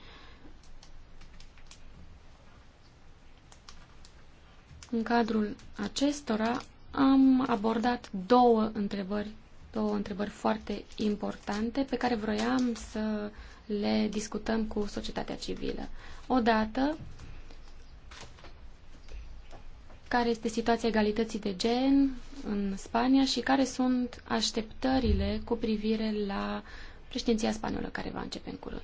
Speaker 3: În cadrul acestora am abordat două întrebări, două întrebări foarte importante pe care vroiam să le discutăm cu societatea civilă. Odată, care este situația egalității de gen în Spania și care sunt așteptările cu privire la președinția spaniolă care va începe în curând.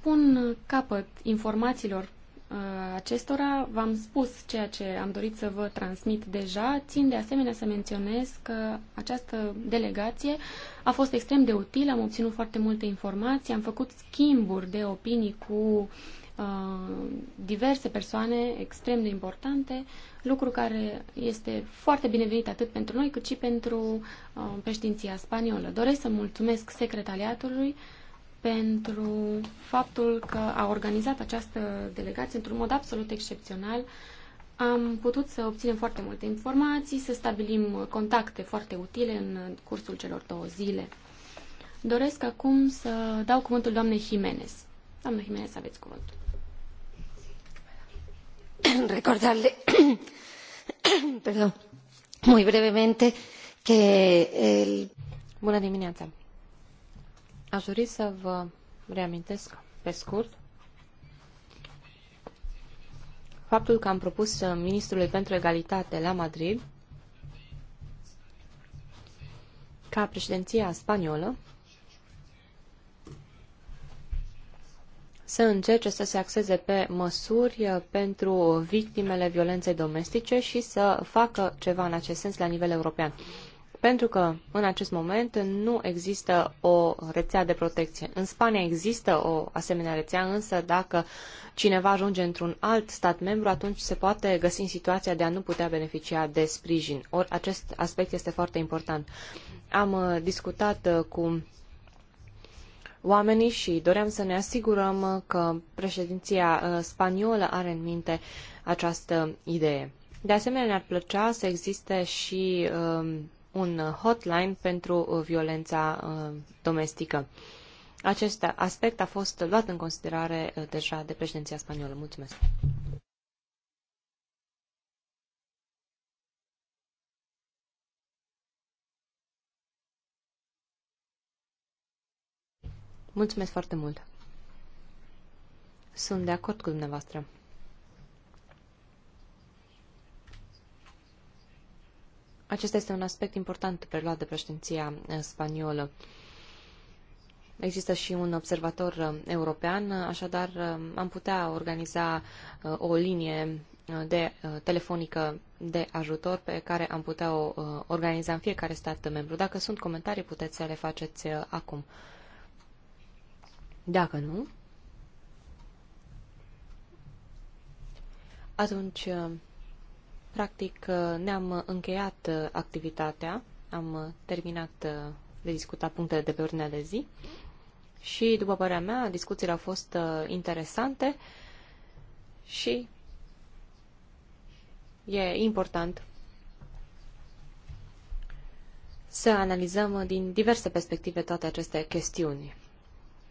Speaker 3: Pun capăt informațiilor Uh, acestora. V-am spus ceea ce am dorit să vă transmit deja. Țin de asemenea să menționez că această delegație a fost extrem de utilă, am obținut foarte multe informații, am făcut schimburi de opinii cu uh, diverse persoane extrem de importante, lucru care este foarte binevenit atât pentru noi cât și pentru uh, președinția spaniolă. Doresc să mulțumesc secretariatului uh, pentru faptul că a organizat această delegație într-un mod absolut excepțional. Am putut să obținem foarte multe informații, să stabilim contacte foarte utile în cursul celor două zile. Doresc acum să dau cuvântul doamnei Jimenez. Doamna Jimenez, aveți cuvântul.
Speaker 4: Recordarle,
Speaker 1: perdón, muy brevemente
Speaker 2: que el... Bună dimineața! Aș dori să vă reamintesc pe scurt faptul că am propus uh, ministrului pentru egalitate la Madrid ca președinția spaniolă să încerce să se axeze pe măsuri uh, pentru victimele violenței domestice și să facă ceva în acest sens la nivel european pentru că în acest moment nu există o rețea de protecție. În Spania există o asemenea rețea, însă dacă cineva ajunge într-un alt stat membru, atunci se poate găsi în situația de a nu putea beneficia de sprijin. Ori acest aspect este foarte important. Am uh, discutat uh, cu oamenii și doream să ne asigurăm că președinția uh, spaniolă are în minte această idee. De asemenea, ne-ar plăcea să existe și um, un hotline pentru uh, violența uh, domestică. Acest aspect a fost luat în considerare uh, deja de președinția spaniolă. Mulțumesc! Mulțumesc foarte mult! Sunt de acord cu dumneavoastră. Acesta este un aspect important preluat de președinția eh, spaniolă. Există și un observator eh, european, eh, așadar am putea organiza o linie de telefonică de ajutor pe care am putea o organiza în fiecare stat membru. Dacă sunt comentarii, puteți să le faceți acum. Dacă nu, atunci Practic, uh, ne-am uh, încheiat uh, activitatea, am terminat de discutat punctele de pe ordinea de zi și, după părerea mea, discuțiile au fost interesante și e important să analizăm din diverse perspective toate aceste chestiuni.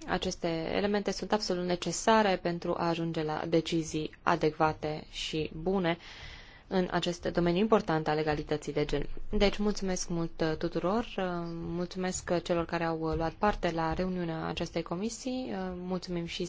Speaker 2: Aceste elemente sunt absolut necesare pentru a ajunge la decizii adecvate și bune în acest domeniu important al legalității de gen. Deci, mulțumesc mult uh, tuturor, uh, mulțumesc uh, celor care au luat parte la reuniunea acestei comisii, mulțumim și